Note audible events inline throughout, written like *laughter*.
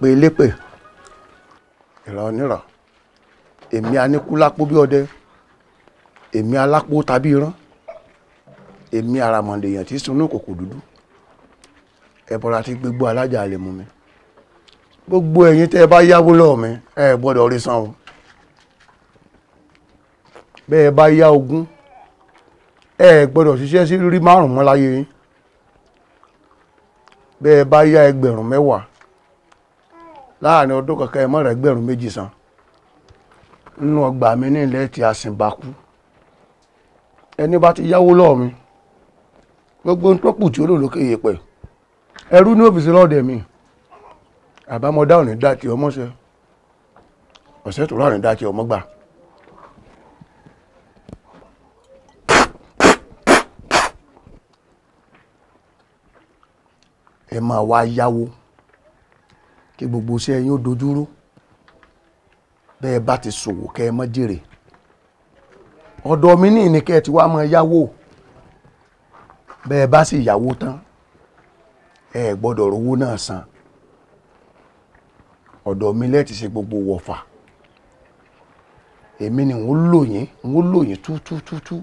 èpè elépè ìrà onírà èmi aníkú lápò bí ọdẹ èmi alápò tàbí irán èmi àràmọ̀dé èèyàn tí sunú kòkò dúdú ẹ̀bọ̀ra ti gbégbó alájà lè mú mi gbogbo ẹ̀yin tẹ́ ẹ bá yáwó lọ́wọ́ mi ẹ gbọ́dọ̀ rí san o bẹ́ẹ̀ bá yá ogún ẹ gbọ́dọ̀ ṣiṣẹ́ sí rí márùn-ún mọ́ láyé yín bẹ́ẹ̀ bá yá ẹgbẹ̀rún mẹ́wàá láàrin ọdún kankan ẹ rẹ̀ gbẹ̀rún san nínú ọgbà mi ní ilẹ̀ ti àsìnbákú ẹni bá ti yáwó lọ́ọ̀ mi gbogbo tó tí olólùkè yèpẹ̀ ẹrú ní òfìsí lọ́ọ̀dẹ̀ mi àbámọ́dá dá ti ọmọ ọ̀sẹ̀ tó dá ti ọmọ gbà. ẹ máa kí gbogbo iṣẹ́ yín ó dojúrú bẹ́ẹ̀ bá ti ṣòwò kẹ́ ẹ mọ́ jèrè ọ̀dọ̀ mi ní ìníkẹ́ ẹ ti wá mọ́ yáwó bẹ́ẹ̀ bá sì yáwó tán ẹ gbọ́dọ̀ rówó náà san ọ̀dọ̀ mi lẹ́ẹ̀ ti ṣe gbogbo wọ̀fà èmi ni wọ́n lò yín wọ́n lò yín tútútútú. tú, tú, tú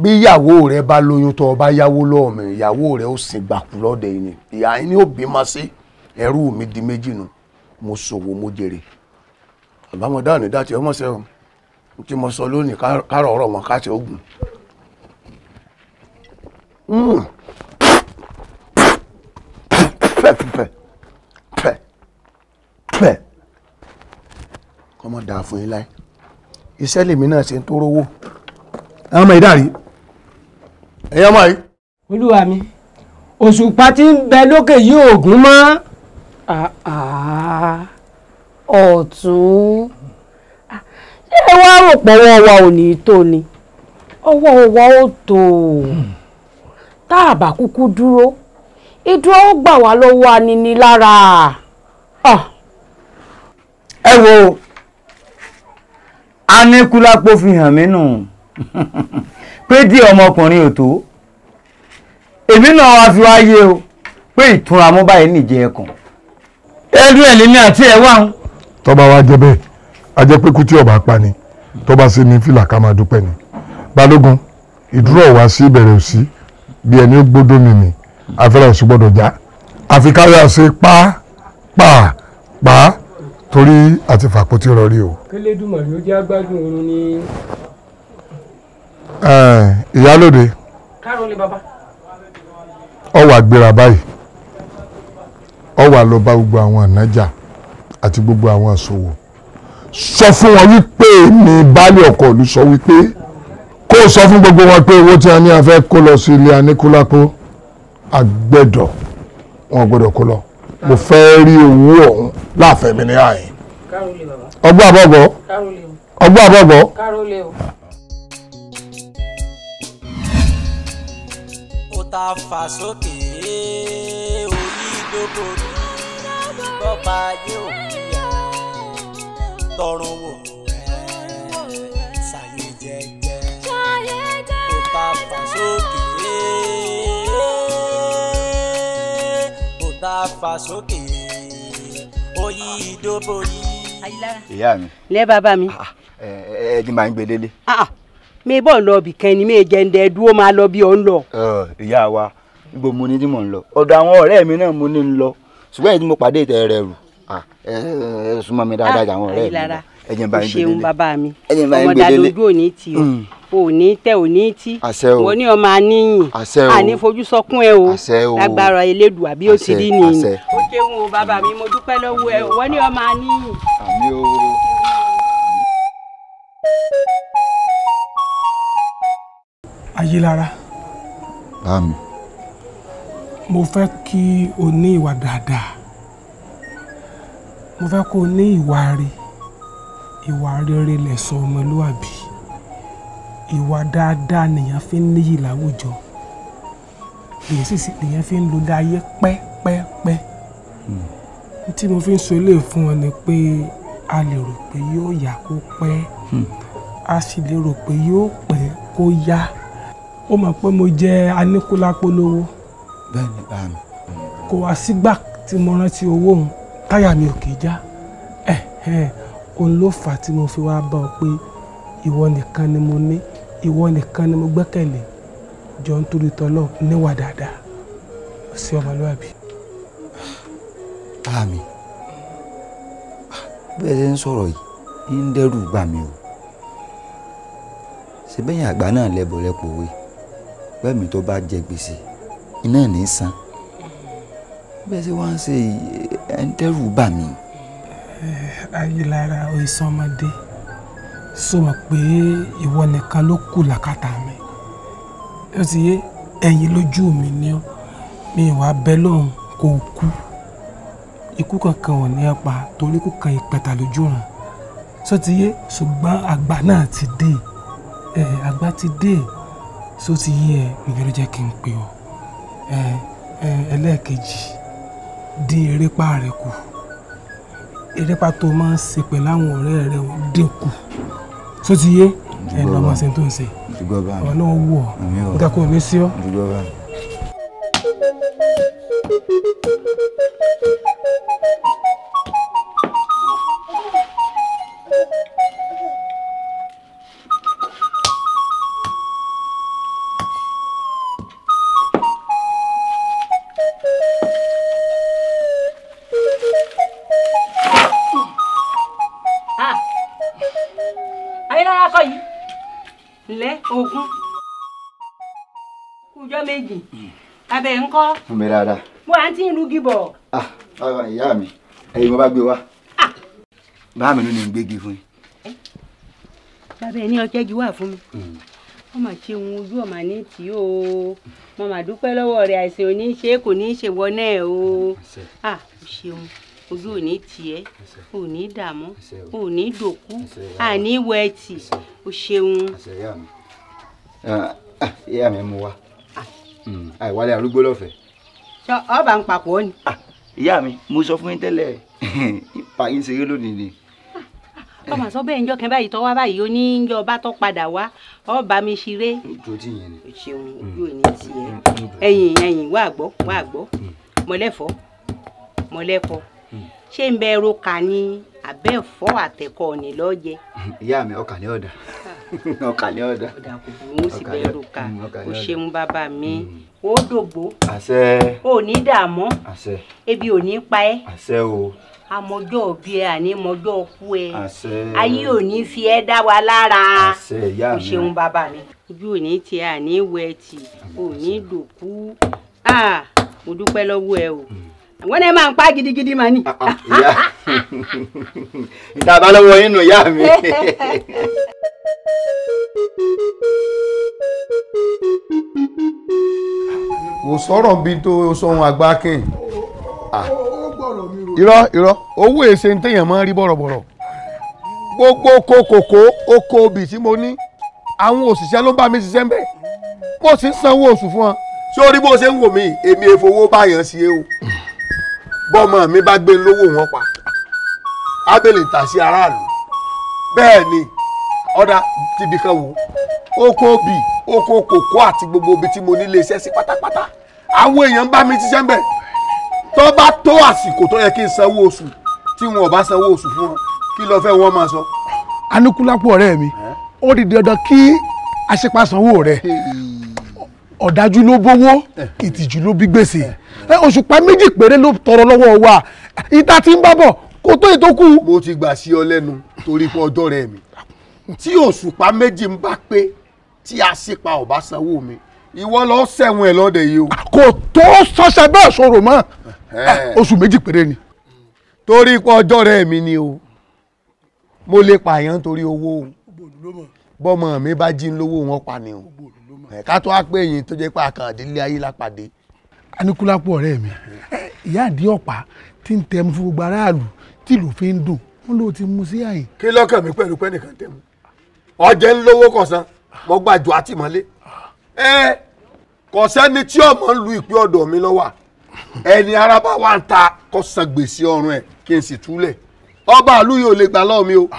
bí ìyàwó rẹ bá lóyún tó o bá yáwó lọ́ọ̀mì ìyàwó rẹ ó sin gbàkú lọ́dẹ yìí ìyá yín ni ó bí ma sí ẹrú mi di méjì nu mo ṣòwò mo jèrè àbámọ̀dá òní dá ti ọmọ sẹ́wọ̀n tí mo sọ lónìí kárọ̀ ọ̀rọ̀ wọn káṣí ogun. pẹ pẹ pẹ pẹ kọ́mọ dà fún yín láì iṣẹ́ lèmi náà ṣe ń tó rówó. àwọn ọmọ ìdá rí ẹ̀yọ́ mọ̀ yìí. olúwa mi òṣùpá tí ń bẹ lókè yìí ògún mọ́ ọ̀tún ẹ wá rò pọ̀wọ́ wa ò ní tó ni ọwọ́ wa ó tó tá a bá kúkú dúró ìdúró ó gbà wá lọ́wọ́ aninilára. ẹ wo aníkúlápó fi hàn mí nù. *laughs* pédì ọmọkùnrin ò tó èmi náà wá fi wáyé o pé ìtura mú báyìí nìjẹ ẹkùn ẹlú ẹ̀ lèmi àti ẹ̀ wá. tó bá wá bẹ́ẹ̀ a jẹ́ pé kú ọba pa ni tó bá ṣe ní fìlà ká máa dúpẹ́ ni balógun ìdúró wá sí ìbẹ̀rẹ̀ òsì bí ẹni ó gbódó afẹ́rẹ́ òsì gbọ́dọ̀ já àfi kárí àṣẹ pa pa pa torí àti fàkótí rọrí o. kílódé màrí ó jẹ́ agbádùn oorun ní Eh, ìyálòde kárólé bàbá ọ wà gbéra báyìí ọ wà lọ bá gbogbo àwọn ànájà àti gbogbo àwọn àṣòwò sọ fún wọn wípé ní baálé ọkọ ìlú sọ wípé kó o sọ fún gbogbo wọn pé owó tí a ní a fẹ́ kó lọ sí ilé aníkúlápó àgbẹ̀dọ̀ wọn gbọ́dọ̀ kó lọ mo fẹ́ rí owó ọ̀hún láàfẹ́ mi ní àyìn ọgbọ́n àbọ̀bọ̀ ọgbọ́n àbọ̀bọ̀. tá a fà sókè onídógó bọ́ba ayé òkè tọrùn wò ṣàyè jẹjẹ kó tá a fà sókè kó tá a fà sókè onídógó yìí. ìyá mi. lẹ́ bàbá mi. Ah, ẹ ẹ ẹ ní màá ń gbé délé. Ah, ah mi bọ̀ lọ bìkan ni mi jẹ́ndẹ̀ dúró máa lọ bí ọ̀ ń lọ. ìyá wa gbogbo mo ní tí mò ń lọ ọ̀dọ̀ àwọn ọ̀rẹ́ mi náà mo ní ń lọ ṣùgbọ́n èyí tí mo pàdé ìtẹ̀ rẹ rù ẹ súnmọ́ mi dáadáa àwọn ọ̀rẹ́ mi lọ ẹ̀jẹ̀ bá ń gbèdélé ṣeun bàbá mi ọmọdàlójú ò ní tì o ò ní tẹ ò ní tì wọ́n ní ọmọ aníyìn àní fojú sọkún ẹ o lágbára elédùà bí ó ti rí nìyí o ṣeun o bàbá mi mo dúpẹ́ lọ́wọ́ ẹ wọ́n ní ọmọ aníyìn. o. Ayélára. Bá mi. Mo fẹ́ kí o ní ìwà dáadáa. Mo fẹ́ kó o ní ìwà rere. Ìwà rere lẹ̀ṣọ́ ọmọlúwàbí. Ìwà dáadáa nìyẹn fi ń níyì láwùjọ. Èyí sì sì nìyẹn fi ń lo láyé pẹ́pẹ́pẹ́. Hmm. Tí mo fi ń sọ eléyìí fún ọ ni pé a lè rò pé yóò yá kó pẹ́. Hmm. A sì lè rò pé yóò pẹ́ kó yá. Hmm ó mọ̀ pé mo jẹ́ aníkúlápó lówó kò wá sígbà tí mo rántí owó òun táyà mi ò kì í já òun ló fà á tí mo fi wá bá ọ pé ìwọ nìkan ni mo ní ìwọ nìkan ni mo gbẹ́kẹ̀lé jọ ń torí tọ́lọ̀ níwà dáadáa sí ọmọlúwàbí. àmì bẹ́ẹ̀ ṣe ń sọ̀rọ̀ yìí ń dẹ́rù bà mí o ṣe bẹ́yìn àgbà náà lẹ́bọ̀ lẹ́pọ̀ wé pẹ́mi tó bá jẹ gbèsè iná ní san bẹ́ẹ̀ sì wá ń ṣe ẹ̀ ń dẹ́rù bà mí. ayélára oìsàn ọmọdé sọ wà pé ìwọ nìkan ló kù làkàtà mi ó ti yé ẹ̀yin lójú mi ni ó mi ìwà bẹ lọ́hùn kò kú ikú kankan ò ní pa torí kò kan ìpẹ̀tà lójú ràn sọ ti yé ṣùgbọ́n àgbà náà ti dé àgbà ti dé so ti yí ẹ ìyẹn ló jẹ́ kí n pè ọ́ ẹ ẹ ẹlẹ́ẹ̀kejì dín erépa rẹ kù erépa tó máa ń ṣe pẹ̀lú àwọn ọ̀rẹ́ rẹ dín kù so ti yé ẹ lọ́mọ ṣe tó ń ṣe ọlọ́wọ́ wù nígbà kó o ní sí ọ́. bá gbé wá bá mi nínú ní gbégi fún yín. Eh? bàbá ẹ ní ọjọ́ igi wà fún mi hmm. wọ́n máa ṣe ohun ojú ọ̀mà ní tì o mo máa dúpẹ́ lọ́wọ́ rẹ̀ àìsàn ò ní í ṣe kò ní í ṣe wọnẹ́ o à ó ah, ṣeun ojú ò ní tiẹ̀ ò ní dààmú ò ní dòkú àní wẹ̀tì ó ṣeun. ìyá ah, ah, mi mú wa hmm, àìwálé arúgbó lọ́fẹ̀ẹ́. ọba ń papọ̀ ni ìyá mi mo sọ fún yín tẹ́lẹ̀ ipa *laughs* yín ṣeré lónìí ni. ọmọ sọ bẹ́ẹ̀ njọ́ kẹ́ńbà yìí tọ́ wá báyìí ó ní njọ́ ọba tó padà wá ọba mi ṣeré. ojú ti yẹn ni. o ṣeun mm. ojú ò ní tiẹ̀ ẹ̀yìn ẹ̀yìn wà gbọ́ wà gbọ́ mm. mọ̀lẹ́fọ́ mọ̀lẹ́kọ mm. ṣé ń bẹ ẹrú ka ní abẹ́ ẹ̀fọ́ àtẹ̀kọ́ ni lọ́jẹ́. *laughs* ìyá mi ọkà ní ọ̀dà ah. *laughs* ọkà ní ọ̀dà. ọ̀dà kò burú mo sì bẹ ẹrú ka o ṣeun bàbá mi O dògbó. àṣẹ. O ní dààmú. àṣẹ. ebi ò ní pa ẹ́. àṣẹ o. àmọ́jọ́ bí ẹ àní mọ́jọ́ kú ẹ. àṣẹ. ayé ò ní fi ẹ́ dá wa lára. àṣẹ ìyá mi. o ṣeun bàbá mi. ojú ò ní tiẹ̀ àní wẹ̀ tì ò ní dòkú. mo dúpẹ́ lọ́wọ́ ẹ o. Mm àwọn ẹ máa ń pa gidigidi mà ní. Ah, ah, ah, ìyá *laughs* ìta bá lọ́wọ́ ìyá mi. *laughs* kò sọ̀rọ̀ bíi tó sọ̀hún àgbákin ah. irọ́ irọ́ owó èsè ń téèyàn máa ń rí bọ̀rọ̀bọ̀rọ̀ gbogbo oko kòkó oko obì tí mo ní àwọn òṣìṣẹ́ ló ń bá mi ṣiṣẹ́ ń bẹ̀ mo sì ń sanwó oṣù fún wọn. ṣé o rí bó ṣe ń wò mí èmi èfowó báyàn sí o bọ́mọ mi bá gbé lówó wọn pa abẹ́lẹ̀ tà sí aráàlú bẹ́ẹ̀ ni ọ̀dà tìbí kan wò oko obì oko kòkó àti gbogbo ibi tí mo nílé iṣẹ́ sí pátápátá àwọn èèyàn bá mi ṣiṣẹ́ ń bẹ̀ tó bá tó àsìkò tó yẹ kí n sanwó oṣù tí wọn ò bá sanwó oṣù fún wọn kí ló fẹ́ wọn máa sọ. anukulapo ọ̀rẹ́ mi ó di dandan kí aṣípàsanwó rẹ ọ̀dájú ló bówó ìtìjú ló bí gbèsè pa méjì péré ló tọrọ lọ́wọ́ wa ìta tí ń bá bọ̀ kó tó ètò kù. mo ti gbà sí ọ lẹ́nu torí pé ọjọ́ rẹ mi tí òṣùpá méjì ń bá pé tí àṣepa ọba sanwó mi ìwọ lọ sẹ̀wọ̀n ẹ̀ lọ́dẹ yìí o. kò tó sọ́sẹ̀ bẹ́ẹ̀ sọ̀rọ̀ mọ́ ah, oṣù méjì péré ni. torí pé ọjọ́ rẹ̀ mi ni o mo lè pààyàn torí owó bọ́mọ mi bá jí lówó wọn pa ni o ká tó wá pé èyí tó jẹ́ pé àkàndínlé ayé lápàdé. anikulapo ọ̀rẹ́ mi ìyá àdí ọ̀pá tí ń tẹmu fún gbogbo aráàlú tí ìlú fi ń dùn wọn ló ti mú sí àyè. kí lọ́kàn mi pẹ̀lú pẹ́ nìkan tẹ̀mú ọ ń lówó kọsan mo gbàjọ àtìmọ́lé ẹ kọsẹni tí ọmọ ń lu ìpín ọdọ mi wà ẹni araba wa ń ta kọ̀sán gbèsè ọrùn ẹ kí n sì túlẹ̀ ọba àlú yìí ò lè gbà mi o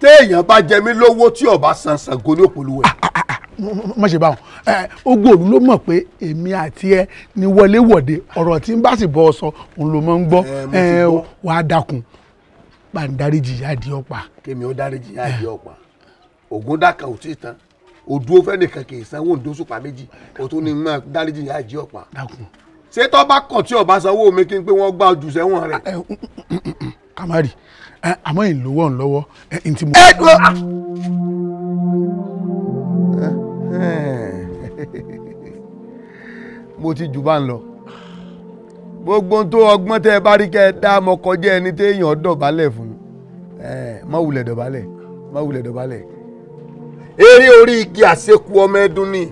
téèyàn bá jẹ mí lówó tí ọba san Ṣàngó ní òpòlúwẹ̀. ṣe pé èmi àti ẹ ní ọrọ tí ń bá sì bọ ọsọ ló máa ń wàá dákun ń dáríjì ògùn dàkà ò tí ì tán òdúró fẹ́nìkan kì í sanwó ǹdóṣùpá méjì o tún ní máa dáríjì yá àjí ọ̀pá. ṣé tó bá kọ̀ tí ọba sanwó mi kí n pé wọ́n gbá ojú sẹ́wọ̀n rẹ̀. Ah, eh, mm, mm, mm, kamari eh, àmọ́ ìlówó ńlọ́wọ́ ẹni eh, tí mo. ẹ dúró. *laughs* mo ti jù bá ń lọ gbogbo tó ọgbọ́n tẹ́ ẹ bá rí kẹ́ ẹ dá ọmọ kọjá ẹni téèyàn dọ̀bálẹ̀ fún mi má wulẹ̀ dọ̀bálẹ̀ má dọ̀bálẹ̀ eré orí igi àṣekù ọmọ ẹdun ni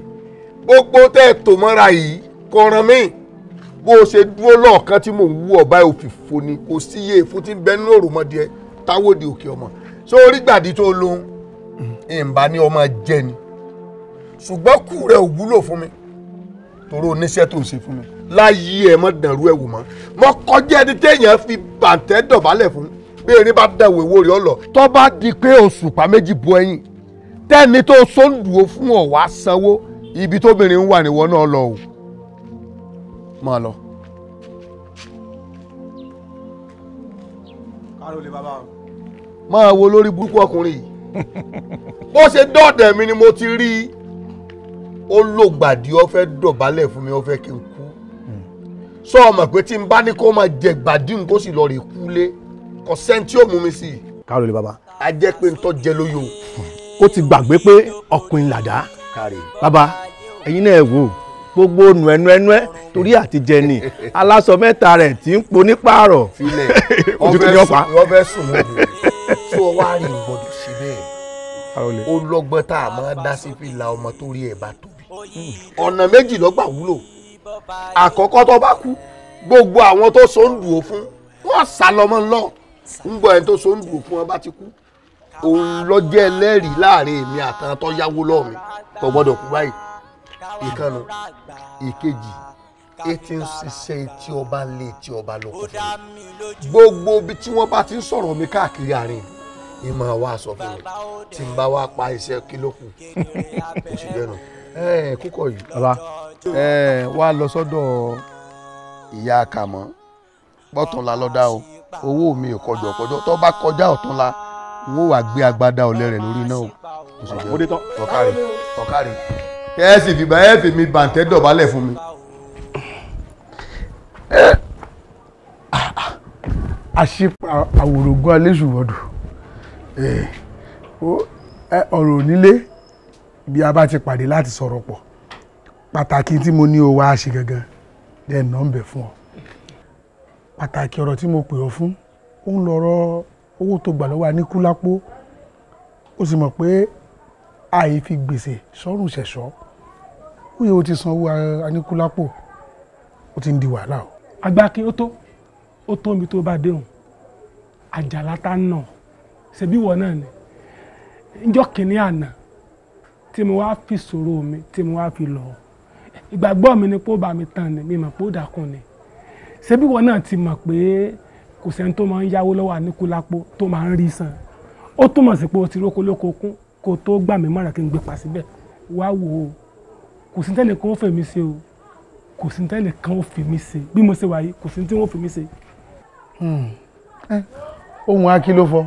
gbogbo tẹ́ ẹ tò mọ́ra yìí kọ̀ọ̀ràn mi bó o ṣe dúró lọ́ọ̀kan tí mò ń wú ọ̀bá òfìfo ni kò sí iye èfó tí ń bẹ nínú òròmọdìẹ táwòdì òkè ọmọ ṣé orí gbàdí tó lóhun ìǹbá ni ọmọ jẹ ni ṣùgbọ́n kù rẹ ò wúlò fún mi torí oníṣẹ́ tó ń ṣe fún mi láyé ẹ mọ́ dàrú ẹ wò mọ́ mọ́ kọjá ẹni téèyàn fi bàǹtẹ́ dọ̀bálẹ̀ fún bí erin bá dàwọ̀ èwo rẹ̀ ọ lọ tó bá di pé òṣùpá méjì bu ẹyin tẹ́ni tó sóńdùó fún ọ wá sanwó ibi tóbìnrin wà níwọ náà lọ o máa lọ. máa wo lórí burúkú ọkùnrin yìí bó ṣe dọ́ọ̀dẹ̀ mi ni mo ti rí i ó lògbàdì ó fẹ́ dọ̀bálẹ̀ fún mi ó fẹ́ kí n kú sọ ọmọ pé tí n bá ní kó máa jẹ gbàdí n kó sì lọ rè kú lé kò sẹ́ni mú mi sí i. káàlù lè bàbá. a jẹ́ pé n tọ́ jẹ lóyún o ó ti gbàgbé pé ọkùnrin làdá bàbá ẹ̀yin náà wò gbogbo ònù ẹnu ẹnu ẹ torí àti jẹ ni *laughs* aláṣọ mẹ́ta rẹ̀ tí ń po ní pààrọ̀ *laughs* ojú kìíní ọ̀pá. ọbẹ̀ sùn lóde tó o wá rí gbọdọ̀ sí bẹ́ẹ̀ ó lọ́gbọ́n tá a máa dá sí fìlà ọmọ tó rí ẹ̀ bá tóbi hmm. ọ̀nà méjì lọ́gbà wúlò àkọ́kọ́ tó bá kú gbogbo àwọn tó so ń dùn ó fún wọ́n sá lọ́mọ ńlọ ń gbọ́ ẹni tó so ń dùn ó fún wọn bá ti kú òun lọ́jẹ́ ẹlẹ́rìí láàrin èmi àtàn tó yáwó lọ́ọ̀ mi kò gbọ́dọ̀ kú báyìí ìkànnì ìkejì etí ń ṣiṣẹ́ etí ọba ń lé etí ọba lọ kò fún mi gbogbo ibi tí wọ́n bá ti ń sọ̀rọ̀ mi káàkiri àárín yìí máa wá aṣọ fún mi tí n bá wá pa iṣẹ́ kílókù oṣù jẹ́nu kúkọ yìí. baba wàá lọ sọ́dọ̀ ìyá kàmọ́ bọ́tún la o owó mi ò kọjọ kọjọ tó bá kọjá ọ̀tún n ó wà gbé agbada ọ̀lẹ́ rẹ̀ lórí náà o. ọ̀kàrẹ̀ ọ̀kàrẹ̀ ẹ sì fìgbà ẹ fèmí bàǹtẹ́ dọ̀bálẹ̀ fún mi. àṣìpa eh, ah, ah. àwòrògùn aléṣùwọ̀dù eh, ọ̀rọ̀ onílé bí a bá ti pàdé láti sọ̀rọ̀ pọ̀ pàtàkì tí mo ní o wá ṣe gangan dẹ̀ nọ́ọ̀bẹ̀ fún ọ pàtàkì ọ̀rọ̀ tí mo pè ọ fún òun lọ̀rọ̀ owó tó gbà lọ́wọ́ aníkú lápò ó sì mọ̀ pé àì fi gbèsè sọ́rùn ṣẹ̀ṣọ́ ó yẹ o ti san owó aníkú lápò ó ti ń di wàhálà o. agbákin ó tó ó tó omi tó bá déhùn àjàlá tá ń nà náà ni njọ́ kìnínní àná tí mo wá fi ṣòro mi tí mo wá fi lọ ìgbàgbọ́ mi ni pé ó bá mi tán ni mi mọ̀ pé ó dàkún ni ṣebí wọ náà ti mọ̀ pé kò sẹ́ni tó máa ń yáwó lọ́wọ́ àníkúlápó tó máa ń rí san ó túmọ̀ sí pé o ti róko lóko kún kó o tó gbà mí mọ̀ràn kí n gbé pa síbẹ̀ wá wò ó kò sí tẹ́lẹ̀ kan ó fẹ́ mi ṣe o kò sí tẹ́lẹ̀ kan ó fi mi ṣe bí mo ṣe wà yìí kò sí tí wọ́n fi mi ṣe. Hmm. Eh, ohun akin ló fọ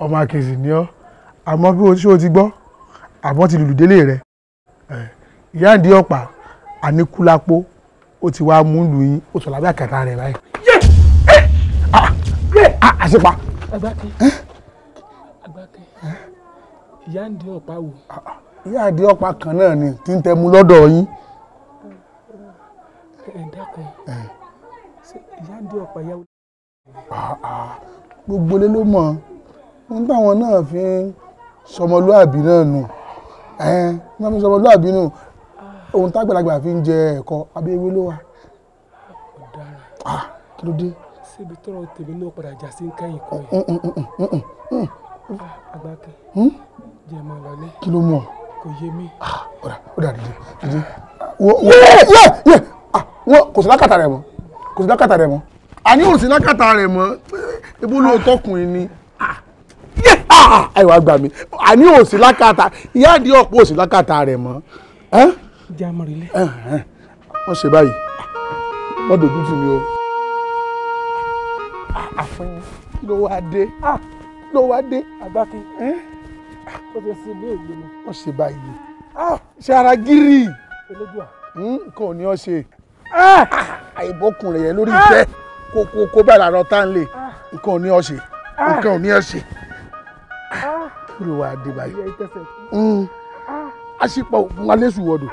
ọmọ akèsì ni ọ àmọ́ bí ṣé o ti gbọ́ àmọ́ ti lùlù délé rẹ eh, ìyáǹdí ọ̀pá àníkúlápó ó ti wá mú lù yín sọ lábẹ́ àkàtà rẹ̀ báyìí. Ah, ah, àṣepa. àgbàkẹ́ àgbàkẹ́ ìyá ń di ọ̀pá wò. Ah, ìyá àdí ọ̀pá kan náà ni tí ń tẹmu lọ́dọ̀ yín. ẹ dákun ìyá ń di ọ̀pá yá. gbogbo lé ló mọ̀ ohun táwọn náà fi ń sọmọlúàbí náà nù wọ́n fi sọmọlúàbí nù ohun tágbàlagbà fi ń jẹ ẹ̀kọ́ abẹ́wé ló wà. kí ló dé síbi tọrọ tèmi náà padà jà sí kẹ́yìn kan yìí. Mm, mm, mm, ah, àgbàkẹ́ hmm? jẹ́ máa lọ lé. kí ló mú ọ. kò yé mi. ọ̀dà ọ̀dà dìde dìde. wọ́n kò sí lákàtà rẹ̀ mọ́ kò sí lákàtà rẹ̀ mọ́ àní ò sí lákàtà rẹ̀ mọ́ ebó lóòótọ́ ah. kùnrin ni àìwá ah. gbà mí àní ò sí lákàtà ìyá àdí ọ̀pọ̀ ò sí lákàtà rẹ̀ mọ́. jẹ́ àmọ̀rìlẹ̀. wọ́n ṣe báyìí wọ́n dojú tì mí o àfin ló wá dé ló wá dé àgbákin ó ti sin ilé ìlú ni. wọ́n ṣe báyìí ṣe ara gírì hmm, nǹkan ò ní ọ ṣe àìbọkùnrin yẹn lórí ìfẹ́ kó kó kó bá ìlànà tá ń lè nǹkan ò ní ọ ṣe nǹkan ò ní ọ ṣe kí ló wàá dé báyìí àṣìpọ̀ wọn alẹ́ sùn wọ́dọ̀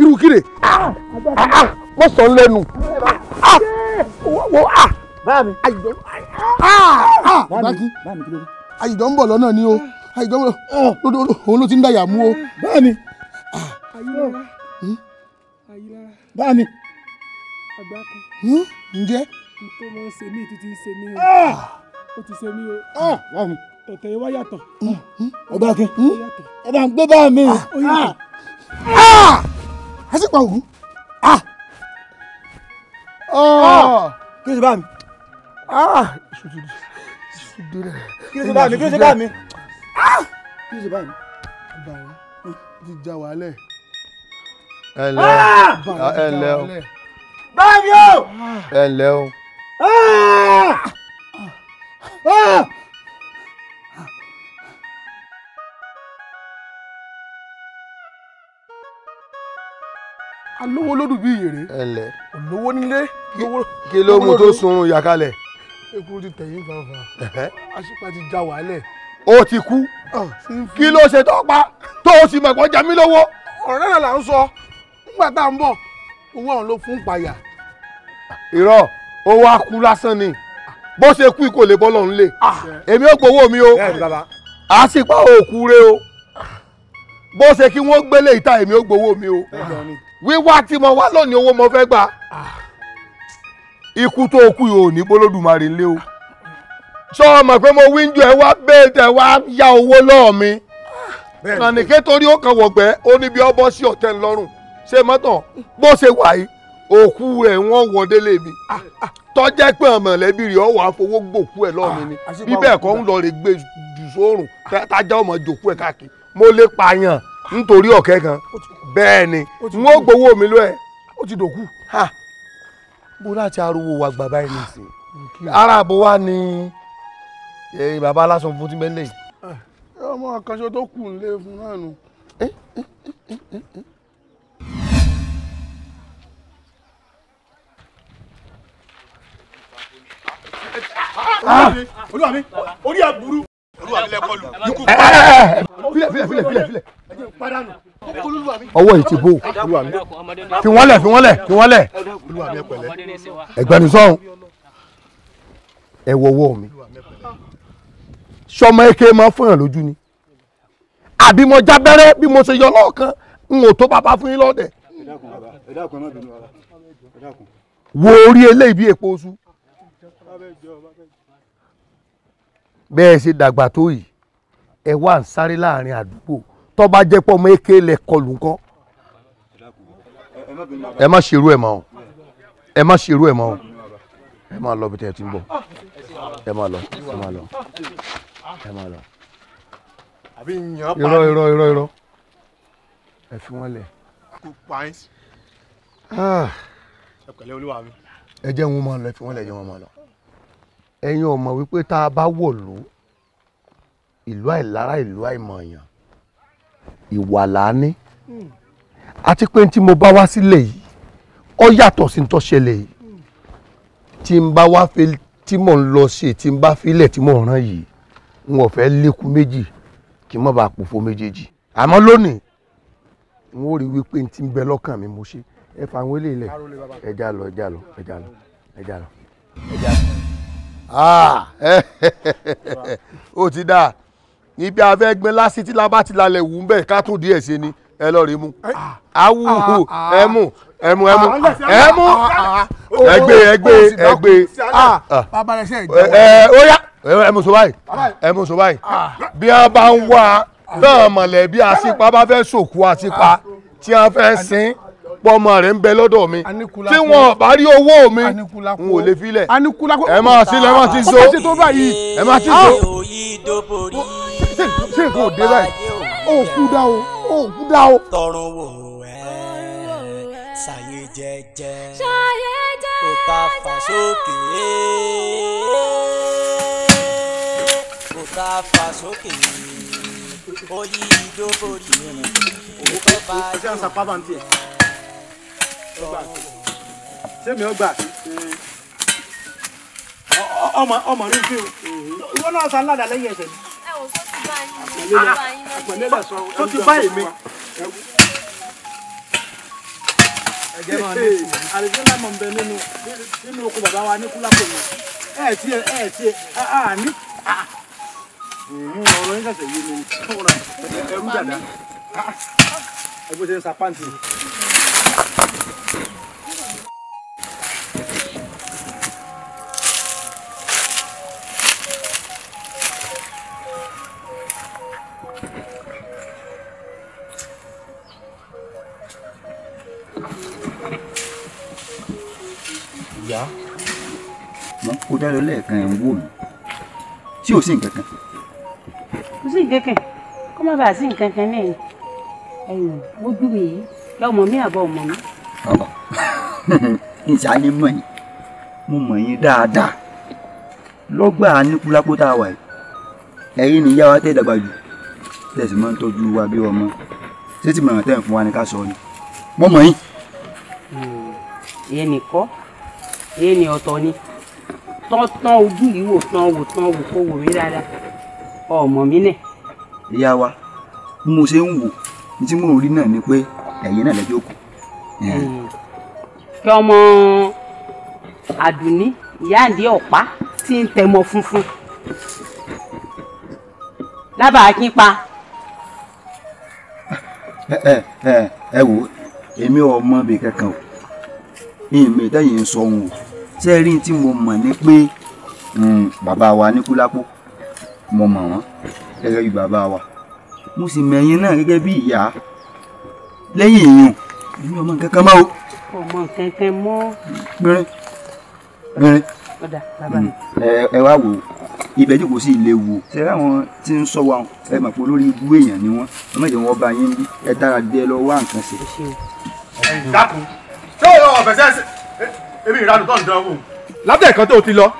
irú kíre mo sọ lẹ́nu. Ah! Ah! Ah! báàmì àyìndọ́ ń bọ̀ lọ́nà ni o àyìndọ́ oh! òun ló ti ń dàyà mú o. báàmì hm? báàmì hm? ǹjẹ́. tó máa ń ṣe mí títí ń ṣe mí o ó ti ṣe mí o. báàmì tọ̀tẹ̀ yẹn wá yàtọ̀. Hm? ọba akin ẹ bá ń gbé báàmì. àṣìpà òun. Ah. kí ló ṣe bá mi. kí ló ṣe bá mi ah. kí ló ṣe bá mi. kí ló ṣe bá mi. bàrà jíjà wàhálẹ̀. ẹ ǹlẹ́ o ẹ ǹlẹ́ o. báyìí o. ẹ ǹlẹ́ o. alówó lódù bí ìyèrè. ẹnlẹ olówó nílé. kí ló mú tó sunrun yàkálẹ̀. ekuru ti tẹ̀yìn fanfa aṣípa ti já wàhálẹ̀. ó ti kú kí ló ṣe tó pa tó o sì mọ̀ ẹ̀kọ́ jẹ mí lówó. ọ̀rẹ́ rẹ̀ là ń sọ nígbà tá à ń bọ̀ owó ọ̀hún ló fún payà. irọ́ owó akú lásán ni bó ṣe kú kò lè bọ́ lọ́run lè ah. èmi ò gbowó mi o a sì pa òkú rẹ o bó ṣe kí wọ́n gbélé ìta èmi ò gbowó mi o wíwá tí mo wá lónìí owó mo fẹ́ gbà ikú tó kú yìí ò ní bólódùmarè lé o sọ ma pé mo wíńjọ ẹ wá bẹ́ẹ̀ wá ya owó lọ́ọ̀ mi nànìké torí ó kàn wọ̀gbẹ́ ó níbi ọbọ̀ sí ọ̀tẹ̀ ńlọ́rùn ṣé mọ́tàn bó ṣe wà yìí òkú rẹ̀ wọ́n wọ̀dé lé mi tọ́jẹ́ pé ọmọlẹ́bí rẹ̀ ọ̀wọ́ àfọwọ́ gbòkú ẹ̀ lọ́ọ̀ ah, mi ni bíbẹ̀ kọ́ ń lọ rè gbé jù sórùn tájá ọmọ jòkú ẹ̀ káàkiri mo lè pààyàn nítorí ọ̀kẹ́ kan bẹ́ẹ̀ ni n ó gbowó mi lọ ẹ̀. ó ti dòkú bó láti ariwo wa gbà báyìí nìsín ara àbò wa ni bàbá aláṣọ fún ti bẹ́ẹ̀ lè. ọmọ àkànṣe tó kù ń lé fún náà nù. Eh, eh, eh, olúwa mi orí àbúrú olúwa mi lẹ́kọ́ lù. filẹ̀ filẹ̀ filẹ̀ filẹ̀ ọwọ́ yìí ti bò fi wọ́n lẹ̀ fi wọ́n lẹ̀ fi wọ́n lẹ̀ ẹgbẹ́nusọ́hún ẹ wọ́wọ́ mi sọmọ eke máa fọyàn lójú ni àbí mo jábẹ́rẹ́ bí mo ṣe yọ lọ́ọ̀kan n ò tó bàbá fún yín lọ́dẹ̀ wo orí eléyìí bí epo oṣù bẹ́ẹ̀ ṣe dàgbà tó yìí ẹ wá ń sáré láàrin àdúgbò tó bá jẹ́ pọ́ ọmọ èké lẹ kọlù ńkọ́ ẹ má ṣerú ẹ̀ mọ́ o ẹ má ṣerú ẹ̀ mọ́ o ẹ má lọ bí tẹ́ ẹ ti ń bọ̀ ẹ má lọ ẹ má lọ ẹ má lọ. irọ́ irọ́ irọ́ irọ́ ẹ fi wọ́n lẹ̀. Ah. ẹ jẹ́ wọn máa lọ ẹ fi wọ́n lẹ̀ ẹ jẹ́ wọn máa lọ. ẹ̀yin ò wípé tá a bá wọ̀lú ìlú àìlára ìlú àìmọ̀ọ̀yàn ìwà làání àti pé tí mo bá wá sílẹ̀ yìí ó yàtọ̀ sí tó ṣẹlẹ̀ yìí tí n bá wá fẹ́ tí mò ń lọ ṣe tí n bá filẹ̀ tí mò ń rán yìí n ò fẹ́ lékun méjì kí n má bàa pòfo méjèèjì àmọ́ lónìí n ó rí wípé n bẹ lọ́kàn mi mo ṣe ẹ fa àwọn eléyìí ẹ já lọ ẹ já lọ ẹ já lọ ẹ já lọ. Ah! *laughs* ó ti dáa ibi afẹ́ gbin lásì tí lábá ti lalẹ̀ wù ń bẹ̀ ká tún díẹ̀ ṣe ni ẹ lọ rí mu awúhù ẹmu ẹmu ẹmu ẹmu ẹgbẹ ẹgbẹ ẹgbẹ ẹ ó yá ẹmu sọ báyìí ẹmu sọ báyìí ah. bí a bá ń wá náà mọ̀lẹ́bí àṣìpa bá fẹ́ sòkú àṣìpa ah. tí a fẹ́ sin pọmọ rẹ ń bẹ lọ́dọ̀ mi tí wọn bá rí owó mi n ò lè filẹ̀ ẹ máa sílẹ̀ ẹ máa ti so ẹ máa ti so. Ah ṣé nǹkan dé báyìí ó kú dá o ó kú dá o. tọrùn wò ẹ ṣàyè jẹjẹ ó ta fà sókè ó ta fà sókè ó yí ijó borí ó fẹ́ bá yí. ṣé àṣà pábà ń tiẹ̀ ṣé ọmọ ọmọ rí fi o náà sá ń ládàá lẹ́yìn ni. ẹ ò sọ tó ti bá èmi. àlejòlá mọ̀ nbẹ nínú nínú oko bàbá wa ní kúlápò mi ẹ ti ẹ ti a ní. ọ̀rọ̀ yín ṣẹ̀ṣẹ̀ yé mi ẹrú jàdá ẹ bó ṣe ń sa pàǹtì. kọjá rẹ lẹ́ẹ̀kan ń wò mí tí ò sí nǹkan kan. kò sí nǹkan kan kó má bàa sí nǹkan kan náà ẹ̀yìn ojú mi yìí lọ mọ̀ mí àbọ̀ mọ̀ mí. *laughs* ìjà ni mọ̀ yín mo mọ̀ yín dáadáa lọ́gbà nípúlápó tá a wà yìí ẹ̀yin ni ìyá wa tẹ́ dàgbà jù tẹ̀sí máa ń tọ́jú wa bí ọmọ ṣé mọ̀ràn tẹ́ ń fún wa ni ká sọ ni mo mọ̀ yín. Hmm. ìyẹn nìkọ́ ìyẹn ni ọ̀tọ̀ ni tán tán ojú yìí wò tán wò tán wò kó wò rí rárá ọmọ mi nẹ. ìyá wa bí mo ṣe ń wò ní tí mò ń rí náà ni pé ẹ̀yìn náà lẹ́jọ́ kù. Hmm. kí ọmọ àdùnní ìyáàdí ọ̀pá tí ń tẹmọ funfun lábàá kí n pa. ẹ ẹ ẹ wo èmi ọmọ bìí kankan o sọ ohun o sẹ́ẹ̀rí tí mo mọ̀ ni pé hmm, bàbá wa ní Kúlápó mo mọ̀ wọ́n gẹ́gẹ́ bí bàbá wa mo sì mẹ̀yìn náà gẹ́gẹ́ bí ìyá lẹ́yìn èèyàn èmi ọmọ nǹkan kan mọ́ o. ọmọ nǹkan kan mọ́. pẹ́rẹ́ pẹ́rẹ́ hmm, ẹ wá wò ó ìbẹ́jú kò sí ìléwu ṣe láwọn tí ń sọ wa ẹ mọ̀ pé olórí ibú èèyàn ni wọ́n ẹ má jẹ́ wọn bá yín bí ẹ dára dé ẹ lọ wá nǹkan ṣe. ṣé o lọ ọ̀fẹ́ sẹ́sẹ̀ ebi ìranù tó ń dán lábẹ́ ẹ̀kan tó ti lọ. *laughs*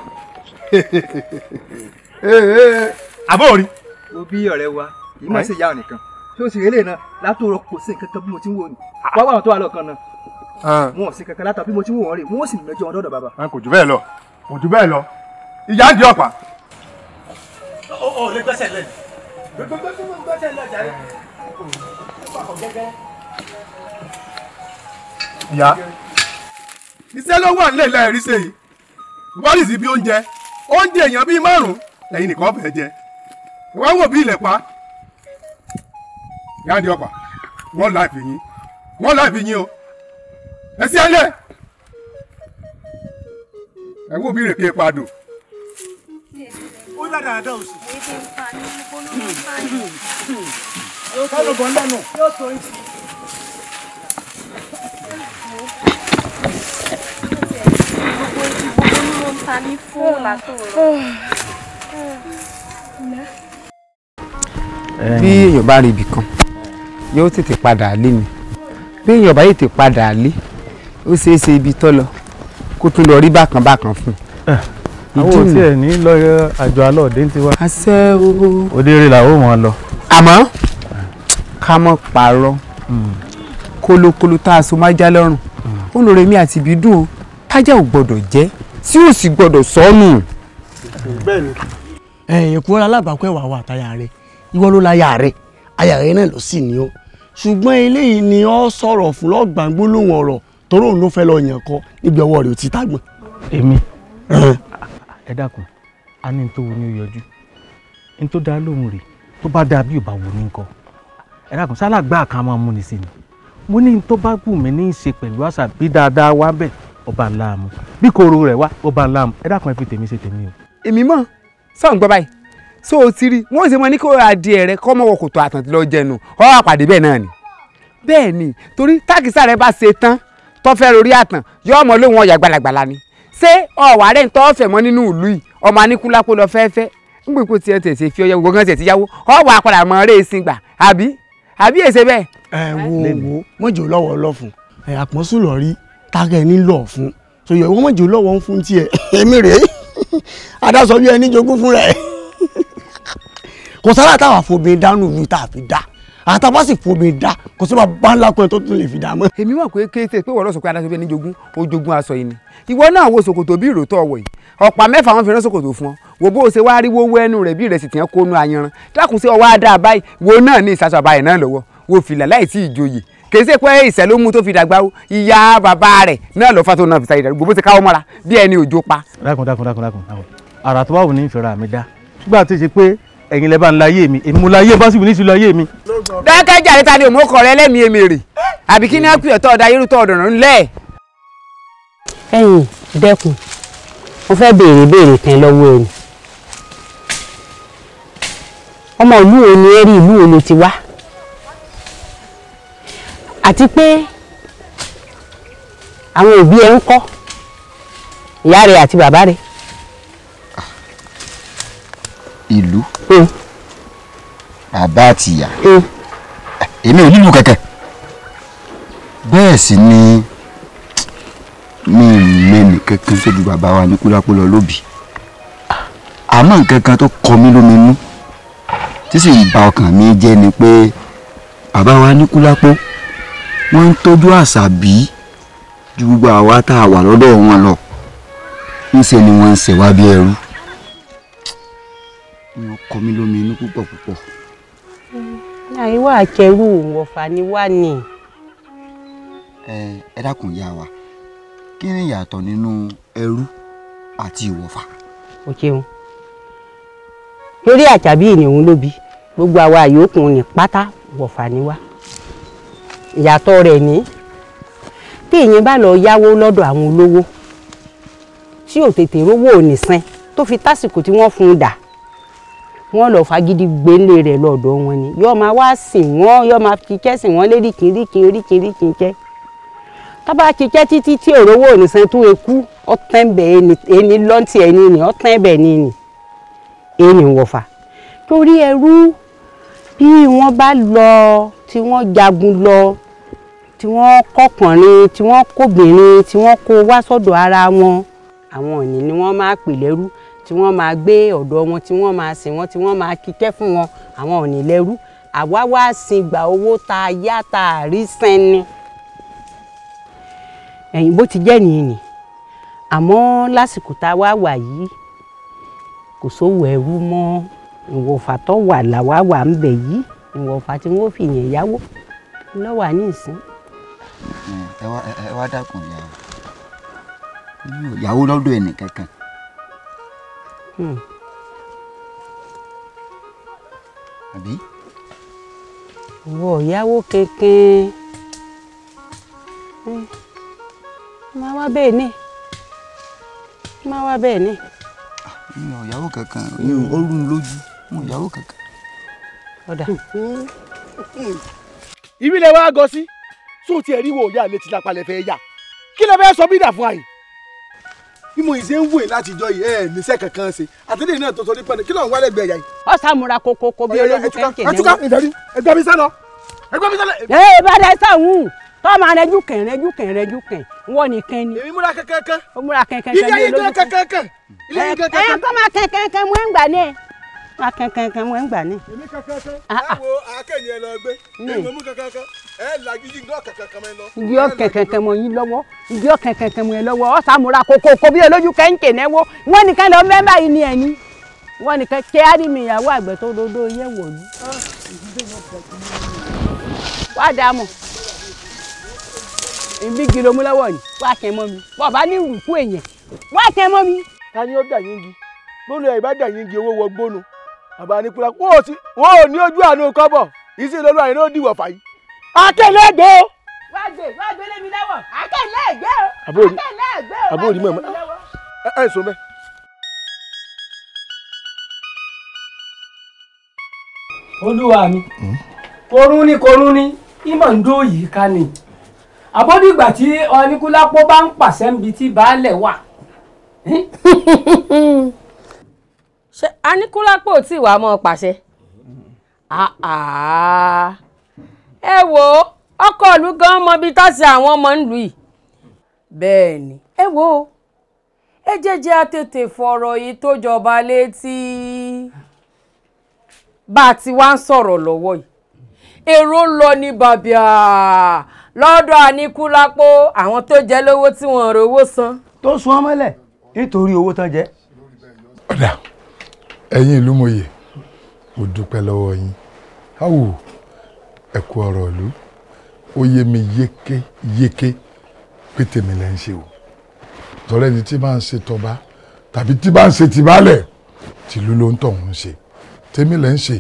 Eh, eh, eh. àbọ̀ rí. o bí ọ̀rẹ́ wa yìí máa ṣe yá nìkan tí o sì rélé náà látòrọ kò sí nǹkan kan bí mo ti ń wò ni wá wà wọn tó wà lọ náà ah. wọn ò sí kankan látà bí mo ti ń wò wọn rè wọn sì mẹjọ wọn bàbá. Ah, kò jù bẹ́ẹ̀ lọ kò jù bẹ́ẹ̀ lọ ìyá ń di ọ̀pá. ó ó lè gbẹ́sẹ̀ lẹ́nu gbẹ́sẹ̀ lẹ́nu jàre iṣẹ́ ló wà nílẹ̀ láì rí ṣe yìí bọ́ọ̀lì bí oúnjẹ oúnjẹ èèyàn bíi márùn-ún lẹ́yìn nìkan fẹ́ jẹ wá wò bí ilẹ̀ pa yáàdì ọ̀pá wọ́n là fi yín wọ́n là fi yín o ẹ sí ẹlẹ́ ẹ wò bí ìrèké padò. ó ládàá dá òsì. èyí pa ní yóò tó yín ta ní fóònù látòrò. bí èèyàn bá rí ibì kan yóò tètè padà lé mi bí èèyàn bá tètè padà lé ó ṣeé ṣe ibi tó lọ kó tún lọ rí bákan bákan fún un. Ah, àwọn òtí ẹ̀ ní lọ́yọ̀ eh, àjọ alọ́ọ̀dé ń tiwa. àṣẹ o. òdeere làwọn ò mọ̀ ọ́ lọ. àmọ́ ah. ká mọ̀ pààrọ̀ hmm. kólókóló tá a so má já hmm. ó lóore mi àti ibi dùn ó tájà ò gbọ́dọ̀ jẹ́ tí ò sì gbọdọ̀ sọnù. ẹ̀yìn kúrò alábàápẹ́ wà wà táyà rẹ ìwọ ló láyà rẹ àyà rẹ náà ló sì ní ọ ṣùgbọ́n eléyìí ni ọ sọ̀rọ̀ fún lọ́gbàǹgbó lóhùn ọ̀rọ̀ torí òun ló fẹ́ lọ yàn kọ níbi ọwọ́ rẹ ò ti tágbọ̀n. èmi ẹ dákun a ní tó wo ni ó yọjú tó dá lóhùn rè tó bá dáa bí ò bá wo ní kọ ẹ dákun sálà gbá àkàmọ́ amúnisìn ni mo ní tó bá gùn mí ní í ṣe pẹ̀lú àṣà bí dáadáa wá bẹ́ẹ̀ ọba ńlá mu bí koro rẹ̀ wá ọba ńlá mu ẹ dákun ẹ fi tèmi ṣe tèmi o. èmi mọ̀ sọ̀n gbọ́ báyìí so o ti rí wọ́n ṣe mọ ní kó adìẹ rẹ kọ́ mọ́wọ́ kòtò àtàn lọ jẹnu ọ́ àpàdé bẹ́ẹ̀ náà ni. bẹ́ẹ̀ ni torí tákìsà rẹ bá ṣe tán tọ́fẹ́ lórí àtàn yọ ọmọ lóhun ọ̀yà gbalagbala ni ṣé ọ̀wà rẹ̀ ń tọ́ ọ̀fẹ́ mọ́ nínú ìlú yìí ọmọ aníkúlápó lọ fẹ́ẹ́fẹ́ ń gbé kó tiẹ̀ tẹ̀sẹ̀ fi ọyẹ gbọ̀ngàn tẹ̀ ti yáwó ọ̀wà àpàdà mọ́ eré ìsìn gbà àbí àbí èsè bẹ́ẹ̀. ẹ wo wo mọ̀jọ́ lọ́wọ́ ọlọ́fun ẹ̀ àpọ́nsùn lọ rí tára ẹni lọ fún sòyọ ìwọ mọ̀jọ lọ́wọ́ ń fún tiẹ̀ *laughs* èmi rèé *laughs* adásọ bí ẹni jogún fúnra ẹ̀ *laughs* kò sára táwa fòbin dánù mi tá a fi dá àtàwọn sì fòbin dá kò sí ma bá ńlá kan tó tún lè fi dá mọ́. èmi mọ̀ pé kéésì pé wọ́n lọ sọ pé adásọ bí ẹni jogún ó jogún aṣọ yìí ni ìwọ náà wo ṣòkòtò bí ìròtọ́ ọ̀wọ̀ yìí ọ̀pá mẹ́fà wọn fi rán ṣòkòtò fún ọ wo bó o ṣe wá ríwó wọ ẹnu rẹ̀ bí ìrẹsì tiẹ̀ kónú ayanran dákun sí ọwọ́ adá báyìí wo náà ní ìsásọ àbáyé náà lọ́wọ́ wo fìlà láì tí ì joyè kìí ṣe pé ìṣẹ́ ló mú tó fi dàgbà o ìyá bàbá rẹ̀ náà ló fà tó náà fi sáré dàgbà gbogbo ti káwọ́ mọ́ra bí ẹni òjò pa. dákun dákun dákun dákun àrà tó bá wù ní ìfẹ́ra mi dá nígbà tí ì ṣe pé ẹ̀yin lẹ bá ń láyé mi èmi mo láyé bá sì wù ní ìṣú láyé mi. dákẹ́ jàre ta ni òmùkọ rẹ lẹ́mìí èmi rè àbí kí ní á pìyọ̀ tọ́ ọ̀dà yẹ́rù tọ́ ọ̀dọ̀ ńlẹ̀. ẹ̀yin dẹ́kun mo fẹ́ béèrè béèrè kan lọ́wọ́ ẹ̀yin ọmọ ìlú wo ni ẹ rí ìlú wo ló ti wá àti pé àwọn òbí ẹ ń kọ́ ìyá rẹ àti bàbá rẹ. ìlú hmm. bàbá àti ìyá hmm. èmi ò nílùú kẹ̀kẹ́ bẹ́ẹ̀ sì ni mi ò mẹ́ni kankan tó ju bàbá wa ní kúlákúlọ lóbi àmọ́ nǹkan kan tó kọ mí lómi nú tí sì bà ọkàn mi jẹ́ ni pé bàbá wa ní kúlákúlọ wọ́n ń tọ́jú àṣàbí ju gbogbo àwa tá a wà lọ́dọ̀ wọn lọ ńṣe ni wọ́n ń ṣe wá bí ẹrú. wọ́n kọ mí lómi inú púpọ̀ púpọ̀. àìwá àkẹrù ọ̀fà ni wá ni. ẹ dákun ìyá wa kí ni ìyàtọ̀ nínú ẹrú àti ìwọ̀fà. o ṣeun eré àjàbí ni òun ló bí gbogbo àwa yòókù ni pátá wọ̀fà ni wá ìyàtọ̀ rẹ̀ ní tí èyàn bá lọ yáwó lọ́dọ̀ àwọn olówó tí ò tètè rówó òní san tó fi tásìkò tí wọ́n fún un dà wọ́n lọ fagídí gbélé rẹ̀ lọ́dọ̀ wọn ni yóò máa wá sìn wọ́n yóò máa kíkẹ́ sìn wọ́n lé ríkìríkì oríkìríkì kẹ́ tó kíkẹ́ títí tí òrówó òní san tó ekú ọ̀tán bẹ̀ ẹni lọ́ntì ẹni nì ọ̀tán bẹ̀ ni nì ẹni wọ̀fà torí ẹrú bí wọ́n bá lọ tí wọ́n jagun lọ tí wọ́n kọkùnrin tí wọ́n kóbìnrin tí wọ́n kó wá sọ́dọ̀ ara wọn àwọn òní ni wọ́n máa pè lẹ́rú tí wọ́n máa gbé ọ̀dọ̀ wọn tí wọ́n máa sìn wọn tí wọ́n máa kíkẹ́ fún wọn àwọn òní lẹ́rú àwa wá sin gbà owó tá a yá tá a rí sẹ́n ni. ẹ̀yìn bó ti jẹ́ nìyẹn ni àmọ́ lásìkò tá a wá wà yìí kò sówó ẹrú mọ́ ìwọ̀fà tó wà làwa wà ń bẹ̀ yìí ìwọ̀fà tí wọ́n fi yẹn yáwó lọ́wọ́ àníìsín ẹ wá dákun ìyàwó ìyàwó lọ́dọ̀ ẹnì kankan. Hmm. àbí. wọ ìyàwó kankan hmm. máa wá bẹ́ẹ̀ ni máa wá bẹ́ẹ̀ ni. Ah, mi ò yàwó kankan ó rú mi lójú mi ò yàwó kankan. ọ̀dà. Hmm. ibi lè wá gọ sí sóò tí ẹ rí wo ìyá àlè ti lápá lẹ fẹ́ yà kí lẹ fẹ́ sọ bí dà fún àyè. bí mo ṣe ń wè látijọ́ yìí ẹ ẹ níṣẹ́ kankan ṣe àtẹ̀lé náà tó sọ nípa ni kí lóun wálé gbẹ̀yà yìí. ọ sàmúra koko ko bí ológun kẹ̀kẹ́ náà. ẹtúkà ìdarí ẹgbẹ́ mi sálọ ẹgbẹ́ mi sálọ. ẹ ẹ bá dẹ sáwùn tọ́mọ rẹjú kẹ̀ rẹjú kẹ̀ rẹjú kẹ̀ wọ́n nìkan ni. èmi múra kẹ̀kẹ́kẹ́. ó múra kẹ̀kẹ́kẹ́ ní ológun. ilé yìí kẹ̀kẹ́kẹ́. ilé yìí kẹ̀kẹ́kẹ́. ẹ̀yàn kọ́ máa kẹ̀kẹ́kẹ́ mú ẹ̀ ń gbà ní ẹ̀ máa kẹ̀kẹ́kẹ́ mú ẹ̀ ń gbà ní. èmi kẹ̀kẹ́kẹ́. báwo akẹ́yìn ẹ lọ gbé. èmi mú kẹ̀kẹ́kẹ́ igi ọ̀kẹ̀kẹ̀ tẹ̀mọ̀ yín lọ́wọ́ igi ọ̀kẹ̀kẹ̀ tẹ̀mọ̀ yín lọ́wọ́ ọ̀sà múra kòkòkò bí olójú kẹ́ńkè náwó wọ́n nìkan lọ mẹ́ báyìí ni ẹ̀yìn wọ́n nìkan kí á rí mi ìyàwó àgbẹ̀ tó dodo yẹ̀ wọ̀lú. wá dáa mọ̀ ìbí igi lomú lọ́wọ́ ni wá kẹ́ mọ́ mi bàbá ní ìrùkú èèyàn wá kẹ́ mọ́ mi. ta ni ó dà yín gi lónìí ẹ̀ bá dà yín gi owó wọgbónu àbá ní kúlá wọ́n ò ní ojú àánú kọ́bọ̀ ìsìn lọ́dún àyìn náà dìwọ̀ fàyí akẹ́lẹ́gbẹ́ o. wágbé wágbé lémi lọ́wọ́ akẹ́lẹ́gbẹ́ o. akẹ́lẹ́gbẹ́ o àbúrò rímọ̀ ẹ ẹ sọ bẹ́ẹ̀. olúwa mi hmm? korun ni korun ni ìmọ̀ ń dó yìí ká ni àbọ̀dìgbà tí ọ̀nìkúlápó bá ń pàṣẹ níbi tí baálẹ̀ wà. ṣé aníkúlápó tí wàá mọ hmm. Ah, ah ẹ wo ọkọ ìlú gan mọbi tọ́sí àwọn ọmọ ńlù yìí bẹ́ẹ̀ ni ẹ wo ẹ jẹ́jẹ́ àtètè fọ̀rọ̀ yìí tó jọba létí bá a ti wá ń sọ̀rọ̀ lọ́wọ́ yìí èrò ń lọ ní bàbíà lọ́dọ̀ àníkúlápó àwọn tó jẹ lówó tí wọ́n rówó san. tó sun ọmọ lẹ nítorí owó tán jẹ. ọ̀dà ẹ̀yin ìlú mòye mo dúpẹ́ lọ́wọ́ yín. How? ẹ kú ọ̀rọ̀ ìlú ó yé mi yéké yéké pé tèmi lẹ́ ń ṣe o tọ́lá ẹni tí máa ń ṣe tọba tàbí tí máa ń ṣe tìbálẹ̀ tìlú ló ń tọ̀hún ṣe tèmi lẹ́ ń ṣe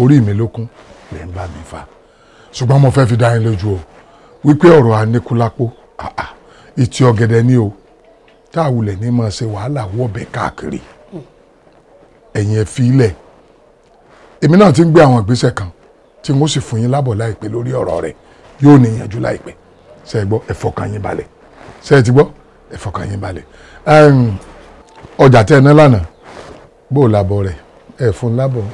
orí mi lókun lẹ́ ń bá mi fa ṣùgbọ́n mo fẹ́ fi dá yín lójú o wípé ọ̀rọ̀ Aníkúlápó ìtì ọ̀gẹ̀dẹ̀ ni o táwùlẹ̀ ní máa ṣe wàhálà wọ̀bẹ̀ káàkiri ẹ̀yìn ẹ̀ fi ilẹ̀ èmi náà ti ń gbé àwọn ìgbésẹ̀ kan tí n ó sì fún yín lábọ̀ láìpẹ́ lórí ọ̀rọ̀ rẹ̀ yóò níyànjú láìpẹ́ ṣe é gbọ́ ẹ fọkàn yín balẹ̀ ṣe é ti gbọ́ ẹ fọkàn yín balẹ̀ ọjà tẹ ẹ ná lánàá bó o labọ rẹ ẹ fún un lábọ̀.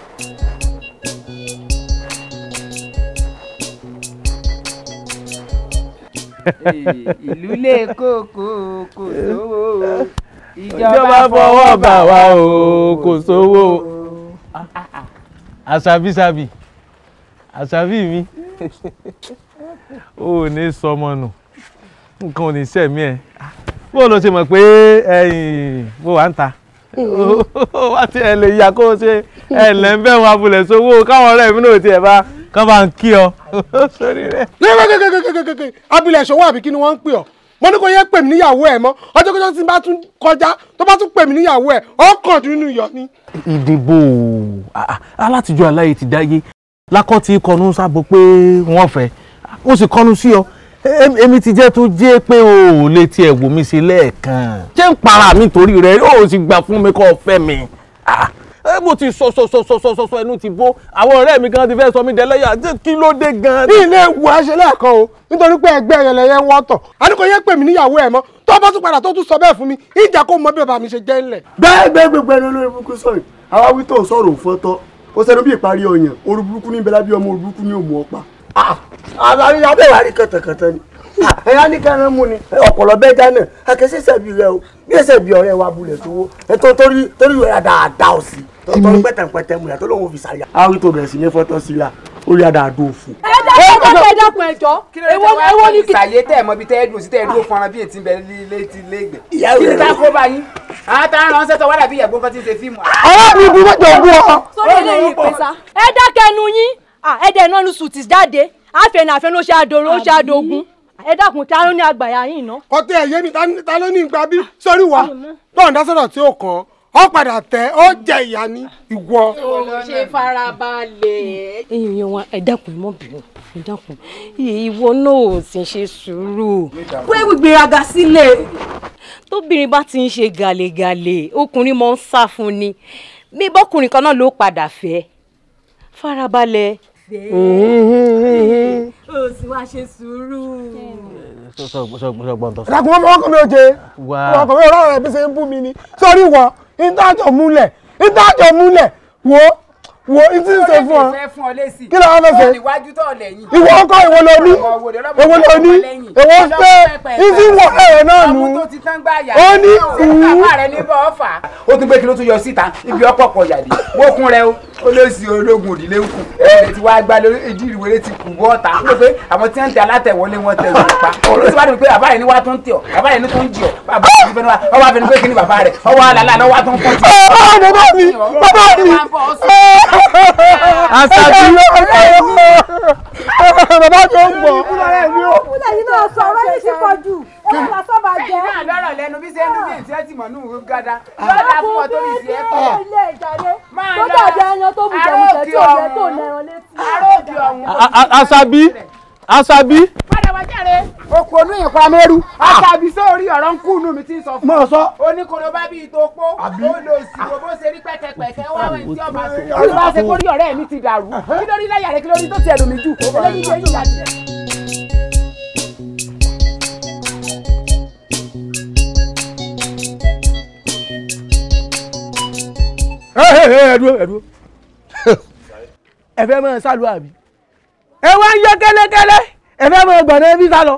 ìlú lè kókó kò sówó ìjọba fọwọ́ bà wá o kò sówó àṣàbíṣàbí àṣàbí mi ò ní sọmọ nù nǹkan ò ní sẹ̀mí ẹ̀ bó ló ṣe mọ̀ pé ẹ̀yìn wà ń ta wá tí ẹ lè yà kó o ṣe ẹ lẹ́ ń bẹ̀ wá bulẹ̀ sówó káwọn ọ̀rẹ́ mi náà tiẹ̀ bá kán bá ń kí ọ sórí rẹ. kékékékékékékéké abilẹ̀ ṣòwò àbí kí ni wọ́n ń pè ọ́ mo ní kò yẹ pè mí níyàwó ẹ mọ́ ọjọ́ kọjọ́ tí n bá tún kọjá tó bá tún pè mí níyàwó ẹ ọkàn dùn nínú iyọ̀ ni. ìdìbò alátijọ́ aláyè ti dáyé lákọ́ ti kọnu sábò pé wọ́n fẹ́ ó sì kọnu sí ọ èmi ti jẹ́ tó jẹ́ pé o ò lè tiẹ̀ wò mí sí lẹ́ẹ̀kan jẹ́ ń para mi torí rẹ o ò sì gbà fún mi kọ́ fẹ́ mi mo ti sọ sọ sọ sọ sọ sọ ẹnu ti bó àwọn ọ̀rẹ́ mi gan ti fẹ́ sọ mí dẹ́lẹ́yà kí ló dé gan. ní ilé ewu aṣẹ lẹ́ẹ̀kan o nítorí pé ẹgbẹ́ rẹ lẹ́yẹ wọ́n tọ̀ àdúgbò yẹn pè mí níyàwó ẹ̀ mọ́ tó bá tún padà tó tún sọ bẹ́ẹ̀ fún mi ìjà kó mọ bí bàbá mi ṣe jẹ́ ńlẹ̀. bẹ́ẹ̀ bẹ́ẹ̀ gbẹgbẹ́ ló lórí ó sẹ́nu bí ìparí ọ̀yàn orí burúkú ní bẹ́lá bí ọmọ orí burúkú ní òmù ọ̀pá. àbárí abẹ́wà rí ni ẹ̀yà ní kẹrin mú ni ọ̀pọ̀lọ bẹ́ẹ̀ dáná akẹ́sẹ̀ sẹ́bi rẹ o bí ẹsẹ̀ bí ọ̀rẹ́ wa bulẹ̀ tó wó ètò torí torí rẹ̀ dáadáa òsì tọ́tọ́ pẹ̀tẹ̀pẹ̀tẹ̀ mu yàtọ̀ lóun fi sàyà. àwítò bẹ̀rẹ̀ sí ní fọ́tọ́ sí la ó yà dáadáa òfò. ẹ dákun ẹ dákun ẹ ewo ni kìí. ìsàyè tẹ mọ ibi tẹ ẹ dùn sí tẹ ẹ dúró fún bí ètí bẹ létí léègbé. ìyá rẹ kí ló bá yín. àwọn tá a ràn ṣètò wàdà bí ìyàgbọ́n kan ti ṣe fíìmù. ọ̀rọ̀ mi bu mọ́jọ bú ọ. sórí eléyìí pèsè ẹ dákẹ́nu yín ẹ dẹ̀ náà lùsù ti jáde àfẹnà àfẹnà ó ṣe àdòrò ó ṣe àdògún ẹ dákun ta ló ní àgbàyà yín ná. ọtẹ ẹyẹ mi ta ló ní ìgbà bí sórí wa tó ń dá sọ̀rọ̀ tí ó kàn ó padà tẹ ó jẹ ìyá ní ìwọ. ṣe farabalẹ̀. èèyàn wa ẹ dákun mọ́ bínú ẹ dákun ìwọ náà ò sì ṣe sùúrù. pé gbéraga sílẹ̀. tóbìnrin bá ti ń ṣe gàlégàlé ọkùnrin mọ́ ń sá fún ni bí bọ́kùnrin kan náà ló padà fẹ́ farabalẹ̀. ó sì wá ṣe sùúrù sọgbọ́n tó sọ. ìdàkùn ọkọ mi ò jẹ ọkọ mi ò rọrùn ẹ̀ ṣe ń bú mi ni sórí wọ ìdájọ́ múlẹ̀ ìdájọ́ múlẹ̀ wo wo ntí ń sọ fún ọ kí ló wọn fẹsẹ ìwọ ọkọ ìwọ ló ní ìwọ ló ní ìwọ fẹ ntí ń wọ ẹrọ náà nù ó ní ìwú. ó tún pé kí ló tún yọ síta ibi ọ̀pọ̀ pọ yàdí wó kún rẹ o olóòsì ológun òdìlé ń kù ẹ ti wá gba ìdí ìwéré ti kù bọ́ ọ̀tá ó lè pé àwọn tí wọ́n ń tẹ alátẹ̀wọlé wọn tẹ̀ ló pa ó sì wá dùn pé bàbá yẹn ni wá tó ń tẹ̀ ọ́ bàbá yẹn ni tó ń jì ọ́ bàbá yẹn ni fẹ́ni wá ọwọ́ àfẹnifẹ́ kí ni bàbá rẹ̀ ọwọ́ àlàlà lọ́wọ́ tó ń pọ̀ tì. bàbá mi bàbá mi àṣàjù bàbá tó ń bọ̀. ìpínlẹ̀ yìí náà sọ ọ̀rọ̀ yìí ti pọ̀ jù èèyàn lásán bá jẹ́. èmi náà lọ́rọ̀ lẹ́nu bí ṣe ń dún bí ìtí ẹ̀ tì mọ̀ nù gada lọ́dà fún ọ tó ní ìtì ẹ̀ kọ́. ilé ìjàre tó dàbí ẹyan tó bu jẹ̀mùjẹ̀ tí òye tó nẹran létí. àṣàbí àṣàbí. padà wá jàre oko onú yìí pa mẹ́rú. Ah! àtàbí sórí ọ̀rọ̀ ń kú inú mi ti sọ fún. mọ̀ sọ. oníkoro bá bí ito pó olóòsì bó ṣe rí pẹ́kẹ́pẹ́kẹ́ wá wẹ̀ tí ọba ṣe. kí ló bá ṣe kórí ọ̀rẹ́ mi ti dàrú kí lórí lẹ́yà rẹ kí lórí tó ti ẹ̀dùn mi jù lórí ilé yìí láti rẹ̀. ẹ dúró ẹ dúró ẹ fẹ́ máa sálù àbí ẹ wá ń yọ kẹ́lẹ́kẹ́lẹ́ ẹ fẹ́ máa gbọ̀nà ẹ fi sálọ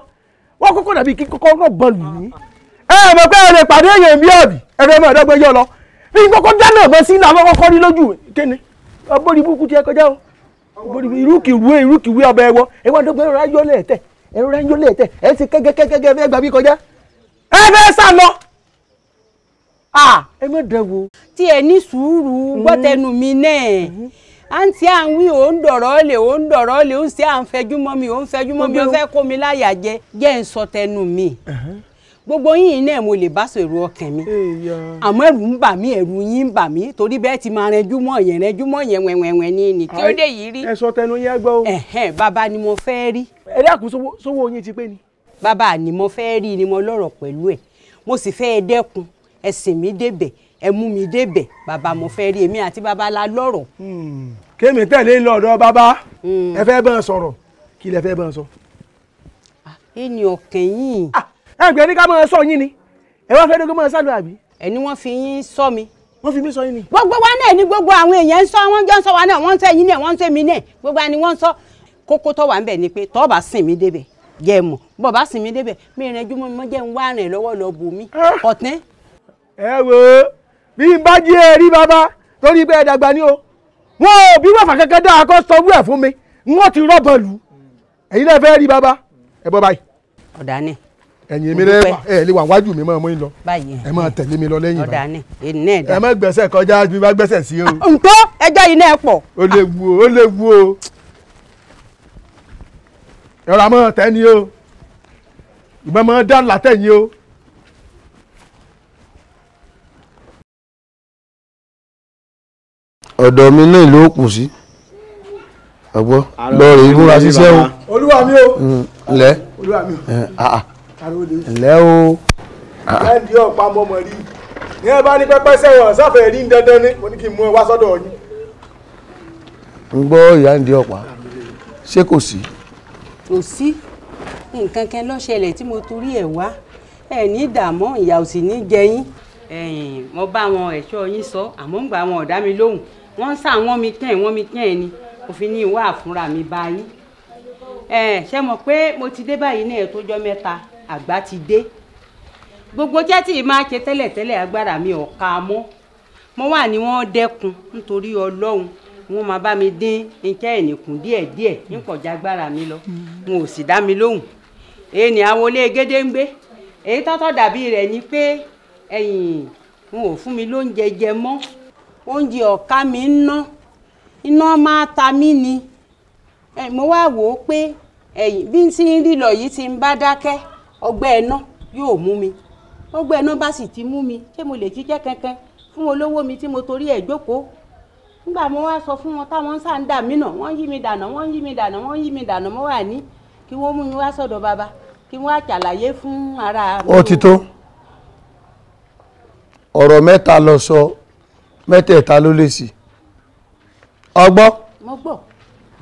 wọ́n kọ́kọ́ dàbí kí kọ́kọ́ náà bọ́ọ̀lù yìí ẹ ẹ mọ̀ pé ẹ lè pàdé èèyàn bí ọ̀bì ẹ̀rọ ẹ̀mọ ẹ̀dọ́gbẹ́jọ lọ bí kọ́kọ́ dáná ọ̀bẹ sí ilé àwọn kọ́kọ́ rí lójú kéne ọgbóni burúkú ti ẹ kọjá o irúkìwé irúkìwé ọbẹ̀ ẹwọ ẹwọ ẹdọgbẹ ẹrọ ayọ lẹẹtẹ ẹrọ ayọ lẹẹtẹ ẹ ti kẹgẹkẹgẹgẹ ẹ gbà bí kọjá ẹ bẹ sá lọ ẹ mọ dẹ wo. tí ẹ ní sùúrù mm-hmm. gbọ́tẹnu mi náà àǹtí à ń wí òun dọ̀rọ̀ lè òun dọ̀rọ̀ lè òun sì à ń fẹjú mọ́ mi òun fẹjú mọ́ mi òun fẹ́ kó mi láyà jẹ jẹ́ ń sọ tẹnu mi uh-huh. gbogbo yín náà mo lè bá sọ èrò ọkàn mi àmọ́ ẹ̀rù ń bà mí ẹ̀rù yín ń bà mí torí bẹ́ẹ̀ ti máa rẹjú mọ́ yẹn rẹjú mọ́ yẹn wẹ̀wẹ̀wẹ̀ ni ni kí ó dé yìí rí. ẹ sọ tẹnu yẹn gbọ́. ẹhẹn bàbá ni mo fẹ́ rí. ẹ dákun sówó yín ti pé ni. bàbá ni mo fẹ́ rí ni mo lọ́rọ̀ pẹ̀lú ẹ̀ mo sì fẹ́ ẹ dẹ́kun ẹ̀sìn mi débẹ̀ ẹ mú mi débẹ̀ bàbá mo fẹ́ rí èmi àti bàbá la lọ́rọ̀. Hmm. kémi tẹ̀lé lọ́dọ̀ bàbá hmm. ẹ fẹ́ bẹ́ẹ̀ sọ̀rọ̀ kí lẹ fẹ́ bẹ́ẹ̀ sọ. ènìyàn ah, kẹ́yìn. Ah, ẹ gbẹ́ ní ká máa sọ yín ni ẹ wá fẹ́ dógún máa sálọ àbí. ẹ ní wọ́n fi yín sọ mi. wọ́n fi mí sọ yín ni. gbogbo wa náà ni gbogbo àwọn èèyàn ń sọ wọ́n jọ ń sọ wa náà wọ́n ń sọ yín náà wọ́n ń sọ mi náà gbogbo àni wọ́n ń sọ kókó tó wà ń ni pé tọ́ bá sìn mí débẹ̀ jẹ́ mọ̀ bọ̀ bá sìn mí débẹ̀ mi ìrìnàjò mọ́ jẹ́ ń wá rìn lọ́wọ́ lọ bù mí ah. ọ̀tẹ́. ẹ wo bí n bá jí ẹ rí bàbá torí pé ẹ dàgbà ni o wọn ò bí wàfà kankan dá akọ sọ wúwẹ̀ fún mi wọn ti rọ́bọ̀ lù ẹ̀yin lẹ́ẹ̀ fẹ́ rí bàbá ẹ bọ́ báyìí. ọ̀dà ni ẹ̀yin mi lẹ́wà ẹ lè wà wájú mi máa mú yín lọ ẹ máa tẹ̀lé mi lọ lẹ́yìn báyìí ẹ má gbẹ́sẹ̀ kọjá bí bá gbẹ́sẹ̀ sí o. nǹkan ah, ẹjọ́ yìí náà pọ̀. ó lè wú o ó lè wú o ẹ̀rọ àmọ́ tẹ́ ni o ìbọn máa dá làtẹ̀yìn o. ọ̀dọ̀ mi náà ló kù sí ọgbọ́ lọ́ọ̀rẹ́ ìmúra ṣiṣẹ́ o olúwa mi o mm, ǹlẹ́ olúwa mi o ǹlẹ́ o. lẹ́ndí ọ̀pá mọ́mọ́ rí ní ẹ bá ní pẹ́pẹ́ sẹ́wọ̀n sáfẹ́ rí dandan ní mo ní kí n mú ẹ wá sọ́dọ̀ yín. ń gbọ́ ìyá ǹdí ọ̀pá ṣé kò sí. kò sí nǹkan kan ló ṣẹlẹ̀ tí mo torí ẹ̀ wá ẹ̀ ní ìdààmú ìyà ò sì ní jẹ yín. ẹ̀yìn mo bá àwọn ẹ̀ṣọ́ yín sọ àmọ́ ń gba àwọn ọ̀dá mi lóhùn wọ́n ń sá wọ́n mi tẹ́ ẹ̀ wọ́n mi tẹ́ ẹ̀ ni òfin ní ìwà àfúnra mi bá yín ẹ ṣe mọ̀ pé mo ti dé báyìí ní ẹ̀ tó jọ́ mẹ́ta àgbà ti dé gbogbo jẹ́tì máa ṣe tẹ́lẹ̀tẹ́lẹ̀ agbára mi ò ká mọ́ mo wà ní wọ́n dẹ́kun nítorí ọlọ́run wọn máa bá mi dín iṣẹ́ ẹ̀nìkún díẹ̀díẹ̀ nípọ̀já agbára mi lọ wọn ò sì dá mi lóhùn èyí ni àwọn olé gédéǹgbé èyí tọ́tọ́ dàbí rẹ̀ ni pé ẹ̀yìn wọn ò fún mi lóúnjẹ jẹ mọ́ oúnjẹ ọ̀ka mi ń ná iná máa ta mí ni mo wá wò ó pé ẹ̀yìn bí n ti ń rí lọ yìí ti ń bá dákẹ́ ọgbẹ́ ẹ̀nà yóò mú mi ọgbẹ́ ẹ̀nà bá sì ti mú mi ṣé mo lè jíjẹ́ kankan fún olówó mi tí mo torí ẹ̀ jókòó nígbà mo sọ fún wọn táwọn mí nà wọ́n yí mi dànà wọ́n yí mi dànà wà ní kí wọ́n mú mi wá sọ̀dọ̀ kí wọ́n fún ara tó lọ sọ mẹ́tẹ̀ẹ̀ta ló lè sí ọgbọ́n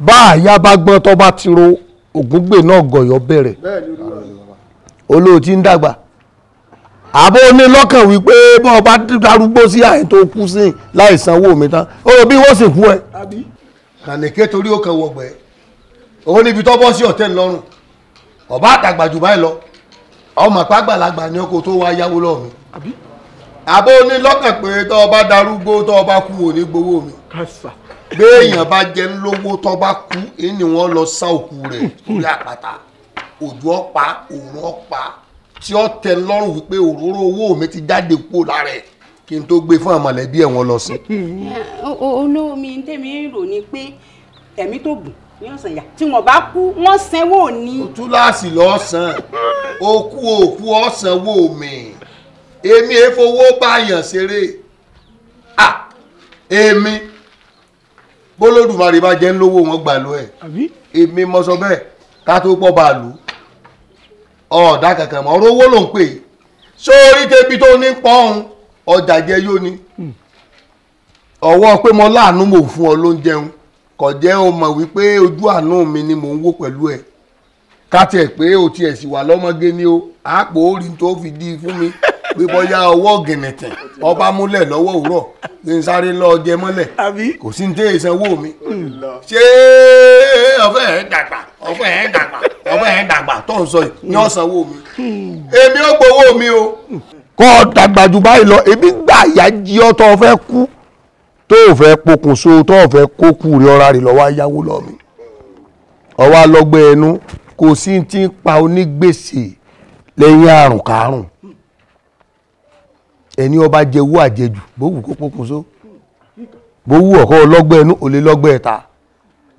bá àyà bá gbọ́n tó bá ti ro ògúngbè náà gọ̀yọ́ bẹ̀rẹ̀ olóòtí ń dàgbà àbó ní lọ́kàn wípé bọ́ọ̀ bá darúgbó sí àyè tó kú sí láì sanwó mi tán ó rò bí wọ́n sì kú ẹ. kànìké torí ó kàn wọgbẹ́ òun níbi tó bọ́ sí ọ̀tẹ̀ ńlọrùn ọ̀bá àtàgbàjù báyìí lọ ọmọ àpá àgbàlagbà ni ọkọ̀ tó wá yáwó lọ́ọ̀ àbó ní lọ́kàn pé tọ́ ọ bá darúgbó tọ́ ọ bá kú ò ní gbowó mi béèyàn bá jẹ lówó tọ́ bá kú èyí ni wọ́n lọ sá òkú rẹ̀ sórí àpáta òjò ọ̀pá òòrùn ọ̀pá tí ó tẹ́ lọ́rùn wípé òróró owó mi ti jáde kúrò lára ẹ̀ kí n tó gbé fún àmọ̀lẹ́bí ẹ̀ wọ́n lọ sí. olówó mi ń tẹ̀mí rò ni pé ẹ̀mí tó bù ní ọ̀sán yà tí wọ́n bá kú wọ́n sanwó ní. túláàsì lọ́sàn-án òkú òkú ọ̀sánwó mi èmi ẹ fowó pààyàn ṣeré à èmi bólódùmarè bá jẹ́ ń lówó wọn gbà lọ ẹ̀ èmi mo sọ bẹ́ẹ̀ ká tó pọ̀ bá lù ọ̀ọ́dà kankan mọ́ owó ló ń pè é sórí tẹbi tó ní pọ́n ọjà jẹ yóò ní hmm. ọwọ́ pé mo láàánú mò fún ọ ló ń jẹun kò jẹ́ o mọ̀ wípé ojú àánú mi ni mò ń wò pẹ̀lú ẹ̀ ká tiẹ̀ pé o tiẹ̀ sì wà lọ́mọge ni o àpò orin tó fi di fún mi bíbọ ya ọwọ́ gìnìtìn ọba múlẹ̀ lọ́wọ́ òwúrọ̀ ní n sáré lọ jẹ mọ́lẹ̀ kò sí ní tẹ́ ìsanwó mi ṣé ọ̀fẹ́ ẹ̀ dàgbà ọ̀fẹ́ ẹ̀ dàgbà ọ̀fẹ́ ẹ̀ dàgbà tó ń sọ yìí ní ọ̀sánwó mi èmi ò gbowó mi o. kọ́ ọ dàgbà jù báyìí lọ èmi gbà yá jí ọ tó o fẹ́ kú tó o fẹ́ pokùnso tó o fẹ́ kó kú rí ọ̀rá rẹ̀ lọ́wọ́ ayáwó lọ mi ọwọ́ alọ́gbẹ́ ẹnu kò sí ti pa onígbèsè lẹ́yìn àrùn kárùn ẹni ọba jẹ àjẹjù bó kó pokùn so bó ọkọ lọgbẹ ẹta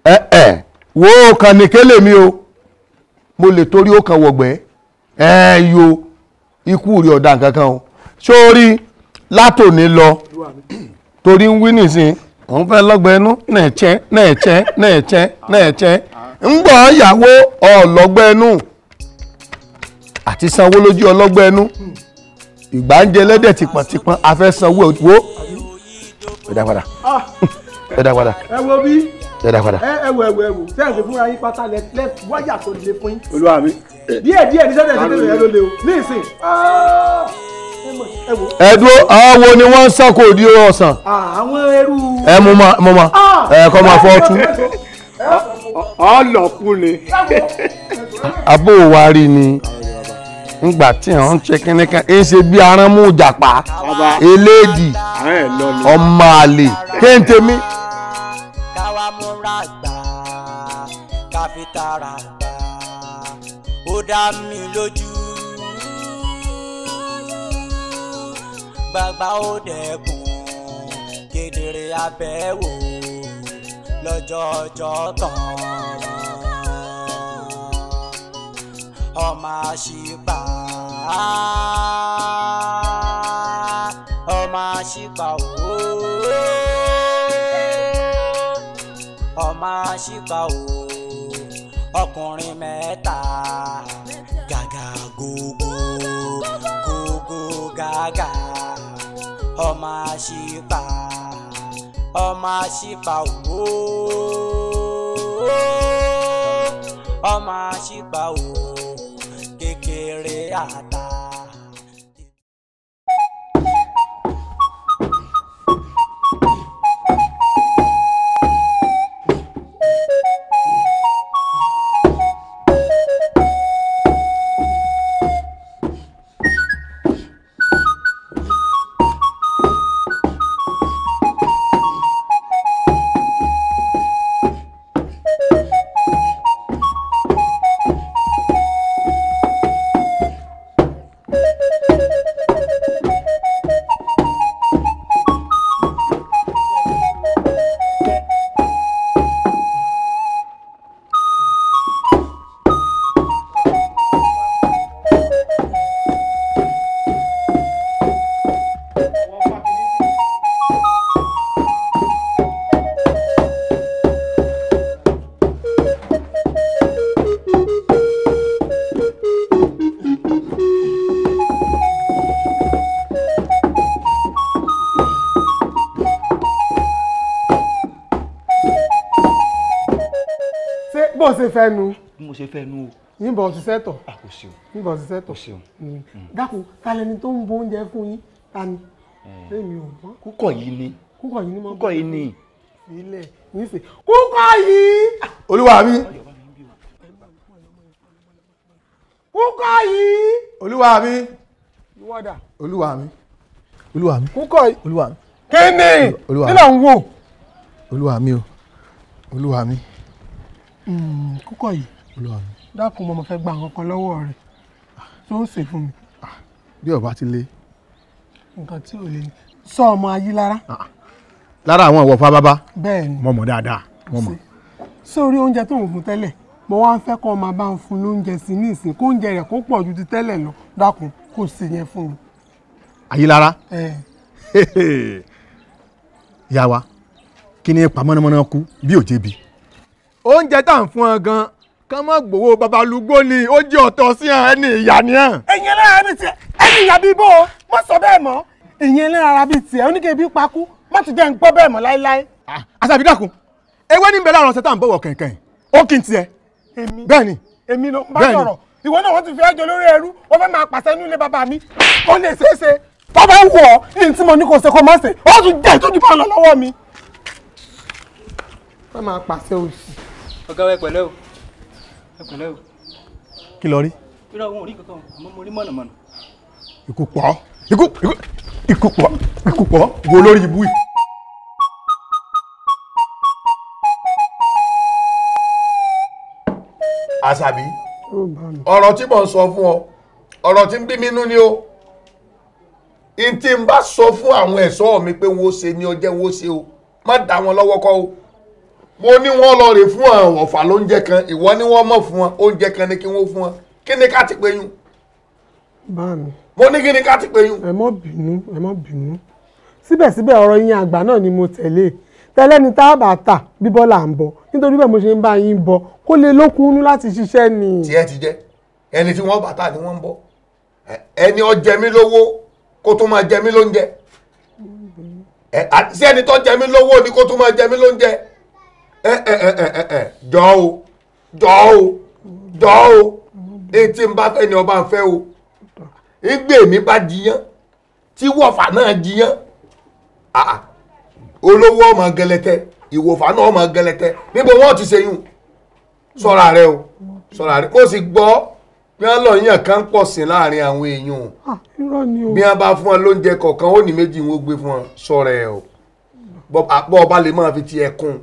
ẹ ẹ wo kan ní mi o mo lè torí ó wọgbẹ ẹ yo ikú rí ọ̀dà kankan o sórí látòní lọ torí ń wí nìsín òun fẹ́ lọ́gbẹ́ ẹnu ń gbọ́ ìyàwó ẹnu àti sanwó lójú ìgbà ń jẹ lẹ́dẹ̀ tipọ̀tipọ̀ a fẹ́ sanwó òtúwó ẹ dá padà ẹ dá padà. ẹ wo bí ẹ dá padà. ẹ wo ẹ wo ẹ wo sẹ́ẹ̀sì fúnra yín pátá lẹ lẹ wáyà tó le fún yín. olúwa mi. díẹ̀ díẹ̀ ní sẹ́ẹ̀sì tẹ́lẹ̀ yẹn ló le o ní ìsìn. ẹ dúró àwọn wo ni wọ́n ń sàkó òdi ọ̀sán. àwọn ẹrú. ẹ mú ma mú ma ẹ kọ́ máa fọ́ tú. ọlọ́kùn ni. àbó wa rí ni ngbà ti wọ́n ń ṣe kínní kan ẹ ṣe bí aránmú jàpá eléèdì ọmọ àlè kéńté mi. gbàgbà ó kedere abẹ́wò lọ́jọ́ ọjọ́ tán ọmọ àṣìpà ọmọ àṣìpà ooo ọmọ àṣìpà ooo ọkùnrin mẹ́ta gàgà gógó gógó gàgà ọmọ àṣìpà ọmọ àṣìpà ooo ọmọ àṣìpà ooo. yeah. fẹ́ nu. bí mo ṣe fẹ́ nu o yìnbọn ṣiṣẹ́ tọ̀ yìnbọn ah, ṣiṣẹ́ tọ̀ mm. Mm. dákun talẹni tó ń bo oúnjẹ fún yín ta ni lèmi eh. ò mọ̀. kúkọ yìí ni kúkọ yìí ni mo kúkọ yìí ni ilẹ̀ yìí ṣe kúkọ yìí. olúwa mi kúkọ yìí. olúwa mi ìwọ́dà. olúwa mi olúwa mi kúkọ yìí olúwa mi. kí ni kí ló ń wò. olúwa mi o olúwa mi. Hmm, kúkọ̀ yìí dákun mo mọ̀ fẹ́ gba nǹkan kan lọ́wọ́ rẹ̀ tó ń ṣe fún mi. Ah, bí ọba ti lé. nǹkan tí ò lè sọ ọmọ ayé lára. Ah, lára àwọn ìwọ̀fà bábá. bẹ́ẹ̀ni mo mọ̀ dáadáa mo mọ̀. sórí oúnjẹ tó ń fún tẹ́lẹ̀ mo wá ń fẹ́ kọ́ máa bá ń fún lóúnjẹ sí ní ìsìn kó oúnjẹ rẹ̀ kó pọ̀ ju ti tẹ́lẹ̀ lọ dákun kó ṣe yẹn fún mi. ayé lára. *laughs* ìyá wa kí ni pa mọ́nàmọ́ná kú bí òjèbi oúnjẹ tá à ń fún ọ gan kán mọ́ gbowó babalúgbó ni ó jẹ́ ọ̀tọ̀ sí ọ ẹni ìyá ni ọ. ẹyin ẹlẹ́ra bíi tiẹ̀ ẹni ìyá bíi bó o wọ́n sọ bẹ́ẹ̀ mọ́ ẹyin ẹlẹ́ra bíi tiẹ̀ oníkèébí pakú má ti jẹ́ ń gbọ́ bẹ́ẹ̀ mọ́ láéláé. Ah, àṣàbí dàkún ewé ní bẹ́ẹ̀ láàrọ̀ ṣe tá à ń bọ̀wọ̀ kẹ̀kẹ́ ó kì í tiẹ̀. èmi bẹ́ẹ̀ni èmi ló bá sọ̀rọ̀ ìwọ náà wọ́n ti fi ẹjọ́ lórí ẹrú wọ́n fẹ́ máa pàṣẹ nílé bàbá mi ó lè ṣeé ṣe tó ní tí mo ní kò ṣe kó má ṣe ó tún jẹ́ ìtọ́jú bá lọ lọ́wọ́ mi. wọ́n máa pàṣẹ òsì ọ̀gá wa ẹ pẹ̀lẹ́ o ẹ pẹ̀lẹ́ o. kí ló rí. irọ́ wọn ò rí kankan àmọ́ mo rí mọ̀nàmọ́nà. ikú pọ̀ ikú ikú pọ̀ ikú pọ̀ wo lórí ibú yìí. àṣàbí ọ̀rọ̀ tí mò ń sọ fún ọ ọ̀rọ̀ tí ń bí mi nú ni o n tí n bá sọ fún àwọn ẹ̀ṣọ́ mi pé wọ́n ṣe ni ọjẹ́ wọ́n ṣe o má dá wọn lọ́wọ́ kọ́ o mo ní wọ́n lọ rè fún àwọn ọ̀fà lóúnjẹ kan ìwọ ni wọ́n mọ̀ fún wọn oúnjẹ kan ni kí wọ́n fún wọn kí ni ká ti pe yún. báàmì. mo ní kí ni ká ti pe yún. ẹ mọ bínú ẹ mọ bínú síbẹ̀síbẹ̀ ọ̀rọ̀ yín àgbà náà ni mo tẹ̀lé tẹ́lẹ̀ ní tá a bá tà bíbọ́ là ń bọ̀ nítorí bẹ́ẹ̀ mo ṣe ń bá yín bọ̀ kó lè lókunú láti ṣiṣẹ́ ni. tiẹ̀ ti jẹ́ ẹni tí wọ́n bá tà ni wọ́n ń bọ̀ ẹni ó jẹ mí lówó kó tó máa jẹ mí lóúnjẹ sí ẹni tó jẹ mí lówó ni kó tó máa jẹ mí lóúnjẹ ẹ ẹ ẹ ẹ ẹ jọ o jọ o jọ o etí ń bá fẹ́ ni ọba ń fẹ́ o igbe mi bá jiyàn tí wọ́fà náà jiyàn olówó ọmọ gẹlẹtẹ ìwòfà náà ọmọ gẹlẹtẹ níbo wọn ti ṣe yùn rẹ o sọ́ra rẹ kó o sì gbọ́ bí wọ́n lọ yàn kán pọ̀ sí láàrin àwọn èèyàn ah, bí wọ́n bá fún ọ lóúnjẹ kọ̀ọ̀kan ó ní méjì wọn ó gbé fún ọ sọ́ra ẹ o bọ́ ọba lè máa fi ti ẹkún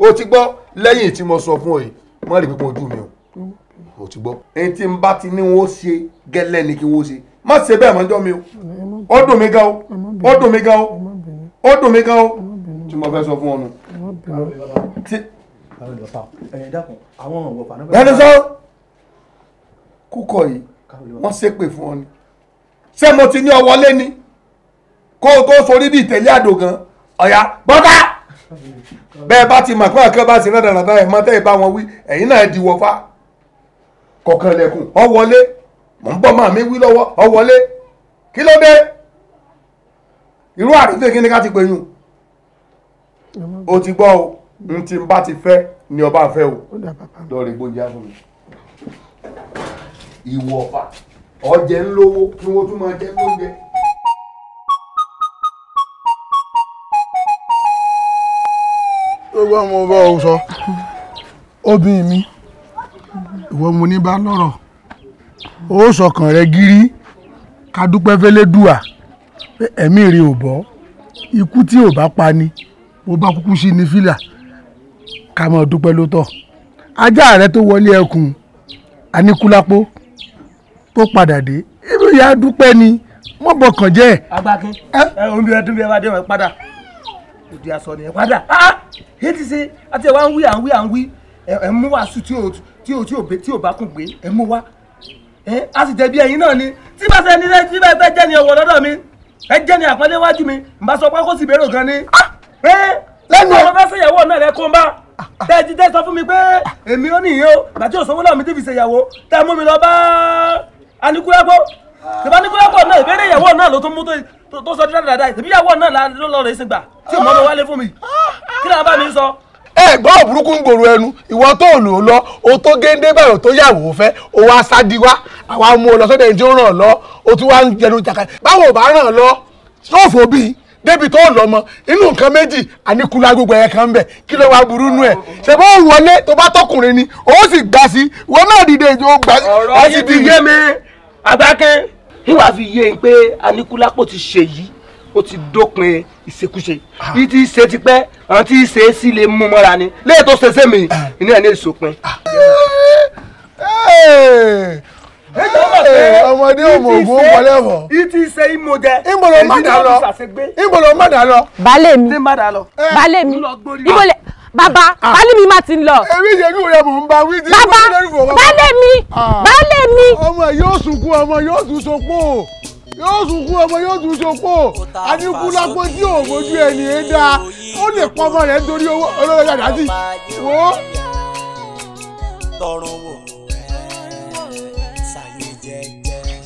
o ti gbọ́ lẹ́yìn tí mo sọ fún ọ yìí má rí pípọn ojú mi o o ti gbọ́. ẹni tí n bá ti ní wọ́n ṣe gẹ́lẹ́ ni kí wọ́n ṣe má ṣe bẹ́ẹ̀ mọ́ mi o ó dùn mí gan o ó dùn mí gan o ó dùn mí gan o tí mo fẹ́ sọ fún ọ nù. ẹni sọ kúkọ yìí wọ́n ṣépè fún ọ ni ṣé mo ti ní ọ wọlé ni kó o tó sorí bí ìtẹ̀lé àdó gan ọ̀yà bọ́ká bẹ́ẹ̀ bá ti mọ̀ pé àkàn bá ti rán dandan ẹ̀ mọ́ tẹ́ ẹ bá wọn wí ẹ̀yin náà di wọ́fà kọ̀ọ̀kan lẹ́kùn ọ wọlé mò ń bọ́ màá mi wí lọ́wọ́ ọ wọlé kí ló dé irú àrífẹ́ kí ni ká ti pè o ti gbọ́ o n ti bá ti fẹ́ ni ọba fẹ́ o lọ́ọ̀rẹ́ gbóúnjẹ fún mi ìwọ̀fà ọ̀jẹ̀ ńlówó ni wọ́n tún máa jẹ́ lóúnjẹ. gbọ́ mo bọ́ ọ sọ obìnrin mi ìwọ mo ní bá lọ́rọ̀ ó sọkàn rẹ gírí ká dúpẹ́ fẹ́lẹ́dùà pé ẹ̀mí rẹ ò bọ́ ikú tí ò bá pa ni mo bá kúkú sí ní fìlà ká máa dúpẹ́ ló tọ́ ajá rẹ tó wọlé ẹkùn aníkúlápó tó padà dé ibi ìyá dúpẹ́ ni mọ́bọ̀kànjẹ́. agbákin ẹ omi ẹdun bí ẹ bá dé wọn padà òdi aṣọ nìyẹn padà yé ah, ti ṣe àti ẹ̀ wá ń wí à ń wí à ń wí ẹ̀ mú wàásù tí ò tí ò tí ò tí ò bá kùn gbé ẹ̀ mú wá a sì jẹ̀bi ẹ̀yin náà ni tí bá ṣe ní tí bá fẹ́ jẹ́ ni ọ̀wọ̀ lọ́dọ̀ mi ẹ jẹ́ ni àpọ́nlé wájú mi n bá sọ pé kó sì bẹ̀rù gan ni. Ah! lẹ́nu ọ̀rọ̀ bá ṣèyàwó náà rẹ kó n bá ah, tẹ́ ẹ ti tẹ́ sọ fún mi pé èmi ó nìyẹn o bàtí òṣòwò náà mi ti fi ṣèyàwó tẹ́ ẹ mú mi lọ bá Aníkúlápó tìbá Aníkúlápó náà ìbéèrè ìyàwó náà ló tún mú tó sọ dídá dáadáa ìtẹ̀bí ìyàwó náà ló lọ rẹ̀ sìgbà tí mo lọ wálé fún mi ah, ah, ah. kí ni àbá mi sọ. ẹ gbọ́ òbúrúkú ń gbòòrò ẹnu ìwọ tó lò ó lọ o tó géńdé báyọ̀ tó yàwó fẹ́ o wá sádi wá àwa mú o lọ sọ́dọ̀ ẹni tí ó ràn lọ o tún wá ń jẹnu jàkà báwo ò bá ràn lọ ṣòfò bíi débi tó lọ mọ inú nǹkan méjì àníkúlú agbègbè ẹ̀ kan bẹ̀ kí ló wá burú nú ẹ̀ ṣe wọlé tó bá tọkùnrin ni ó sì gbà sí wọn náà dìde ìjọ gbà sí. ọ̀rọ̀ yìí ti yé mi àgbákẹ́ ìwà fi yé e pé Aníkúlápó ti ṣe yìí ó ti dópin ìṣekúṣe yìí ah. ti ṣe tipẹ́ àwọn tí ṣe é sí lè mú mọ́ra ni lẹ́yìn tó ṣẹṣẹ́ mi ìní ah. ẹ̀ ní ìṣòpin. Ah. ọmọdé òmògùn ó wọlé ọ̀fọ̀. yìí ti ṣe ìmọ̀ jẹ. ìmọ̀lọ́ má lọ. ìmọ̀lọ́ má lọ. balẹ̀ mi balẹ̀ mi ìmọ̀lẹ́ bàbá ah. Ah. baálé mi máa ti ń lọ. èmi ṣe kí wòye mò ń bá wí tí mo ní lórí fòwọ́. baálé mi ah. baálé mi. ọmọ yóò sunkún ọmọ yóò tún sopó yóò sunkún ọmọ yóò tún sopó àníkú lápò tí ò mójú ẹni ẹ dáa ó lè pọ ọmọ rẹ nítorí owó olóró yàrá sí wò.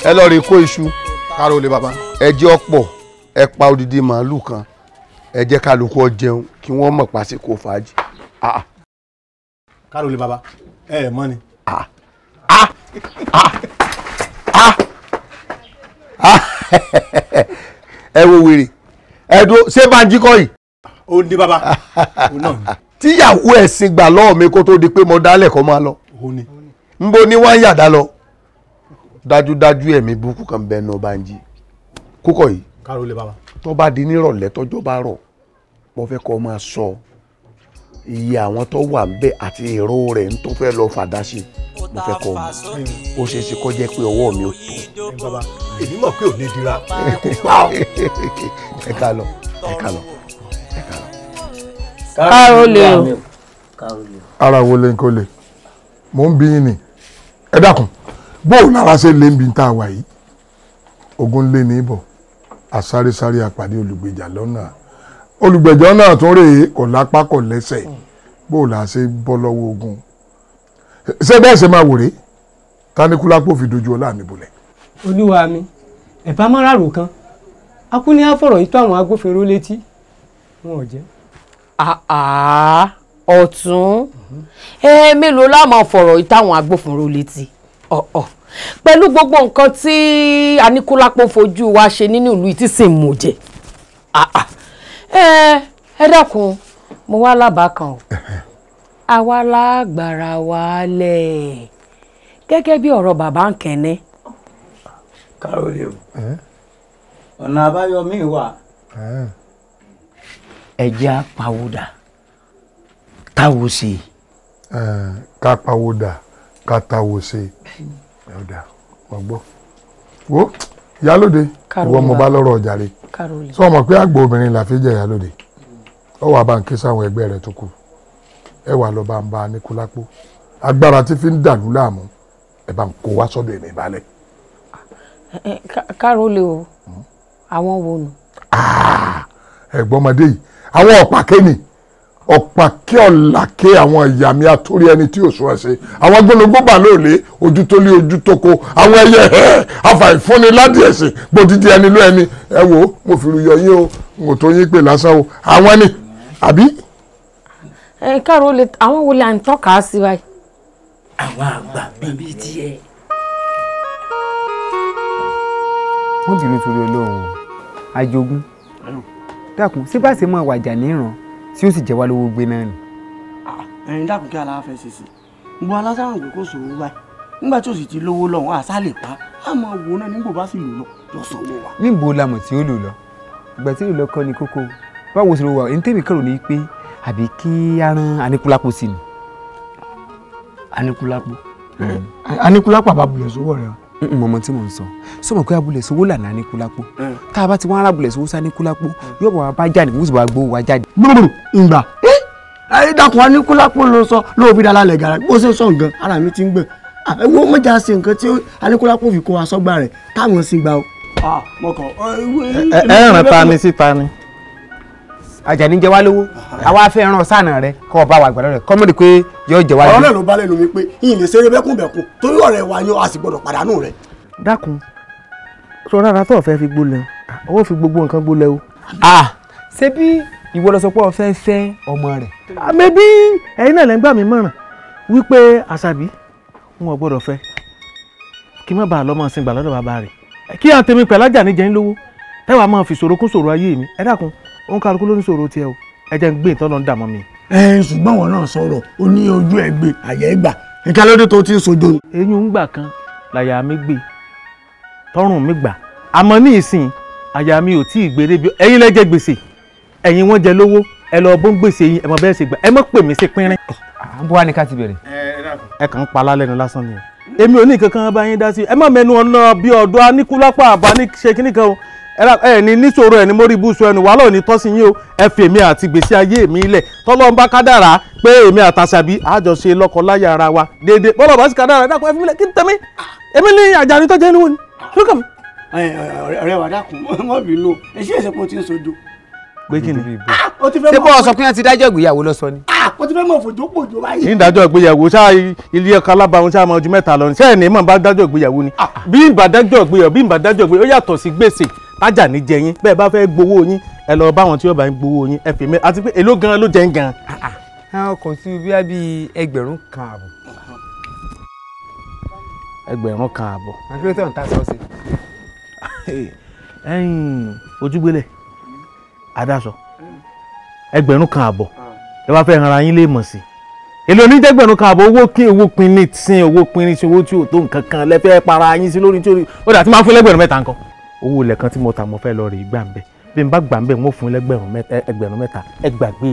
ẹ lọ rí kó iṣu káró lé bàbá ẹ jẹ́ ọ̀pọ̀ ẹ pa odidi màálù kan ẹ jẹ́ kálukú ọ jẹun kí wọ́n mọ̀ pásíkò fàájì. Ah, ah. káàró lè bàbá ẹ ẹ mọ ni. Ah, *laughs* ẹ wo wèrè ẹ dúró ṣé banji kọ́ yìí. ó ń di bàbá ó náà. tíyàwó ẹ̀ sì gbà lọ́ọ̀ mi kó tó di pé mo dálẹ̀ kó máa lọ. ń bo ni wọ́n ń yàdá lọ dájúdájú ẹ̀mí burúkú kan bẹ́ẹ̀ náà banji kúkọ yìí káàró lè bá wa. tó bá di nírọ̀lẹ́ tọ́jọ́ bá rọ̀ mo fẹ́ kọ́ máa sọ iye àwọn tó wà ńbẹ̀ àti èrò rẹ̀ ń tó fẹ́ lọ fàdá sí mo fẹ́ kọ́ mọ̀ ó ṣe é ṣe kó jẹ́ pé ọwọ́ mi ò tó. bàbá èmi mọ̀ pé ò ní dira. ẹ ká lọ ẹ ká lọ ẹ ká lọ. káàró lè o. ara wo lè kó lè mò ń bí yín ni ẹ dákun bóun lára ṣe lè ń bí tá wà yìí ogun lé ní ibọ̀ asárésáré àpàdé olùgbèjà lọ́nà olùgbèjà náà tún rèé kò lápá kò lẹ́sẹ̀ hmm. bó o là ṣe bọ́ lọ́wọ́ ogun ṣé bẹ́ẹ̀ ṣe máa wòrè tánikúlápò fi dojú ọlá mi bolẹ̀. olúwa mi ẹ̀bá má rárò kan akúni á fọ̀rọ̀ yìí tó àwọn agbófinró létí wọn ò jẹ́. ọ̀tún ẹ mélòó láwọn fọ̀rọ̀ yìí táwọn agbófinró létí ọ̀ọ̀ pẹ̀lú gbogbo nǹkan tí Aníkúlápó fojú wa ṣe nínú ìlú yìí tí sì mú jẹ ah, ah. ẹ dákun mo wá lábàá kan o àwa lágbára wa lẹ̀ gẹ́gẹ́ bí ọ̀rọ̀ bàbá ń kẹ́ni. kárólì ọ̀nà àbáyọ mi wà ẹ̀jẹ̀ apawódà táwo ṣe. ká pawódà ká táwo ṣe ọ̀dà wọ́n gbọ́ wo ìyálòde ìwọ mo bá lọ́rọ̀ ọjà rè sọ ọmọ pé àgbà obìnrin là fi jẹ ìyálòde ọ wà bá ń ké sáwọn ẹgbẹ́ rẹ̀ tó kù ẹ wà lọ bá ń bá Níkúlápó agbára tí fi ń dàlú láàmú ẹ bá ń kó wá sọ́dọ̀ èmi balẹ̀. kárólé ah, eh, eh, o hmm? àwọn wo nù. Ah, ẹ̀gbọ́n ọmọdé yìí àwọn ọ̀pá kẹ́ni ọ̀pá kí ọ̀là kí àwọn ìyá mi àtórí ẹni tí òṣùwọ̀ ẹ̀ṣẹ̀ àwọn gbólógbó bà lóòlé ojú tó lé ojú tó ko àwọn ẹyẹ ẹ *laughs* àfàìfúnni ládìí ẹ̀sìn gbòdìdí ẹni ló ẹni ẹ wo mo fi rúyọ yín o mo tó yín pè lásán o àwọn ẹni àbí. ẹ káàró lè àwọn wo la ń tọ́ka sí wa. àwọn àgbà bíbí tiẹ̀. wọ́n bìrì torí ọlọ́run àjogún dákun síbáṣe máa wàjà níran tí ó sì jẹ́ wá lówó gbé náà ni. Ah, ẹ̀yin dákun kí aláwa fẹ́ ṣe sí i gbogbo alásàrùn kò kó sòwò báyìí nígbà tí ó sì ti lówó lọ́hùn àṣà lè pa á máa wò náà nígbò bá sì lò lọ yọ sanwó wa. níbo la mọ̀ tí ó lò lọ ìgbà tí ìlú ọkọ ni kókó báwo sì wà ní tèmi kẹrò ní pé àbí kí á anikulapo sí ni. anikulapo hmm. anikulapo àbábùlẹ̀ sówó rẹ̀ o n mọ̀mọ́ tí mò ń sọ sọmọ pé abúlé sowó lànà ní kúlápó tá a bá ti wá arábùlé sowó sá ní kúlápó yóò bá wa bá jáde wọ́n sì bá gbowó wa jáde. gbogbo ìgbà ẹ dàkún wa ní kúlápó ló sọ lóòbí dala lẹ̀ gàrà bó ṣe sọ nǹkan ara mi ti ń gbọ̀n àwọn ọmọ ìjà ṣe nǹkan tí aníkúlápó fi kó wa sọ́gbà rẹ̀ táwọn sì gbà o. ẹ ẹ ràn ta ni síta ni. Àjàní jẹ wá lówó àwa fẹ́ ràn sànà rẹ kọ́ ọba wa àgbàdo rẹ kọ́mọ̀dé pé yóò jẹ wá lówó. ọ̀rọ̀ náà ló bá lẹ́nu mi pé ìyìn lè ṣeré bẹ́kùnbẹ̀kùn torí ọ̀rẹ́ wa yan a sì gbọ́dọ̀ pàdánù rẹ. dákun sọ rárá tó o fẹ́ fi gbolẹ̀ o ah, owó fi gbogbo nǹkan gbolẹ̀ o. Ah. ṣé bí ìwọ lọ sọ pé o fẹ́ fẹ́ ọmọ rẹ̀. àmì ah, bí ẹ̀yin náà lẹ́ ń gbà mí mọ̀ràn wípé àṣàbí wọn ò gbọ́dọ̀ fẹ́ kí má bàa lọ́mọ sin ó ń kálukú ló ní sọ̀rọ̀ tiẹ̀ o ẹ jẹ́ ń gbé ìtọ́nà ń dà mọ́ mi. ẹ ṣùgbọ́n wọn náà sọ̀rọ̀ ó ní ojú ẹ gbé àyà ẹ gbà nǹkan lóde tó ti ń sojo. eyín ń gbà kan làyà mi gbé tọrùn mi gbà àmọ́ ní ìsìn àyà mi ò tí ì gbére bí ẹ̀yin lẹ jẹ gbèsè ẹ̀yin wọ́n jẹ lówó ẹ lọ bó ń gbèsè yín ẹ mọ bẹ́ẹ̀ ṣe gbà ẹ mọ pè mí sí pínrín. bó wà ní ká ti bẹ̀rẹ̀. ẹ kàn ń pa alálẹ́nu lásán ni o èmi ò ní kankan bá yín dá sí ẹ má mẹnu ọ̀nà bí ọ̀dọ́ aníkúlápá àbá ní kíníkan o ẹni níṣòro ẹni mórí ibùsùn ẹni wàhálà òní tọ́sí yín o ẹ fi èmi àti gbèsè ayé mi lẹ̀ tọ́lọ́n bá kádàrà pé èmi àtàṣàbí àjọṣe lọ́kọláya ara wa déédéé bọ́lá bá sì kádàrà dákun ẹ fi mi lẹ̀ kí n tẹ̀mí èmi ní àjàní tọ́jú ẹni wò ni lókàn mi. ọ̀rẹ́ wa dákun *laughs* mọ́ bínú ẹ ṣe èsè kó tí ń sojú. pé kí ni ah, ṣé bọ́ sọ pé wọ́n ti dájọ́ ìgbéyàwó lọ sọ ni. ó ah, ti fẹ́ mọ̀ fòjó pòjó báyìí. ní ìdájọ́ ìgbéyàwó ṣáà ilé ẹ̀ka alábàáhùn ṣáà máa ju mẹ́ta lọ ní sẹ́ẹ̀ ní mọ̀ bá dájọ́ ìgbéyàwó ni ah. bí ìbàdájọ́ ìgbéyàwó bí ìbàdájọ́ ìgbéyàwó ó yàtọ̀ sí gbèsè tájà ní jẹ yín bẹ́ẹ̀ bá fẹ́ gbowó yín ẹ lọ báwọn tí yóò bá ń gbowó yín ẹ fi mẹ́ àti pé èló gan ló jẹ́ ń gan. kò sí bí a bí ẹgbẹ̀rún kan àbọ̀. ẹgbẹ̀rún kan àbọ̀. akérètọ̀ ń ta sọ́ọ̀sì. ẹyin ojúgbélẹ̀ adásọ ẹgbẹ̀rún kan àbọ̀ ẹ bá fẹ́ hanra yín lè mọ̀ sí èlò onídẹ́gbẹ̀rún kan àbọ̀ owó kí owó pinni sin owó pinni sin owó tí ò tó nǹkan kan lẹ́fẹ̀ẹ́ para yín sí lórí tí ó rí ó dà tí máa ń fún lẹ́gbẹ̀rún mẹ́ta nǹkan owó ilẹ̀ kan tí mo ta mo fẹ́ lọ rè é gbà ń bẹ̀ bí n bá gbà ń bẹ̀ mo fún ẹgbẹ̀rún mẹ́ta ẹgbẹ̀rún mẹ́ta ẹ gbàgbé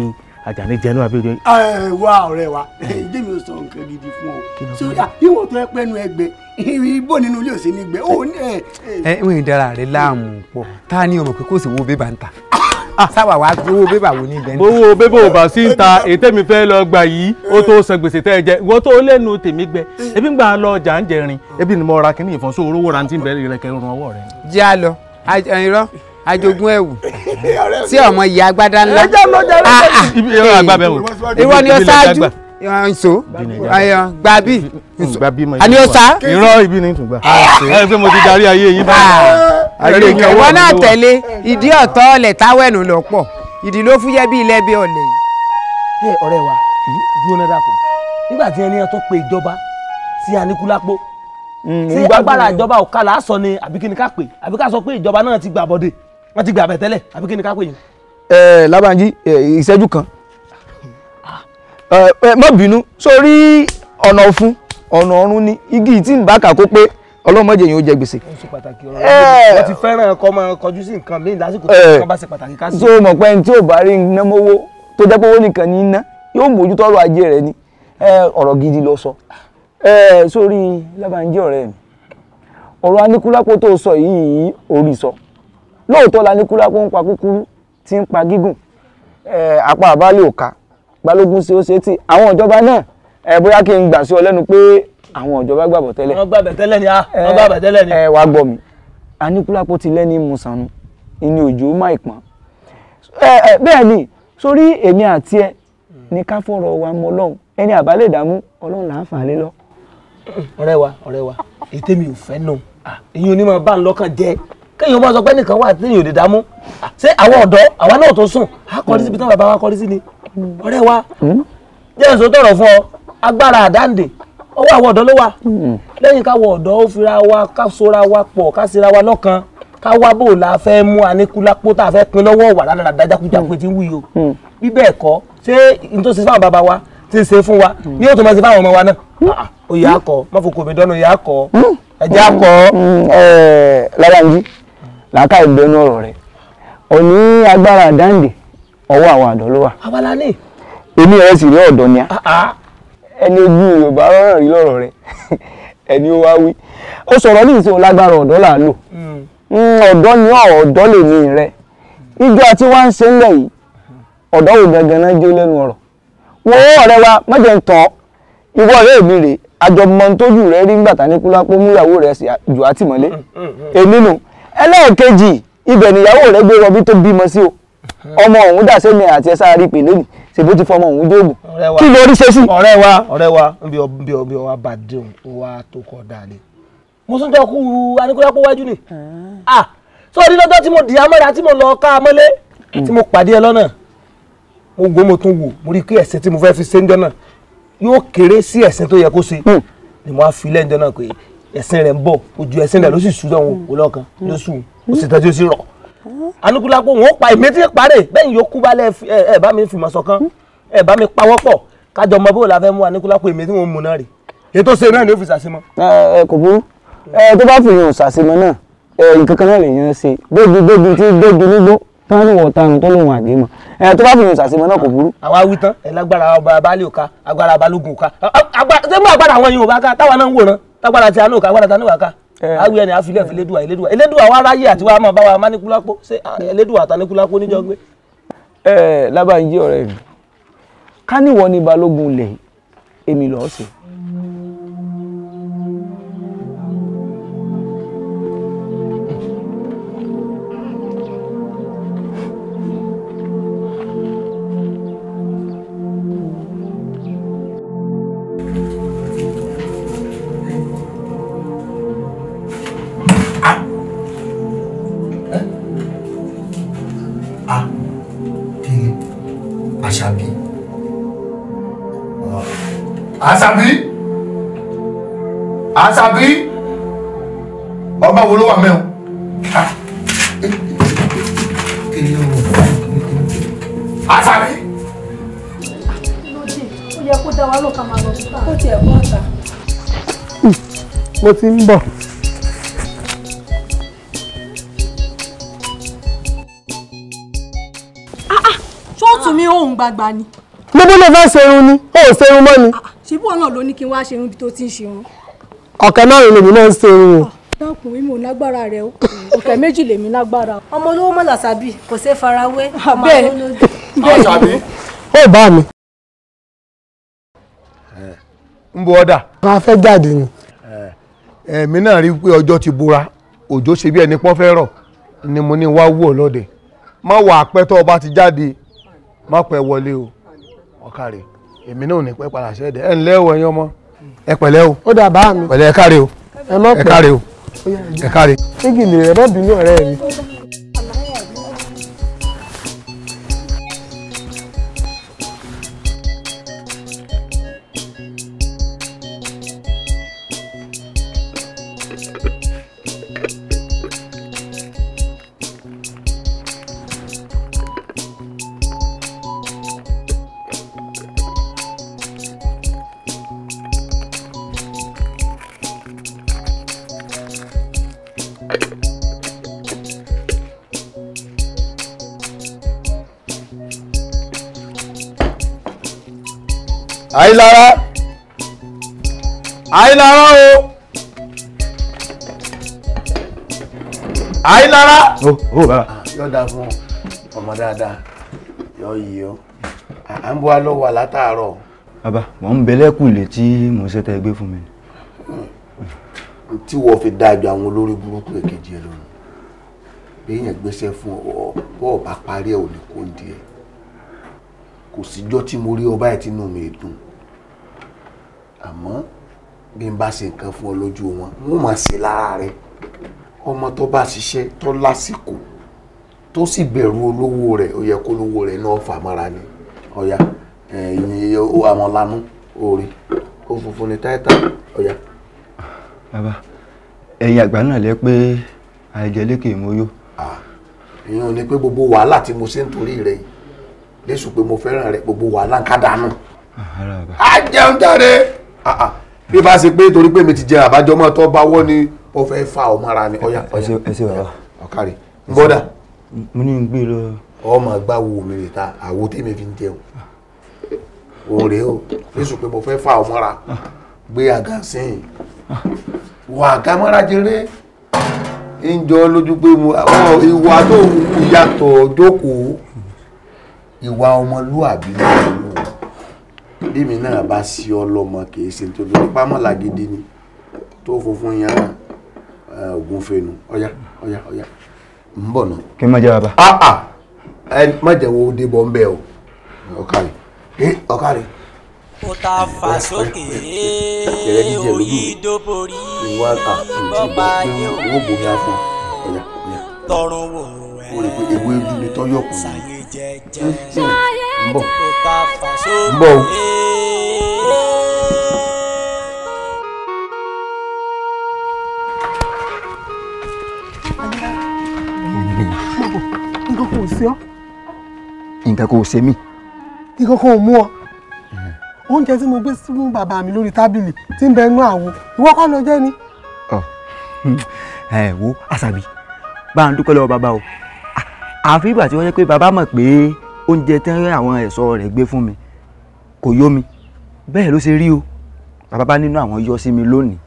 àjàní jẹnu àbíyọ. ẹ wá ọ̀rẹ́ wa ìdí mi ò sọ nǹkan gidi fún ọ sóyà ah, ìwọ tó ẹ pẹnu ẹgbẹ ibo nínú ilé òsín nígbẹ ẹ. ń dara rẹ láàmú pọ ta ni ọmọ pé kò sí wo bébà ń ta. Ah. sáwà wá owó bébà wo ní ibẹ̀ ní. owó bébà ò bá sí ń ta ètè mi fẹ́ lọ gbà yìí ó tó san gbèsè tẹ́ ẹ jẹ ìwọ tó lẹ́nu tèmi gbẹ mm. ebi ń gbà lọ ọjà ń jẹrin ebi ni mo ra kíní ìfọ̀n sóoró wò rántí ń bẹ̀rẹ̀ rẹ̀ kẹrin ọwọ́ rẹ̀. jẹ́ a lọ irọ́ ajogun ẹ̀wù *laughs* tí ọmọ yìí agbádá ńlá ìwọ ni ó ṣáájú nso gbabi àní ó sá. irọ́ ibi ni tùgbà ah, ẹ fẹ́ mo ti darí ayé yín báyìí. Ah ìwọ náà tẹ̀lé ìdí ọ̀tọ̀ ọ̀lẹ̀ táwẹ̀nù lọ́pọ̀ ìdí ló fúyẹ́ bí ilẹ̀ ọ̀lẹ̀ yìí. ọ̀rẹ́ wa dúró náà dàpọ̀ nígbà tí ẹni tó pe ìjọba sí Aníkúlápó sí mm, agbára ìjọba ọ̀ka là sọ ni àbí kí ni ká pè àbí ká sọ pé ìjọba náà ti gbà bọ́dẹ̀ wọ́n ti gbà bẹ̀ tẹ́lẹ̀ àbí kí ni ká pè yín. ẹ Lábànjí ìṣẹ́jú kan má bínú sórí ọ̀nà ọ̀fun ọ̀nà ọ̀run ni igi tí ń bá kà kó pé ọlọ́mọdé yìí ó jẹ gbèsè. ó ṣe pàtàkì ọ̀rọ̀ ẹ̀ wọ́n eh. ti fẹ́ràn ọkọ máa kọjú sí nǹkan míì lásìkò tí wọ́n eh. bá ṣe pàtàkì ká sí. so mọ̀ pé ẹni tí ò bá rí iná mọ́wó tó jẹ́ pé owó nìkan ní iná yóò mójútó ọrọ̀ ajé rẹ̀ ni eh, ọ̀rọ̀ gidi ló sọ sórí lábàájí ọ̀rẹ́ mi ọ̀rọ̀ aníkúlápó tó sọ yìí orí sọ lóòótọ́ laníkúlápó ń pa kúkúrú tí ń pa gígùn apá àbálẹ̀ òka balógun ṣe ó ṣe tí àwọn ìjọba náà bóyá kí n gbà sí ọ lẹ́nu pé àwọn ìjọba gbàgbọ́ tẹ́lẹ̀. wọ́n gbàgbọ́ tẹ́lẹ̀ ni ah, wọ́n gbàgbọ́ tẹ́lẹ̀ ni. ẹ wàá gbọ́ mi aníkúlápó ti lẹ́ni musanu ìní òjò má ìpọ́n. bẹ́ẹ̀ ni sórí èmi àti ẹ ní ká fọ̀rọ̀ wa mọ ọlọ́run ẹni àbálẹ̀ ìdààmú ọlọ́run là ń fà á lé lọ. ọ̀rẹ́ wa ọ̀rẹ́ wa ètè mi ò fẹ́ nù ah, èyí ò ní máa bá ń lọ́kàn jẹ́ kéèyàn bá sọ pé nìkan wà téèyàn ò lè dààmú ah, ṣé àwọn ọ̀dọ́ àwa náà tó sùn á kọrí síbi tí bàbá wa kọrí sí ni hmm. ọ̀rẹ́ wa hmm. jẹ́ ìṣòtọ̀rọ̀ fún ọ agbára àdáǹdè ọwọ́ àwọn ọ̀dọ́ ló wà hmm. lẹ́yìn káwọ ọ̀dọ́ ó fira wa ká sora wa pọ̀ ká sira wa lọ́kan ká wá bò la fẹ́ mú aníkúlápó tá a fẹ́ pin lọ́wọ́ wà lára dájákújápé tí ń wúyo hmm. bí bẹ́ẹ̀ kọ́ ṣé n tó ṣe fáwọn bàbá wa ti ṣe fún wa hmm. ní yóò tó máa ṣe fáwọn ọmọ wa náà oyè akọ ah, mọ́fokò mi dọ́nà oyè akọ ẹ̀jẹ̀ akọ. lọ́láńjí làákà ìbẹnu ọ̀rọ̀ rẹ̀ òní agbára dáǹdè ọwọ́ àwọn àdọ́ ló wà. àwa la ní. èmi rẹ̀ sì rí ọ̀dọ́ ni a. Ah, ah. ẹni ojú yorùbá rọrùn rí lọ́rọ̀ rẹ̀ ẹni ó wá wí ó sọrọ ní ìsìn olágbára ọdọ là lò hmm. hmm, ọdọ ni ọdọ lè ní rẹ̀ ìjọ àti wá ń ṣe ń lẹ̀ yìí ọ̀dọ́ wò gangan náà jó lẹ́nu ọrọ wo ọ̀rẹ́ wa mẹ́jẹ̀ ń tàn ìwọ ọ̀rẹ́ mi rèé àjọmọ tójú rẹ rí ńgbàtà ní kúlápó múyàwó rẹ sì jù àtìmọ́lé hmm, èmi nù ẹlẹ́ẹ̀kejì ibẹ̀ nìyàwó rẹ gbé rọbí tó bímọ sí o ọmọ ọ̀hún dà sẹ́mi àti ẹ sáà lónìí ṣèbó ti fọmọ òun jóògùn kí lórí ṣe sí. ọ̀rẹ́ wa ọ̀rẹ́ wa nbí ọbí ọbí ọwọ́ abàdé wa tó kọ dalẹ̀ mo tún jọ kúru anikoya pé wájú ni ah, ah sọ́ọ́rí lọ́jọ́ tí mo dì á mọ́ra tí mo lọ ká a mọ́lé tí mo pàdé ẹ lọ́nà mo gbó mo tún wò mo rí i pé ẹ̀sìn tí mo fẹ́ fi ṣe ń jọ náà yóò kéré sí ẹ̀sìn tó yẹ kó ṣe hmm. ni mo á fi lẹ́ńjọ náà pé ẹ̀sìn rẹ̀ ń bọ̀ ojú ẹ̀sìn rẹ̀ ló sì sùn lọ́wọ́ anukulakpo wọn ó pa èmi tí parẹ́ bẹ́ẹ̀ yóò kú balẹ̀ ẹ bá mi fìmọ̀ ṣọ̀kan ẹ bá mi pawọ́ pọ̀ kájọ mọ bó la fẹ́ mú anukulakpo èmi tí wọ́n mú náà rè ètò ṣe náà ni ó fi ṣàṣemọ. ẹ kò burú ẹ tó bá fi hàn ṣàṣemọ náà nǹkan kan náà lèèyàn ṣe gbégi gbégi tí gbégi nígbó tánú wọ tanù tó lóun àgbé mọ ẹ tó bá fi hàn ṣàṣemọ náà kò burú. àwa wí tán ẹ lágbára ọba baálé òka agbára balógun òka ṣé mú agbára àwọn yìí ò bá ká táwa náà ń wòran tágbára tí a náà ká agbára tí a náà wà ká. Eh. awi ẹni àfilẹ̀ fún elédùà elédùà elédùà wa ráyè àti wa máa bá wa mánikúlápó ṣé ni ah, àtàníkúlápó níjọ gbé. ẹ eh, lábàá ń jí ọ̀rẹ́ mi ká níwọ ni balógun lẹ èmi lọ sí i àṣàbí ọba wo ló wà mẹ́wọ̀n. àṣàbí. ó yẹ kó dá wa ló kà máa lọ síta. ó tiẹ̀ kọ́ ọ̀tá. mo ti ń bọ̀. Ah, ah, tún mi òun gbagba ni. gbogbo lè fẹ́ ṣerun ni ó ṣerun mọ́ ni. Ah, ṣùgbọ́n náà ló ní kí n wá ṣerun bí tó ti ń ṣerun. ọ̀kẹ́ márùn-ún lèmi náà ń ṣe o. Ah, rẹ o méjì lèmi lágbára. ọmọ olówó mọ̀ làṣàbí kò farawé *laughs* ah, ọmọ àṣàbí. ó bá mi. ń ọ̀dà. fẹ́ jáde ni. náà rí i pé ti òjò ṣe ẹni fẹ́ rọ̀ ni mo ní wá wú ọ má wà á pẹ́ tó ti jáde má pẹ́ wọlé o èmi náà ò ní pẹ́ padà ṣẹ́ẹ̀dẹ̀ ẹ̀ ẹ pẹ̀lẹ́ o. ó dà bá mi. pẹ̀lẹ́ ẹ káre o. ẹ má káre o. ẹ káre. ṣé gèlè rẹ bá bínú ọ̀rẹ́ mi. àìlára àìlára o àìlára. ó ó bàbá. yóò dáa fún ọmọ dáadáa yóò yí o à ń bọ́ a lọ́wọ́ àlátàárọ̀. bàbá mò ń bẹ lẹ́kùn létí mò ń ṣe tẹ́ gbé fún mi. tí wọ́n fi dáa ju àwọn olórí burúkú èkejì ẹ lọ́nà béèyàn gbéṣẹ́ fún ọ bọ́ ọ bá parí ẹ ò ní kó ń di ẹ kò síjọ́ tí mo rí ọba ẹ̀ tínú mi dùn àmọ́ bí n bá ṣe nǹkan fún ọ lójú wọn wọn máa ṣe lára rẹ ọmọ tó bá ṣiṣẹ́ tó lásìkò tó sì bẹ̀rù olówó rẹ̀ ó yẹ kó olówó rẹ̀ náà fà mọ́ra ni ọ̀ya ẹ̀yìn ó àwọn lanú orí ó funfun ni táìtà ọ̀ya. bàbá ẹ̀yin àgbà náà lẹ pé àìjẹ́lékè mọ́yó. ìyẹn ò ní pé gbogbo wàhálà tí mo ṣe ń torí rẹ̀ yìí lẹ́sùn pé mo fẹ́ràn rẹ̀ gbogbo wàhálà ń ká àjẹun ah, jáde. Ah, ah. bí bá ṣe pé torí pé mi ti jẹ àbájọmọ tó bá wọ ni ó fẹ́ fa ọmọ ara ni ọyà ọyà ẹsẹ bàbá ọkàrí bọ́dà. mo ní gbé lọ. ọmọ àgbà wo mi rè ta àwo tèmi fi ń jẹun òun rèé o jésù pé mo fẹ́ fa ọmọ ara gbé àga sẹ́yìn wà kámọ́ra jẹrẹ́ ń jọ lójú pé mo ìwà tó yàtọ̀ jókòó ìwà ọmọlúwàbí ló bímí náà bá sí ọlọ́mọ kì í ṣe nítorí pamọ́ làgídí ni tó funfun yẹn ògùn fẹnu ọ̀yá ọ̀yá ọ̀yá ń bọ̀ nà. kí n má jẹ́ bàbá. a ah, a ah. má jẹ́ wo dé bọ́ ń bẹ́ o ọ̀kàrí ọ̀kàrí. ó ta fà sókè òyì dóborí ah, bọ́ba yóò tọrùn wò ẹ́ sàyè jẹ́jẹ́. Bo. bọ̀ o. nǹkan kò sí ọ. nǹkan kò ṣe mí. nǹkan kò mú ọ. oúnjẹ tí mo gbé fún bàbá mi lórí tábìlì tí ń bẹ inú àwo ìwọ kọ́ ló jẹ ni. *laughs* ẹ wo àṣàbí bá a ń dúpẹ́ lọ́wọ́ bàbá o àfi ìgbà tí wọ́n yẹ pé bàbá mọ̀ pé oúnjẹ tẹ́rẹ́ àwọn ẹ̀ṣọ́ rẹ̀ gbé fún mi kò yó mi bẹ́ẹ̀ ló ṣe rí o bàbá bá nínú àwọn yọ sí mi lónìí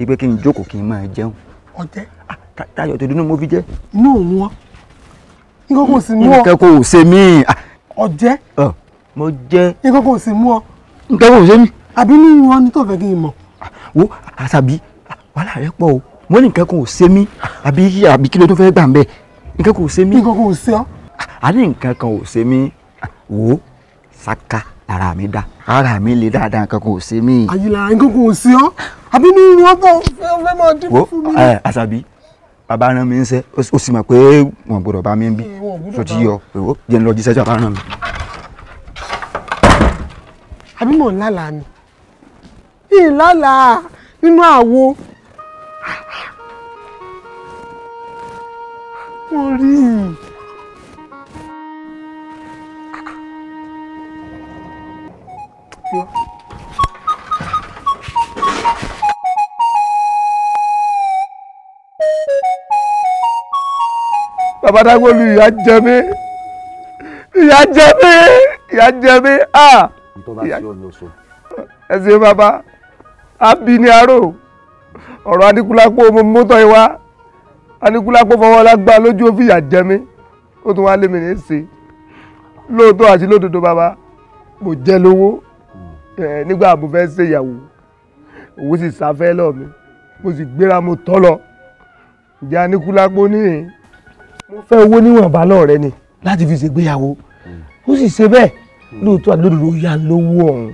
ipe kí n jókòó kí n máa jẹun. ọjẹ. Ah, táyọ̀ tó dúnú mo fi jẹ́. inú òun wọn nǹkan kò sí mú ọ. nǹkan kò ṣe mí. Ah. ọjẹ. mo jẹ. nǹkan kò sí mú ọ. nǹkan kò ṣe mí. àbí nínú wọn ni tó fẹ́ kí n mọ̀. Ah, wo àṣàbí wàhálà rẹ pọ̀ o mo ní nǹkan kò ṣe mí àbí kí ló tó fẹ́ gbà ń bẹ̀ nǹkan kò ṣe mí. nǹkan kò ṣe ọ. a ní nǹkan kan ò ṣe mí wò ó ara mi ara le dáadáa nǹkan kan ò ṣe mí. àyìnlá nǹkan kan ò ọ. àbí ní irun ọgbọ́n fẹ́ máa dín fún mi. asabi bàbá rán mi ń ṣe sì mọ̀ pé bá mi ń bí tó ti yọ èwo jẹ́ lọ jíṣẹ́ tí ni nínú àwo rí you. Bàbá Dágbólú ìyá jẹ mí. Ìyá jẹ mí. Ìyá jẹ mí. Tó bá sí ọ̀nà oṣù. Ẹ ṣe bàbá. Àbí ni aró. Ọ̀rọ̀ Adékúlápó mo mọ́tọ̀ ìwá. Adékúlápó fọwọ́ lágbá lójú ó fìyà jẹ mí. Ó tún wá lé mi ní ṣe. Lóòótọ́ àti lódodo bàbá. Mo jẹ lówó nígbà mo fẹ́ ṣèyàwó òun sì sáfẹ́ lọ mi mo sì gbéra mo tọ́ lọ ìjà níkúlápó níhìn mo fẹ́ owó níwọ̀nba lọ́ọ̀rẹ́ ni láti fi ṣègbéyàwó ó sì ṣe bẹ́ẹ̀ lóòótọ́ àlódòdó yá lówó ọ̀hún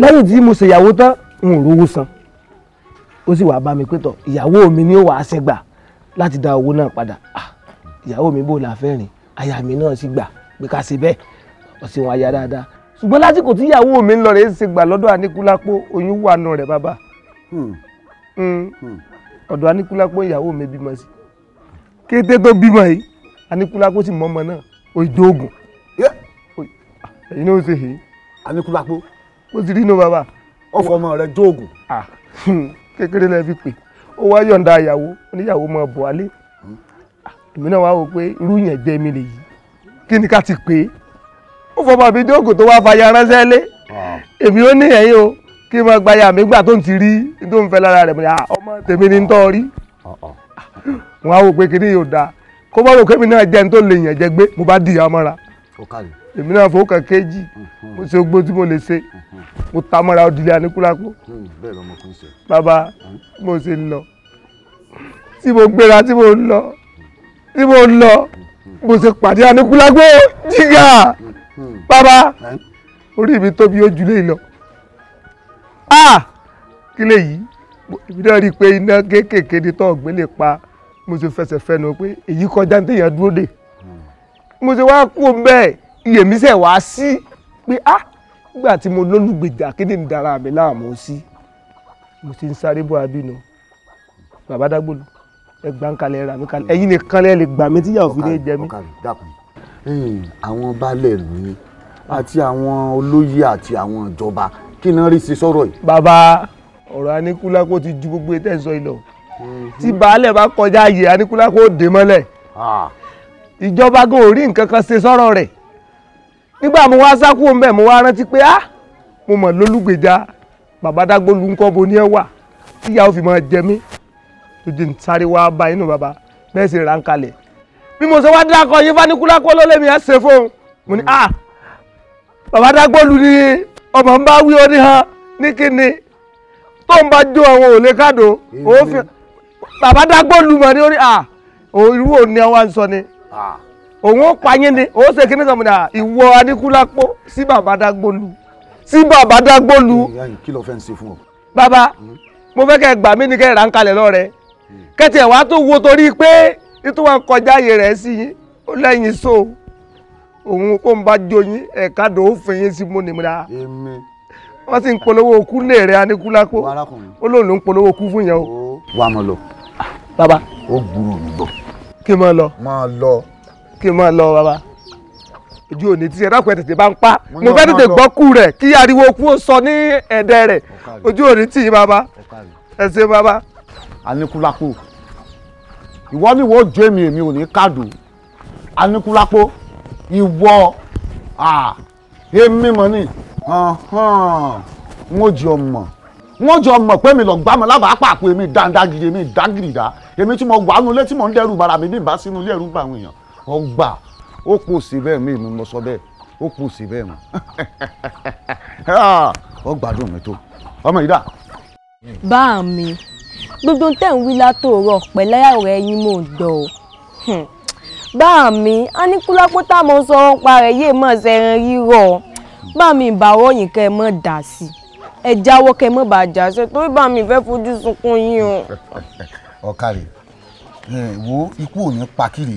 lẹ́yìn tí mo ṣèyàwó tán n ò rówó san ó sì wàá bá mi pé tọ̀ ìyàwó mi ni ó wàá ṣe gbà láti dá owó náà padà ah, ìyàwó mi bò la fẹ́ rìn aya mi náà sì gbà pé ká ṣe bẹ́ẹ̀ ọ̀sìn wọn aya dáadáa ṣùgbọ́n lásìkò tí ìyàwó mi ń lọ rẹ̀ ṣe gbà lọ́dọ̀ Aníkúlápó oyún wà nù rẹ̀ bàbá hmm. Hmm. Hmm. ọ̀dọ̀ Aníkúlápó ìyàwó mi bímọ sí kété tó bímọ yìí Aníkúlápó sì mọ́mọ náà òjò ogun èyí ló ń ṣe yìí. Aníkúlápó. ó ti rí inú bàbá. ọkọ ọmọ rẹ jóògùn. kékeré lẹ fi pè ó wá yọ̀ǹda ìyàwó oníyàwó máa bọ̀ wálé èmi náà wá wò pé irú yẹn jẹ́ mi lè yí kí ni ká ti pè é ó fọmọ mi dóògùn tó wá fàyà ránṣẹ́ lé ah. èmi ó ní ẹ̀yìn o kí n máa gba ya mi gbà tó ń ti rí tó ń fẹ́ lára rẹ̀ bóyá ah, ọmọ tèmi ni ń tọ́ rí ah, wọn á wò pé kíní yóò dáa kó bá rò kémi náà jẹ́ ní tó lè yàn jẹ gbé mo bá dìyà mọ́ra èmi náà fowó kan kéjì mhm. mo ṣe gbó tí mo lè ṣe mhm. mo ta mọ́ra òdìlẹ̀ àníkúlákú hmm, bàbá hmm. mo ṣe lọ tí mo gbéra tí mo lọ tí mo lọ hmm, mo ṣe pàdé àníkúlákú jíga bàbá orí mi tóbi ojú lè lọ ah lè yí èmi náà rí i pé iná kéékèèké ni tó ọ̀gbìn lè pa mo ṣe fẹsẹ̀ fẹnu pé èyí kọjá ní téèyàn dúró dè hmm. mo ṣe wáá kú bẹ́ẹ̀ iyèmí ṣẹ̀ wá sí pé ah nígbà tí mo lólùgbèjà kí ni ń dara mi láàmú sí mo ti ń sáré bọ́ abínú bàbá dágbòlù ẹ gbà ń kalẹ̀ ra mi kalẹ̀ ẹ̀yin nìkan lẹ́ẹ̀ lè gbà mí tíyàwó fi lè jẹ mí. Hmm, àwọn baálé mi àti àwọn olóyè àti àwọn ìjọba kí náà rí sí sọ̀rọ̀ yìí. bàbá ọ̀rọ̀ Aníkúlákó ti ju gbogbo ètò ẹ̀sọ́ yìí lọ hmm. tí baálẹ̀ bá kọjá ààyè Aníkúlákó dè mọ́lẹ̀ ìjọba gan ò rí nǹkan kan ṣe sọ̀rọ̀ rẹ̀ nígbà mo wá sákú òun bẹ́ẹ̀ mo wá rántí pé ah mo mọ̀ lólùgbèjà bàbá dágbólu ńkọ́ bo ní ẹ wà tíyàwó fi máa jẹ mí tó di ń sáré wá bá inú bàbá bẹ́ẹ̀ sì rà bí mo ṣe wá dákọ yín fánikúlá kó ló lèmi ẹ ṣe fóun mo ní ah bàbá dágbólu ni ọmọ ń bá wí ọ níhan ní kíni tó ń bá jó àwọn òòlè káàdó òfin bàbá dágbólu mọ ní orí ah irú òní ọwọ́ ń sọ ni ah. òun ó pa yín ni ó ṣe kíní sọmọ ní à ah, ìwọ aníkúlápó sí bàbá dágbólu sí bàbá dágbólu. kí ló fẹ́ ń ṣe fún ọ. bàbá hmm? mo fẹ́ kẹ́ gbà mí ni kẹ́ ra ń kalẹ̀ lọ́rẹ̀ hmm. kẹ́tì ẹ̀ wá tó wo torí pé nítorí wọn kọjá ayé rẹ̀ sí yín ó lẹ́yìn so òun kó ń bá jó yín ẹ̀ka dò ó fẹ́ yín sí mo nìmúra wọ́n sì ń polówó okú lè rẹ̀ aníkúlákó ó lóun ló ń polówó okú fún yẹn o. wà á mọ lọ. Ah, bàbá. ó gbúrò mi bọ̀. kí n máa lọ. máa lọ. kí n máa lọ bàbá ojú òní tí ẹ̀dá kan tètè bá ń pa mo fẹ́ tètè gbọ́ kú rẹ̀ kí ariwo kú ó sọ ní ẹ̀dẹ̀ rẹ̀ ojú òní tì í bàbá ẹ bàbá. aníkúlákó ìwọ ni ìwọ jó èmi èmi ò ní kádùn Aníkúlápó ìwọ èmi mọ̀ ni wọ́n jọ mọ̀ wọ́n jọ mọ̀ pé mi lọ gbá mọ̀ lábàá pàpọ̀ èmi dáadáa gidi èmi dágìrìdá èmi tí mo wà nulẹ̀ tí mo ń dẹ́rù bara mi bí n bá sínú ilé ẹ̀rù bá àwọn èèyàn ọgbà ó kù sí bẹ́ẹ̀ mi mo sọ bẹ́ẹ̀ ó kù sí bẹ́ẹ̀ mọ̀ ọgbàdùn *laughs* mi tó ọmọ yìí dà. bá a mi gbogbo tẹ̀ ń wí látòrọ̀ pẹ̀lẹ́ ọ̀rẹ́ yín mò ń gbọ́ ọ. Hmm. bá mi a ní kúlápó táwọn sọ ọ́n pa rẹ̀ yéé mọ̀ sẹ́ran rírọ̀ bá mi ìbáwọ̀ yìí kẹ́ ẹ mọ̀ dà sí ẹ jáwọ́ kẹ́ ẹ mọ̀ bá jà ṣe torí bá mi fẹ́ fojú sunkún yín o. *laughs* ọ̀kàrẹ̀ wo ikú ò ní pa kiri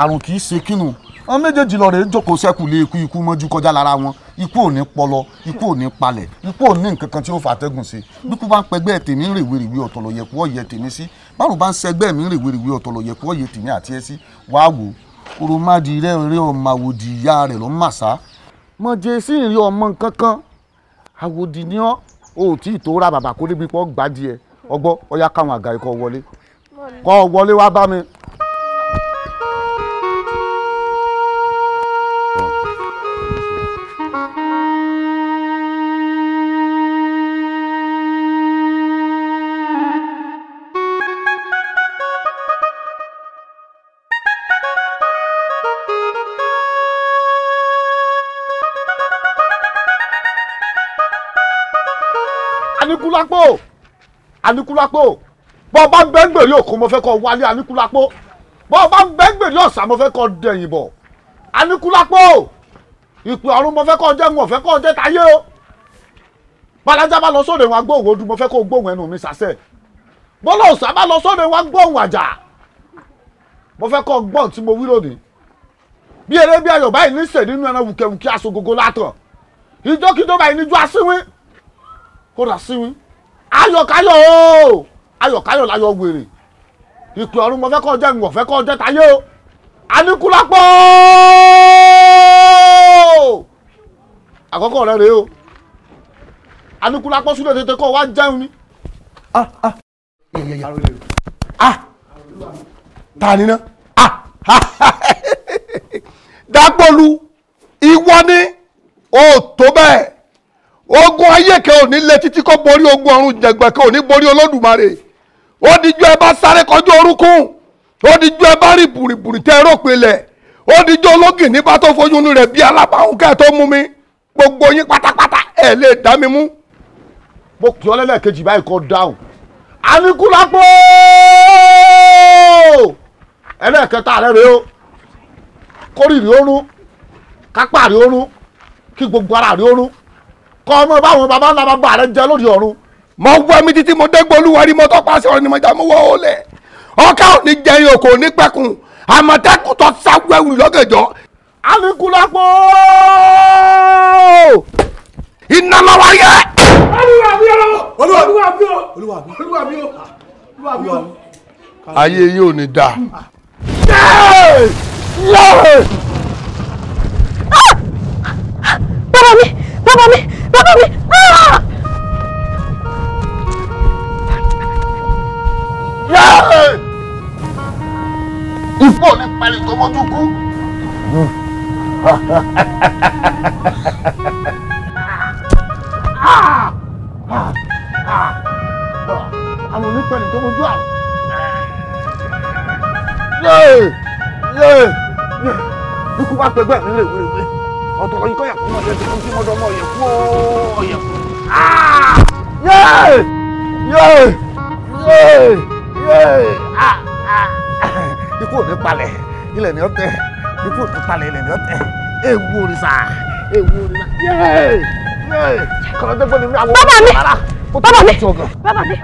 àrùn kì í ṣe kínú àwọn méjèèjì lọ rèé jókòó sẹ́kù lé ikú ikú mọ́jú kọjá lára wọn ikú ò ní pọlọ ikú ò ní palẹ̀ ikú ò ní nǹkan kan tí ó fàtẹ́gùn sí bí kú bá ń pẹgbẹ́ tèmi rèwerèwe ọ̀tọ̀ lọ yẹ̀kú ọ̀yẹ̀ tèmi sí báwo bá ń sẹgbẹ́ mi rèwerèwe ọ̀tọ̀ lọ yẹ̀kú ọ̀yẹ̀ tèmi àti ẹ sí wàá wò oromadi rẹ rẹ ọmọ àwòdì ìyá rẹ lọ màsá. mo jẹ sí ìrìn ọmọ kankan àwòdì ni ọ ò tí ì tó ra bàbà kó débi pọ́ gbádìí ẹ ọgbọ́ ọyá káwọn àga ikọ̀ wọlé kọ́ wọlé wá bá mi Aníkúlápó Aníkúlápó bọ́ ọ bá ń bẹ́ ń gbèrè òkú mo fẹ́ kọ́ wálé Aníkúlápó bọ́ ọ bá ń bẹ́ ń gbèrè ọ̀sà mo fẹ́ kọ́ dẹ̀yìn bọ̀ Aníkúlápó ìpè ọ̀run mo fẹ́ kọ́ jẹ́ ń wọ̀ fẹ́ kọ́ jẹ́ táyé o balaja bá lọ sóde wọn agbóhùn odu mo fẹ́ kó gbóhùn ẹnu mi sàṣẹ bọ́lá òsà bá lọ sóde wọn agbóhùn àjà mo fẹ́ kó gbọ́n tí mo wí lónìí bí eré bí ayọ̀ báyìí ní sè nínú ẹran wùkẹ́wùkẹ́ aṣogogo látọ̀ ìjọ́kíjọ́ báyìí níjú aṣíwín kó rà sí mi ayọ̀káyọ̀ o ayọ̀káyọ̀ láyọ̀ wèrè ìpè ọ̀run mo fẹ́ kọ́ jẹ́ ìwọ̀n fẹ́ kọ́ jẹ́ táyé o aníkúlápọ̀ àkọ́kọ́ rẹ̀ rèé o aníkúlápọ̀ sílẹ̀ tètè kọ́ wá jẹun ni. Ah, ah. Ah. ta ni ná Dápọ̀lù ìwọ ni o tó bẹ́ẹ̀ ogun ayé kan ò ní lé títí kó borí ogun ọ̀run jẹ̀gbẹ̀ kan ò ní borí olódùmarè ó dijú ẹ bá sáré kọjú orúnkún ó dijú ẹ bá rí bùrìbùrì tẹ ẹrọ pinlẹ̀ ó dijú ológin nígbà tó fojú inú rẹ̀ bí alábàáhùn kẹ́ ẹ̀ tó mú mi gbogbo yín pátápátá ẹ̀ lè dá mi mú. mo kì ọ́ lẹ́lẹ́kejì báyìí kó dáhùn anikulapo ẹlẹ́ẹ̀kẹta rẹ̀ rèé o kórìrì oorun kápá rèé oorun kí gbogbo ara rèé oorun kọ́ ọmọ báwọn baba ńlá bàbá rẹ jẹ lórí ọ̀run. mo wọ mi títí mo dégbò olúwarí mo tọ́pa sí ọ̀rọ̀ ni mo jà mo wọ olè ọkà ò ní jẹyìn òkò ní pẹ́kun àmọ̀tẹ́kùn tó sáwẹ́wù lọ́gẹ̀jọ́. alikulapo. iná lọ wáyé. olúwa mi o olúwa mi o olúwa mi o olúwa mi o olúwa mi o. ayé yóò ní dáa. yéé yéé. bàbá mi bàbá mi. Ah! ìfọ̀ ní parí tọmọ tó kú. àwọn onípẹ̀lú tó àwọn. ikú wa pẹ̀gbẹ́ mi lè wéwèé ọ̀dọ̀ ọ̀yìn kọ́ yàkú ọ̀yẹ̀ tó kí mọ́dọ̀ ọmọ ọ̀yẹ̀ kú ọ̀yẹ̀ kú. yéè yéè yéè yéè ikú ò ní palẹ̀ ilẹ̀ ni ó tẹ̀ ikú ò ní palẹ̀ ilẹ̀ ni ó tẹ̀ ewu òrìṣà ewu òrìṣà yéè yéè kọ̀ọ̀dọ́gbọ́n ni mi àwọn ọ̀rọ̀ rárá. Ah! bàbá mi bàbá mi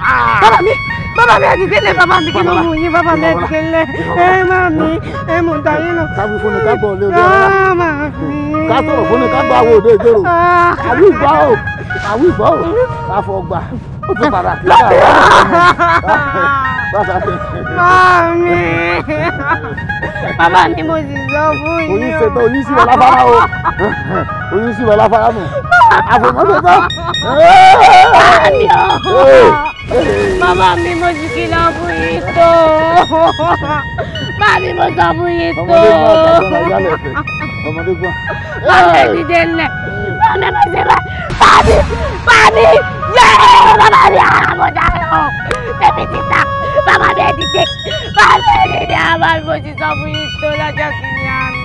bàbá mi bàbá mi àti délé bàbá mi kí ló mú yín bàbá mi àti délé ẹ má mi ẹ mú ta yín lọ. ká fún mi ká gbọ́ lé olú ọ̀la ká sọ̀rọ̀ fún mi ká gbọ́ àwọn òde ìjòrò àwọn ìgbà ò àwọn ìgbà ò àfọ̀gbà ó ti padà kí ká Mami! Bàbá ni mo sì sọ fún yín. Oyún ṣètò oyún sí wọn láfárá o. Oyún sí wọn láfárá nù àfòmọ́sọ́sọ́. bàbá mi mo sì kìlọ̀ fún yín tó bàbá mi mo sọ fún yín tó. ọmọdé gbọ́n. bàbá mi dìde lẹ̀ bàbá mi ṣe bá bàbá mi yẹ́ẹ̀ bàbá mi àmọ̀dá ah, lọ tẹ̀mí ti ta bàbá mi ẹ̀ dìde bàbá mi dìde àbá mi mo sì sọ fún yín tó lọ́jọ́ kìíní àná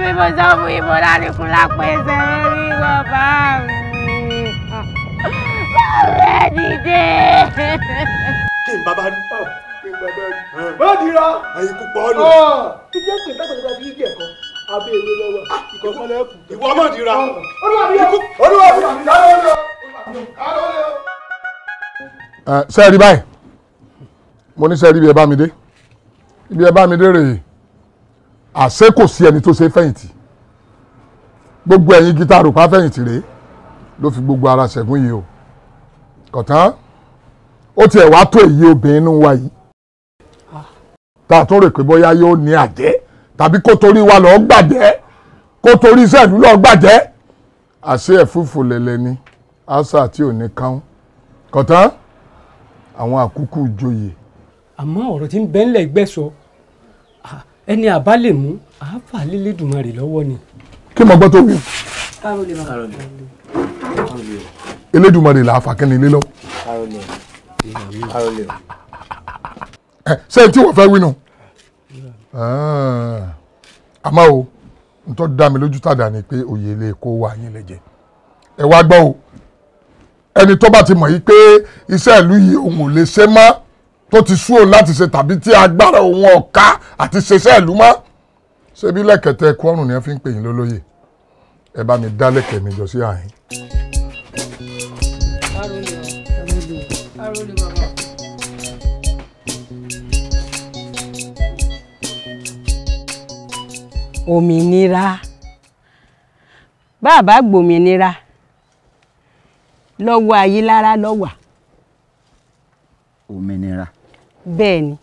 mi mo sọ fún yín mo dárí kú lápẹ́ ẹsẹ̀ rí bàbá mi bàbá ẹ dìde. kí n bàbá rí ah, kí bàbá a eh. dira. ẹyin kò pọ̀ ọ́ nù. kí jẹ́ pé tábìlì bá fi yí jẹ̀ kan abẹ́ ewé lọ́wọ́ ìkọ̀kọ́lẹ́ ah, kù. ìwọ ọmọ dira. Ah, olúwa mi yẹ kú. olúwa mi yẹ kú. sẹ́ẹ̀rí báyìí mo ní sẹ́ẹ̀rí bí ẹ bá mi dé ibi ẹ bá mi dé rèé àṣé kò sí ẹni tó ṣe fẹ̀yìntì gbogbo ẹ̀yin gítàrò pa fẹ̀yìntì rèé ló fi gbogbo ara ṣẹ̀gún yìí o kọ̀tán ó tiẹ̀ wá tó èyí obìnrin inú wa yìí tá a tún rò pé bóyá yóò ní àjẹ́ tàbí kó torí wa lọ́ọ́ gbàjẹ́ kó torí sẹ́ẹ̀lú lọ́ọ́ gbàjẹ́ àṣé ẹ̀fúfù lẹ̀lẹ̀ ni àṣà tí ò ní kọ̀tán àwọn àkúkú joyè. àmọ́ ọ̀rọ̀ tí ń bẹ́ńlẹ̀ gbẹ́sọ̀ ẹni àbá lè mú àáfà lélẹ́dùnmarè lọ́wọ́ ni. kí mo gbọ́ tó wù. Elédùmarè là á fà kẹ́ni lé lọ. ṣé tí wọ́n fẹ́ wí nù. Ah. àmọ́ o nítorí dá mi lójú tàdá ni pé òye ilé kó wà yín lẹ́jẹ̀ ẹ wá gbọ́ o ẹni tó bá ti mọ̀ yí pé iṣẹ́ ìlú yìí òun ò lè ṣe mọ́ tó ti sú òun láti ṣe tàbí tí agbára òun ọ̀ka àti ṣeṣẹ́ ìlú mọ́ ṣebí lẹ́kẹ̀tẹ̀ ẹkú ọ̀run ni ẹ fi ń pè yín lólóyè ẹ bá mi dá lẹ́kẹ̀ mi jọ sí àyín. òmìnira bàbá gbòmìnira lọ́wọ́ ayélára lọ́wọ́ òmìnira. bẹ́ẹ̀ ni.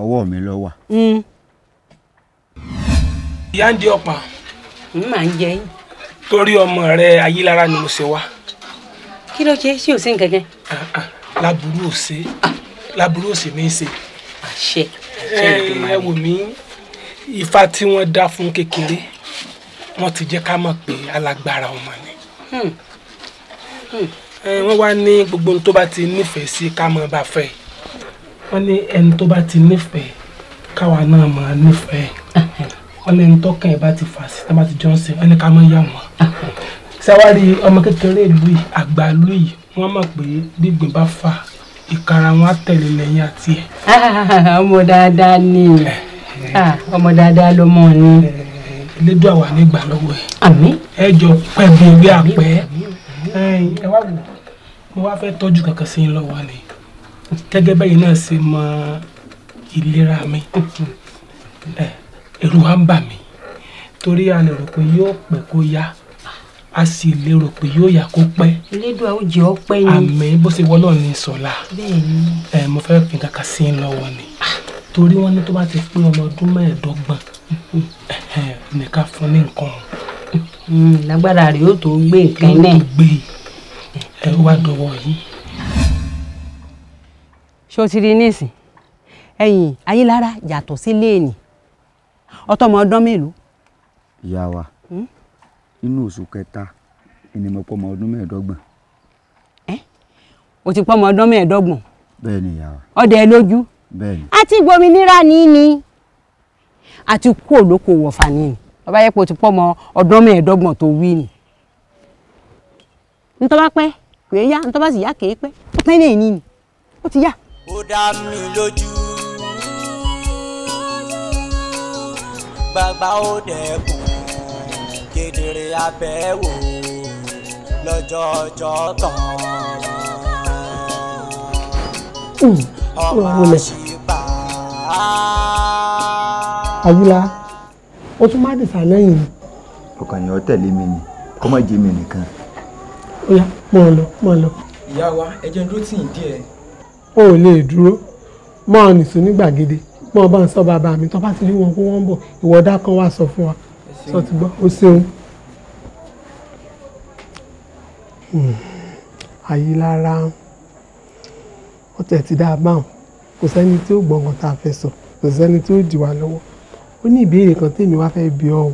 ọwọ́ mi ló wà. Mm. ìyá ń di ọ̀pá. n máa ń jẹ yín. torí ọmọ rẹ ayélujára ni mo ṣe wá. kí ló ṣe ṣé o ṣe nǹkan kan. Ah, ah, láburú ò ṣe ah. láburú ò ṣe mí ṣe. àṣẹ ṣe ìdùnnú ẹ wò mí ifá tí wọ́n dá fún kékeré wọ́n ti jẹ́ ká mọ̀ pé alágbára ọmọ ni. Hmm. Hmm wọ́n wá ní gbogbo ohun tó bá ti nífẹ̀ẹ́ sí ká mọ̀ bá fẹ́ wọ́n ní ẹni tó bá ti nífẹ̀ẹ́ káwa náà mọ̀ nífẹ̀ẹ́ wọ́n lẹ́ni tọ́kàn ẹ̀ bá ti fà sí tábà ti jọ ń sìn ẹni ká mọ̀ yà wọ́n. sáwárí ọmọ kékeré ìlú yìí àgbà ìlú yìí wọ́n mọ̀ pé gbígbìn bá fà ìkara wọn á tẹ̀lé lẹ́yìn àti ẹ̀. *laughs* ọmọ dáadáa ni ọmọ dáadáa ló mọ̀ ni. elédùn àwa nígbà ẹ jọ pẹ̀lú ewé àpẹ́ ẹ wá wò mo wá fẹ́ tọ́jú kankan sí yín lọ́wọ́ ni gẹ́gẹ́ bẹ́yìn náà ṣe mọ ìlera mi ẹ̀rù wa ń bà mí torí a lè rò pé yóò pẹ́ kó yá a sì lè rò pé yóò yá kó pẹ́. elédùn àwùjọ ọpẹ́ ni. àmín bó ṣe wọ náà ni sọlá ẹ mo fẹ́ fi kankan sí yín lọ́wọ́ ni torí wọ́n ní tó bá ti pé ọmọ ọdún mẹ́ẹ̀ẹ́dọ́gbọ̀n nìkan fún ní nǹkan. Hmm, lágbára rẹ̀ yóò tó gbé nǹkan náà. ẹ wá dọwọ́ yín. ṣó ti rí nísìn ẹ̀yìn ayélára yàtọ̀ sí léènì ọtọmọ ọdún mélòó. ìyá wa inú hmm? oṣù kẹta ni mo pọ́ ọmọ ọdún ẹ o ti ọmọ ọdún bẹ́ẹ̀ ni ìyá wa. ọdẹ lójú. bẹ́ẹ̀ ni. àti gbòmìnira ní ni àti kú ni ọba ni. ntọ́ pé yá tó bá sì yá kéé pé ó tán lẹ́yìn ni ó ti yá. ó dá mi lójú bàbá ó dẹkùn kedere abẹ́wò lọ́jọ́ ọjọ́ tán. ọmọ àṣìbà. àyùlá ó tún má dìtà lẹ́yìn. ọkàn yẹn ọ tẹ̀lé mi ni kó má jẹ́ mi nìkan ó yá mọ̀ ọ́ lọ mọ̀ ọ́ lọ. ìyá wa ẹ jẹ́ dúró tì í díẹ̀. o ò lè dúró mọ́ ọ nìṣó ní gbàgede mọ́ ọ bá ń sọ bàbá mi tó bá ti rí wọn kó wọ́n ń bọ̀ ìwọ́dà kan wá sọ fún wa sọ ti gbọ́ o ṣeun. àyílára hmm. ọ̀tẹ̀ ti dáa báwọn kò sẹ́ni tí ó gbọ̀ngàn tá a fẹ́ sọ kò sẹ́ni tí ó dì wá lọ́wọ́ ó ní ìbéèrè kan tèmi wá fẹ́ bi ọ́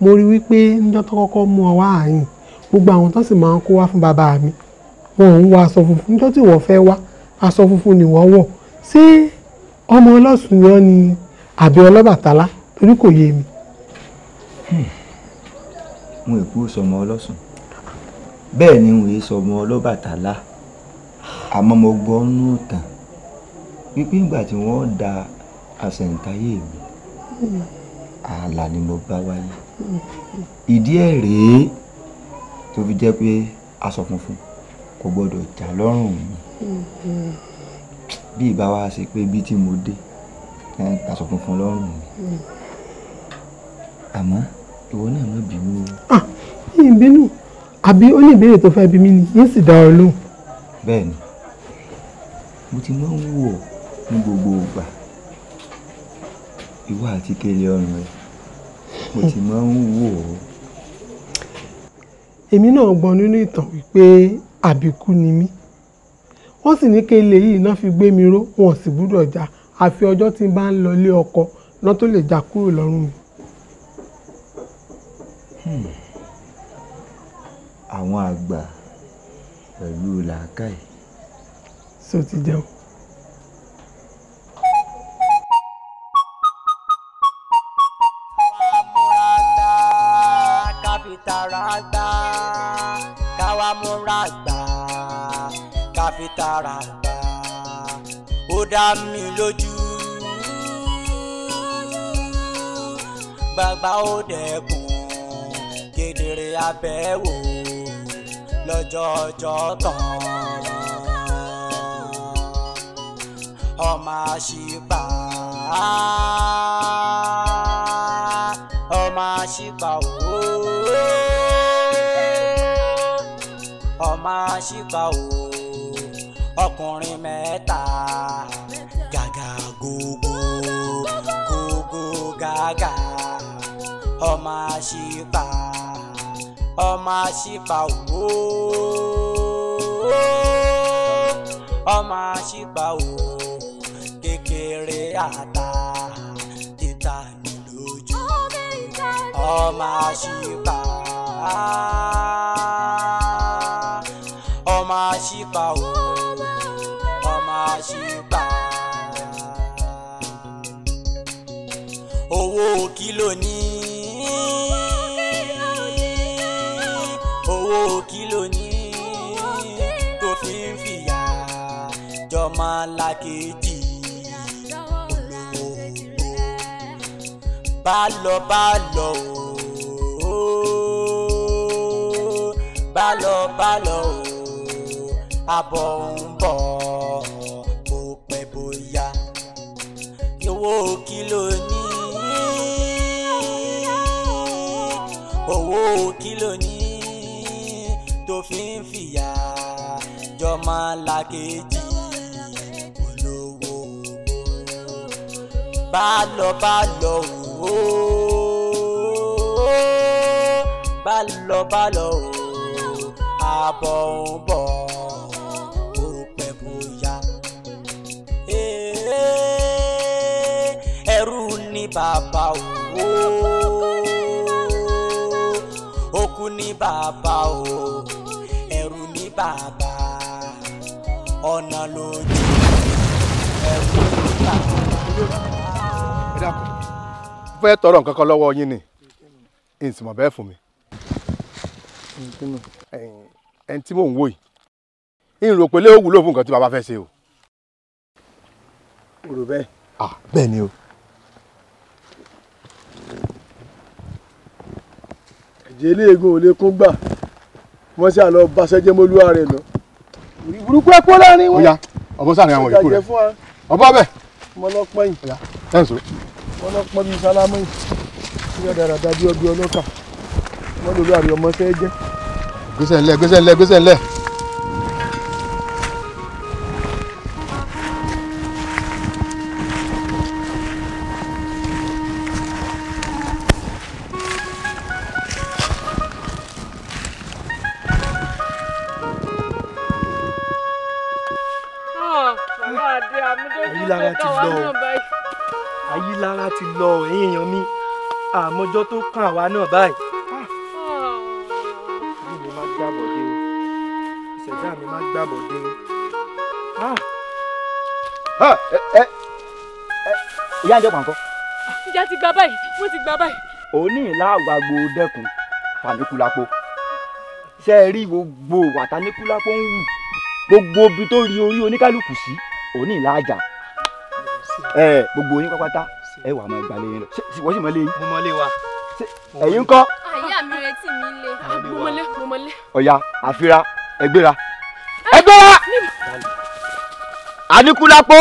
mo rí wípé níjọ́ tó kọ́kọ́ mú ọ wá àyìn gbogbo àwọn tó sì máa ń kó wá fún bàbá mi wọn ò ń wọ aṣọ funfun nítorí tí wọ́n fẹ́ wá aṣọ funfun ni wọ́n wọ̀ ṣé ọmọ ọlọ́sùn yan ni àbí ọlọ́bàtálá torí kò yé mi. Hmm. mo èkú sọmọ ọlọ́sùn bẹ́ẹ̀ ni wòye sọmọ ọlọ́bàtálá àmọ́ mo gbọ́ nù tàn wípé ìgbà tí wọ́n da àṣẹ̀ǹtáyé mi hmm. ààlà ni mo bá wáyé hmm. ìdí ẹ̀ rèé tó fi jẹ́ pé aṣọ funfun kò gbọ́dọ̀ já lọ́rùn mi bí ìbá wa ṣe pé bí tí mo dé aṣọ funfun lọ́rùn mi àmọ́ ìwọ náà má bínú o. ah ìbínú àbí ó ní ìbéèrè tó fẹ́ bí mi ni yín sì dá ọ lóhùn. bẹ́ẹ̀ni mo ti máa ń wò ní gbogbo ìgbà ìwọ àti kele ọrùn rẹ mo ti máa ń wò ó èmi náà gbọ́n nínú ìtàn wípé àbíkú ni mí wọ́n sì ní kele yìí náà fi gbé mi ró wọn sì gbúdọ̀ jà àfi ọjọ́ tí n bá ń lọ ilé ọkọ náà tó lè jà kúrò lọ́rùn mi. Hmm. àwọn àgbà pẹ̀lú làákàyè. so ti jẹun. fi tara gbà ó dá mi lójú gbàgbà ó dẹkùn kedere abẹ́wò lọ́jọ́ tán ọmọ àṣìpà ọmọ àṣìpà ooo ọmọ àṣìpà ooo ọkùnrin mẹ́ta gàgà gógó gógó gàgà ọmọ àṣìpà ọmọ àṣìpà wò ọmọ àṣìpà wò kékeré àtà títà ní lójú ọmọ àṣìpà ọmọ àṣìpà wò àṣìbà. owó kìlò ní. owó kìlò ní. tó fi ń fìyà jọmọ làkejì. bá lọ bá lọ ooo bá lọ ń bọ̀. owó kí ló ní owó kí ló ní tó fi ń fìyà jọmọ làkejì olówó bá lọ bá lọ wò bá lọ bá lọ wò àbọ̀ ń bọ̀. bàbá òwò òkú ni bàbá o ẹrù ni bàbá ọ̀nà lójú ẹrù ni bàbá. ẹ dákun fẹ́ tọrọ nǹkan kan lọ́wọ́ yín ni n mọ̀ bẹ́ẹ̀ fún mi. ẹni tí mò ń wò yìí n pé lé òwúlò fún nǹkan tí bàbá fẹ́ ṣe o. o rò bẹ́ẹ̀. Ah, bẹ́ẹ̀ ni o. jèlé egun ò lè kún gbà wọ́n sì àlọ́ baṣẹ́jẹ́ mọ́lúwa rẹ̀ lọ. burúkú ẹ kó láàrin wọn. ọya ọbọ sáàrin àwọn ìkú rẹ ọbọ bẹ. mo lọ pọ́n yìí. ẹ sọ. mo lọ pọ́n mi sálámù yìí. yóò dára dájú ọbẹ̀ ọlọ́kà wọ́n lórí àrè ọmọ sẹ́ẹ́jẹ́. gbèsè ńlẹ̀ gbèsè ńlẹ̀ gbèsè ńlẹ̀. kan àwa náà báyìí. ìlú mi máa gbàbọ̀ dé o ìṣẹ̀dá mi máa gbàbọ̀ dé o. ìyá ń jẹ́ pàǹkọ́. ìyá ti gba báyìí wọ́n ti gba báyìí. òní ìlà àgbàgbò dẹ́kun fàníkùlápó ṣe é rí gbogbo wàtáníkùlápó ń wù gbogbo ibi tó rí orí oníkálukú sí òní ìlà gbogbo yín pápátá ẹ wà máa gbà lẹ́yìn lọ wọ́n sì mọ lẹ́yìn. mo mọ lé wa ẹ̀yin ńkọ́. àyà mi le. mi lé mọmọlé mọmọlé. ọ̀ya àfira ẹgbẹ́ra ẹgbẹ́ra àníkúlápó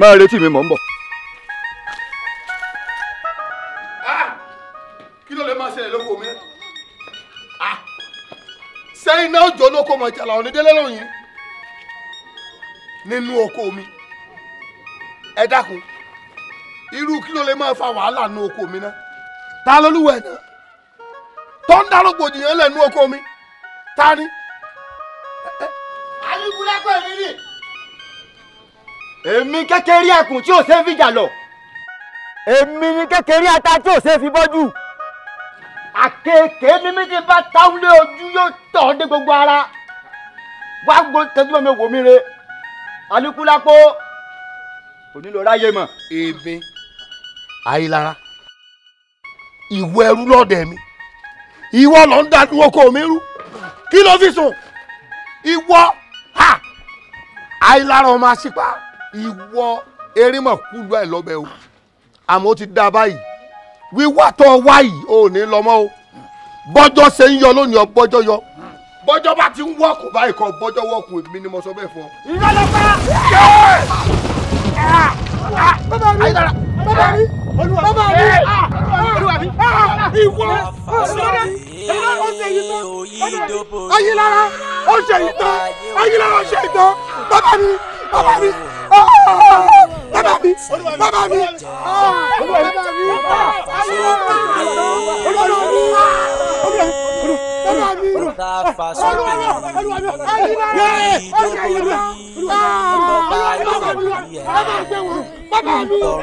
máa retí mi mọ̀ ń bọ̀. Ah! kí ló lè máa ṣẹlẹ̀ lóko mi sẹ́yìn náà jọ lóko mọ̀ jàlá onídélé lóyìn nínú oko mi ẹ dákun irú kí ló lè máa fa wàhálà nínú oko mi náà ta lolúwa ẹ̀dá tó ń dá rògbòdìyàn lẹ́nu oko mi ta ni. alikulapo èmi ni. èmi kékeré ẹkùn tí ò ṣe é fi jà lọ èmi ni kékeré ata tí ò ṣe é fi bọ́jú àkekèé ni mi ti bá táwọn lé ojú yóò tọ̀ ọ́ dé gbogbo ara wá gbó tẹjú mi wò mí re Alikulapo onílò ráyè mọ̀. èmi ayélára ìwọ ẹrú lọ́dẹ̀ mi ìwọ ló ń da oko mi rú kí ló fi sùn ìwọ ha àìlára ọmọ àṣìpá ìwọ erimọ̀ kúlú ẹ̀ lọ́bẹ̀ o àmọ́ ó ti da báyìí wíwá tó wá yìí ò ní lọ mọ́ o bọ́jọ́ ṣe ń yọ lónìí ọbọ́jọ́ yọ bọ́jọ́ bá ti ń wọ́ọ̀kù báyìí kan bọ́jọ́ wọ́ọ̀kù èmi ni mo sọ bẹ́ẹ̀ fọ. ìrọ̀lọ́pàá. àìlára bàbá mi bàbá mi olúwa mi ìwọ ọ̀sọ́dẹ ìlànà ọ̀sẹ̀ yìí tán ayélujára ọ̀sẹ̀ yìí tán ayélujára ọ̀sẹ̀ yìí tán bàbá mi bàbá mi bàbá mi bàbá mi bàbá mi ayélujára ọ̀sẹ̀ yìí tán olúwa mi tá a fa sókè yìí ìjókòó yìí bàbá àdúgbò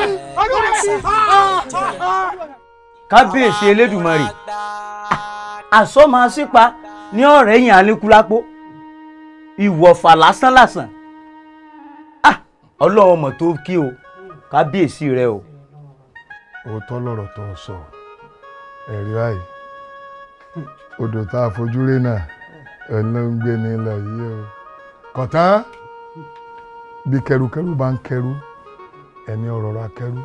yẹ kábíyèsí elédùmarè àsọmọsípa ní ọ̀rẹ́ yìn alẹ́kùlápó ìwọ̀fà lásán lásán ọlọ́run mọ̀ tó kí o kábíyèsí rẹ o. òótọ́ lọ̀rọ̀ tó ń sọ ẹ̀rí báyìí odò tá a fojú rí náà ọlọ́ngbé ni lọ yìí o kọ̀tán bí kẹrukẹru bá ń kẹru ẹni ọ̀rọ̀ ra kẹru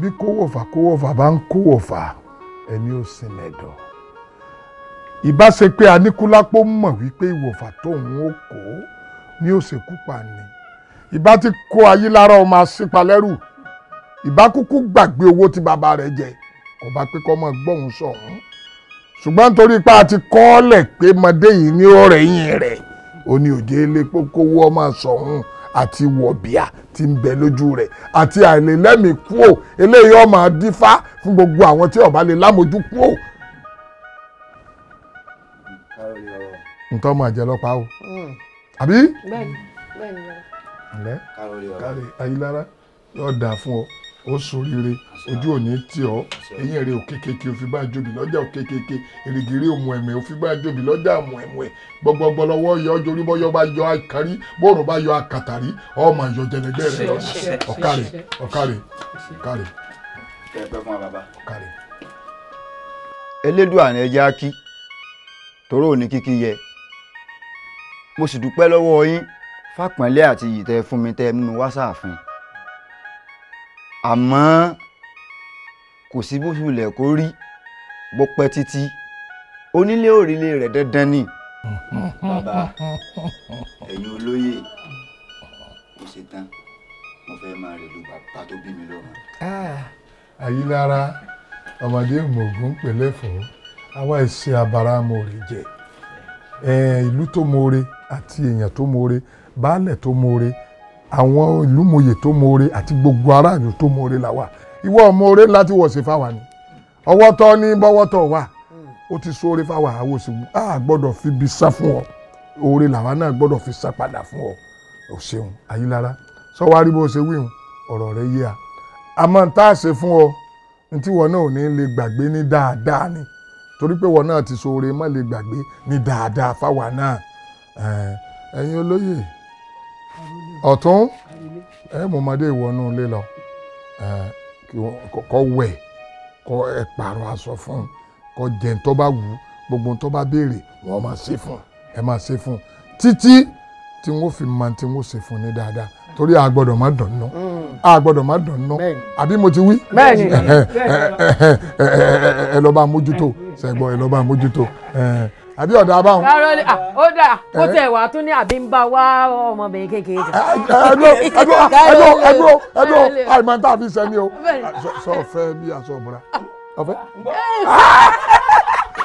bí kówòfà kówòfà bá ń kówòfà ẹni ò sin ẹ̀dọ̀ ìbáṣepẹ́ Aníkúlápó mọ̀ wípé ìwòfà tóun ó kó ni ó ṣekú pa ni ìbá ti kó ayé lára ọmọ àṣepalẹ́rù ìbá kúkú gbàgbé owó tí bàbá rẹ̀ jẹ kò bá pé kọ́ mọ́ gbọ́hùn sọ̀hún. So, ṣùgbọ́n nítorí pé a ti kọ́ọ́lẹ̀ pé mọdé yìí ní ọ̀rẹ́ yìí rẹ̀ ó ní òjé ilé kókówó ọmọ sọ̀hún àti wọ̀bíà ti ń bẹ lójú rẹ̀ àti àìlélẹ́mì kúò eléyìí ọmọ dífá fún gbogbo àwọn tí ọba lè lámojú kúò. ntọ́ máa jẹ lọ́pàá o hmm. àbí. bẹ́ẹ̀ni bẹ́ẹ̀ni. ǹlẹ́ ayélujára yóò dáa fún ọ ó soríire ojú òní tí ọ eyín rẹ òkekeke òfi bá jòbí lọ́jà òkekeke èrìgìrì òmù ẹ̀mẹ̀ òfi bá jòbí lọ́jà àmù ẹ̀mù ẹ̀ gbọgbọgbọ lọ́wọ́ yọ ọjọ́ orí bọ́yọ́ bá yọ àkárí bóòrò bá yọ àkàtàrí ọmọ àyọ jẹlẹgbẹ rẹ ọkàrẹ ọkàrẹ ọkàrẹ. ọkàrẹ. elédùn àrùn ẹja kí toró òní kíkí yẹ mo sì dúpẹ́ lọ́wọ́ yín fápẹ́lẹ́ àti ìyìtẹ́ fún mi tẹ́ mú mi wá sáàfin àmọ́ kò sí bó ṣulẹ̀ kó rí bó pẹ́ títí onílé òrìlé rẹ̀ dandan ni. bàbá ẹ̀yin olóyè kò ṣe tán mo fẹ́ máa rè lu bàbá tó bí mi lọ́rùn. àyílára ah, ọmọdé mògùn pẹ̀lẹ́ fún àwa ìṣe àbára mòrè jẹ ìlú tó mòrè àti èèyàn tó mòrè baálẹ̀ tó mòrè àwọn olùmọ̀yè tó mọ̀ọ́re àti gbogbo aráàlú tó mọ̀ọ́re làwà ìwọ mọ̀ọ́re láti wọ̀sẹ̀ fáwa ni ọwọ́ ni ní bọ́wọ́ tọ̀ wà ó ti sóore fáwa àwọn òṣèlú a gbọ́dọ̀ fi bi sá fún ọ oore làwa náà gbọ́dọ̀ fi sá padà fún ọ ò ṣeun Ayílára sọwárí bó ṣe wíhun ọ̀rọ̀ rẹ yé a àmọ́ tá a ṣe fún ọ ní tí wọn náà ò ní lè gbàgbé ní dáadáa ni torí pé wọn náà ti sóore má lè gbàgbé ní dáadáa fáwa náà ẹ̀yin olóyè ọ̀tún ẹ mọ ọmọdé ìwọnú ilé lọ kó wẹ̀ kó ẹ pààrọ̀ aṣọ fún un kó jẹ tó bá wù ú gbogbo tó bá béèrè wọn máa ṣe fún ẹ máa ṣe fún títí tí wọn fi máa tí wọn ṣe fún ní dáadáa torí a gbọ́dọ̀ má dàn ná a gbọ́dọ̀ má dàn ná àbí mo ti wí ẹ lọ bá mójútó ṣẹgbọn ẹ lọ bá mójútó àbí ọ̀dà abáwọn. rárá ó dà kó eh? tẹ̀ wá tún ní àbí ń bá wá ọmọbìnrin kékeré kan. Ah, ah, eh, ẹdúró ẹdúró ẹdúró ẹdúró ẹdúró àìmọ̀ tá a fi sẹ́ni o ah, sọ fẹ́ bí aṣọ òmùra ọ̀fẹ́. *laughs*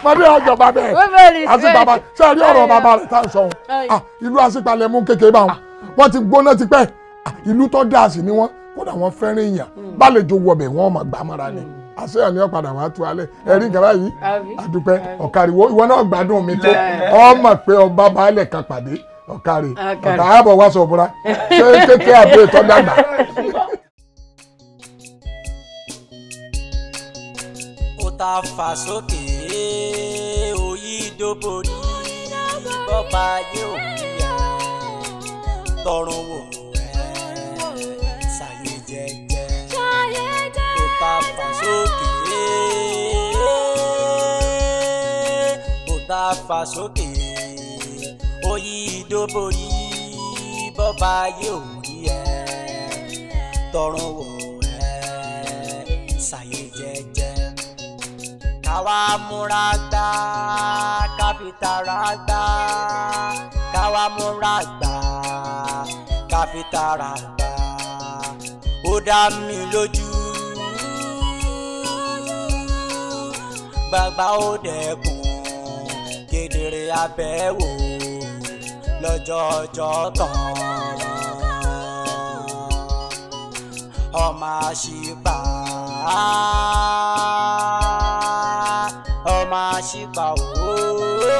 mọ̀bí ọjọba bẹ́ẹ̀ àti bàbá ṣé ẹ rí ọ̀rọ̀ bàbá rẹ̀ tá à ń sọ wọn ìlú àṣìpalẹ̀ mú kékeré bá wọn wọ́n ti gbóná tipẹ́ ìlú tó dáa sí ni wọ́n kódà wọ́n fẹ́ràn èèyàn hmm. bá lè jó wọbẹ̀ wọ́n máa gbà mọ́ra ni. Mm. àṣeyà ni ọ̀padà wàá tú alẹ̀ ẹ̀rí nǹkan báyìí àdúpẹ́ ọ̀kàrìwò ìwọ náà gbádùn mi tó ọmọ pé ọba baálẹ̀ kan pàdé ọ̀kàrì ọ̀kà àbọ̀ wá sọ̀bùra ṣé kékeré àbí ètò dàgbà. ó ta fà sókè òyì fà sókè bó bá fà sókè oyí ìdóbò yìí bọ́ba ayé ò rí ẹ tọrùn wò ẹ ṣàyè jẹjẹ káwa múra gbá káfíntàrà gbá káwa múra gbá káfíntàrà gbá ó dá mi lójú. bàbá ó dẹkùn kedere abẹ́wò lọ́jọ́ ọjọ́ kan ọmọ àṣìpà ọmọ àṣìpà òwò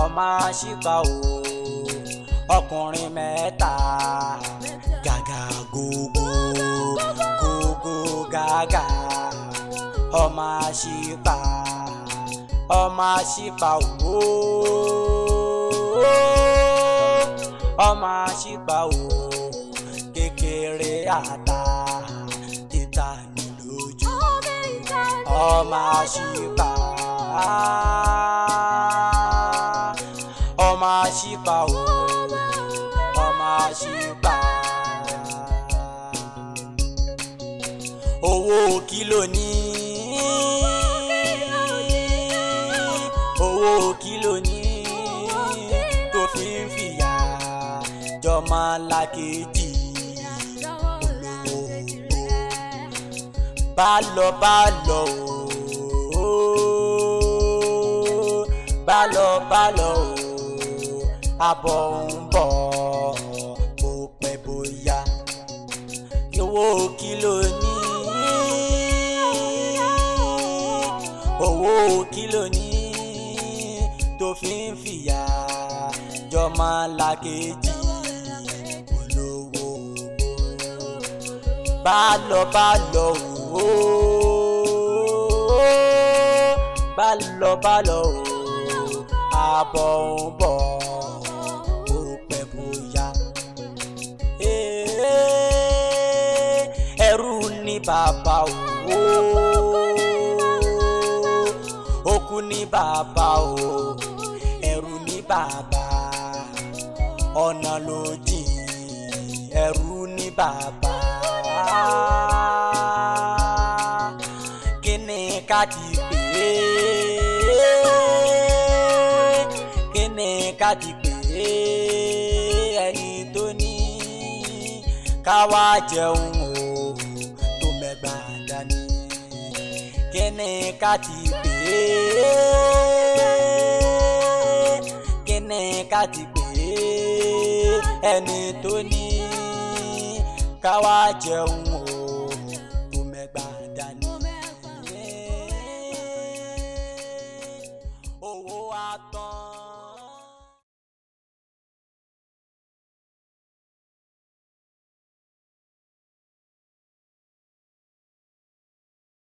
ọmọ àṣìpà òwò ọkùnrin mẹ́ta gàgà gógó gógó gàgà ọmọ àṣìpà ọmọ àṣìpà òwò ọmọ àṣìpà òwò kékeré àtà títà nílójú ọmọ àṣìpà ọmọ àṣìpà òwò ọmọ àṣìpà. owó kìlò ní. ọmọlàkejì olówó bá lọ bá lọ ooo bá lọ bá lọ ooo abọ́ ń bọ̀ kó pẹ́ bóyá owó kìlọ̀ ní owó kìlọ̀ ní tó fi ń fìyà jọmọ làkejì. bá lọ bá lọ o bá lọ bá lọ o àbọ̀ ń bọ̀ òrùpẹ̀ bóyá ẹrú ni bàbá o òkú ni bàbá o ẹrú ni bàbá ọ̀nà ló ẹrú ni bàbá kí ni ká ti pè é kí ni ká ti pè é ẹni tó ní ká wá jẹun o tó mẹ́gbà dání kí ká ti pè é kí ká ti pè é ẹni tó ní ká wá jẹun.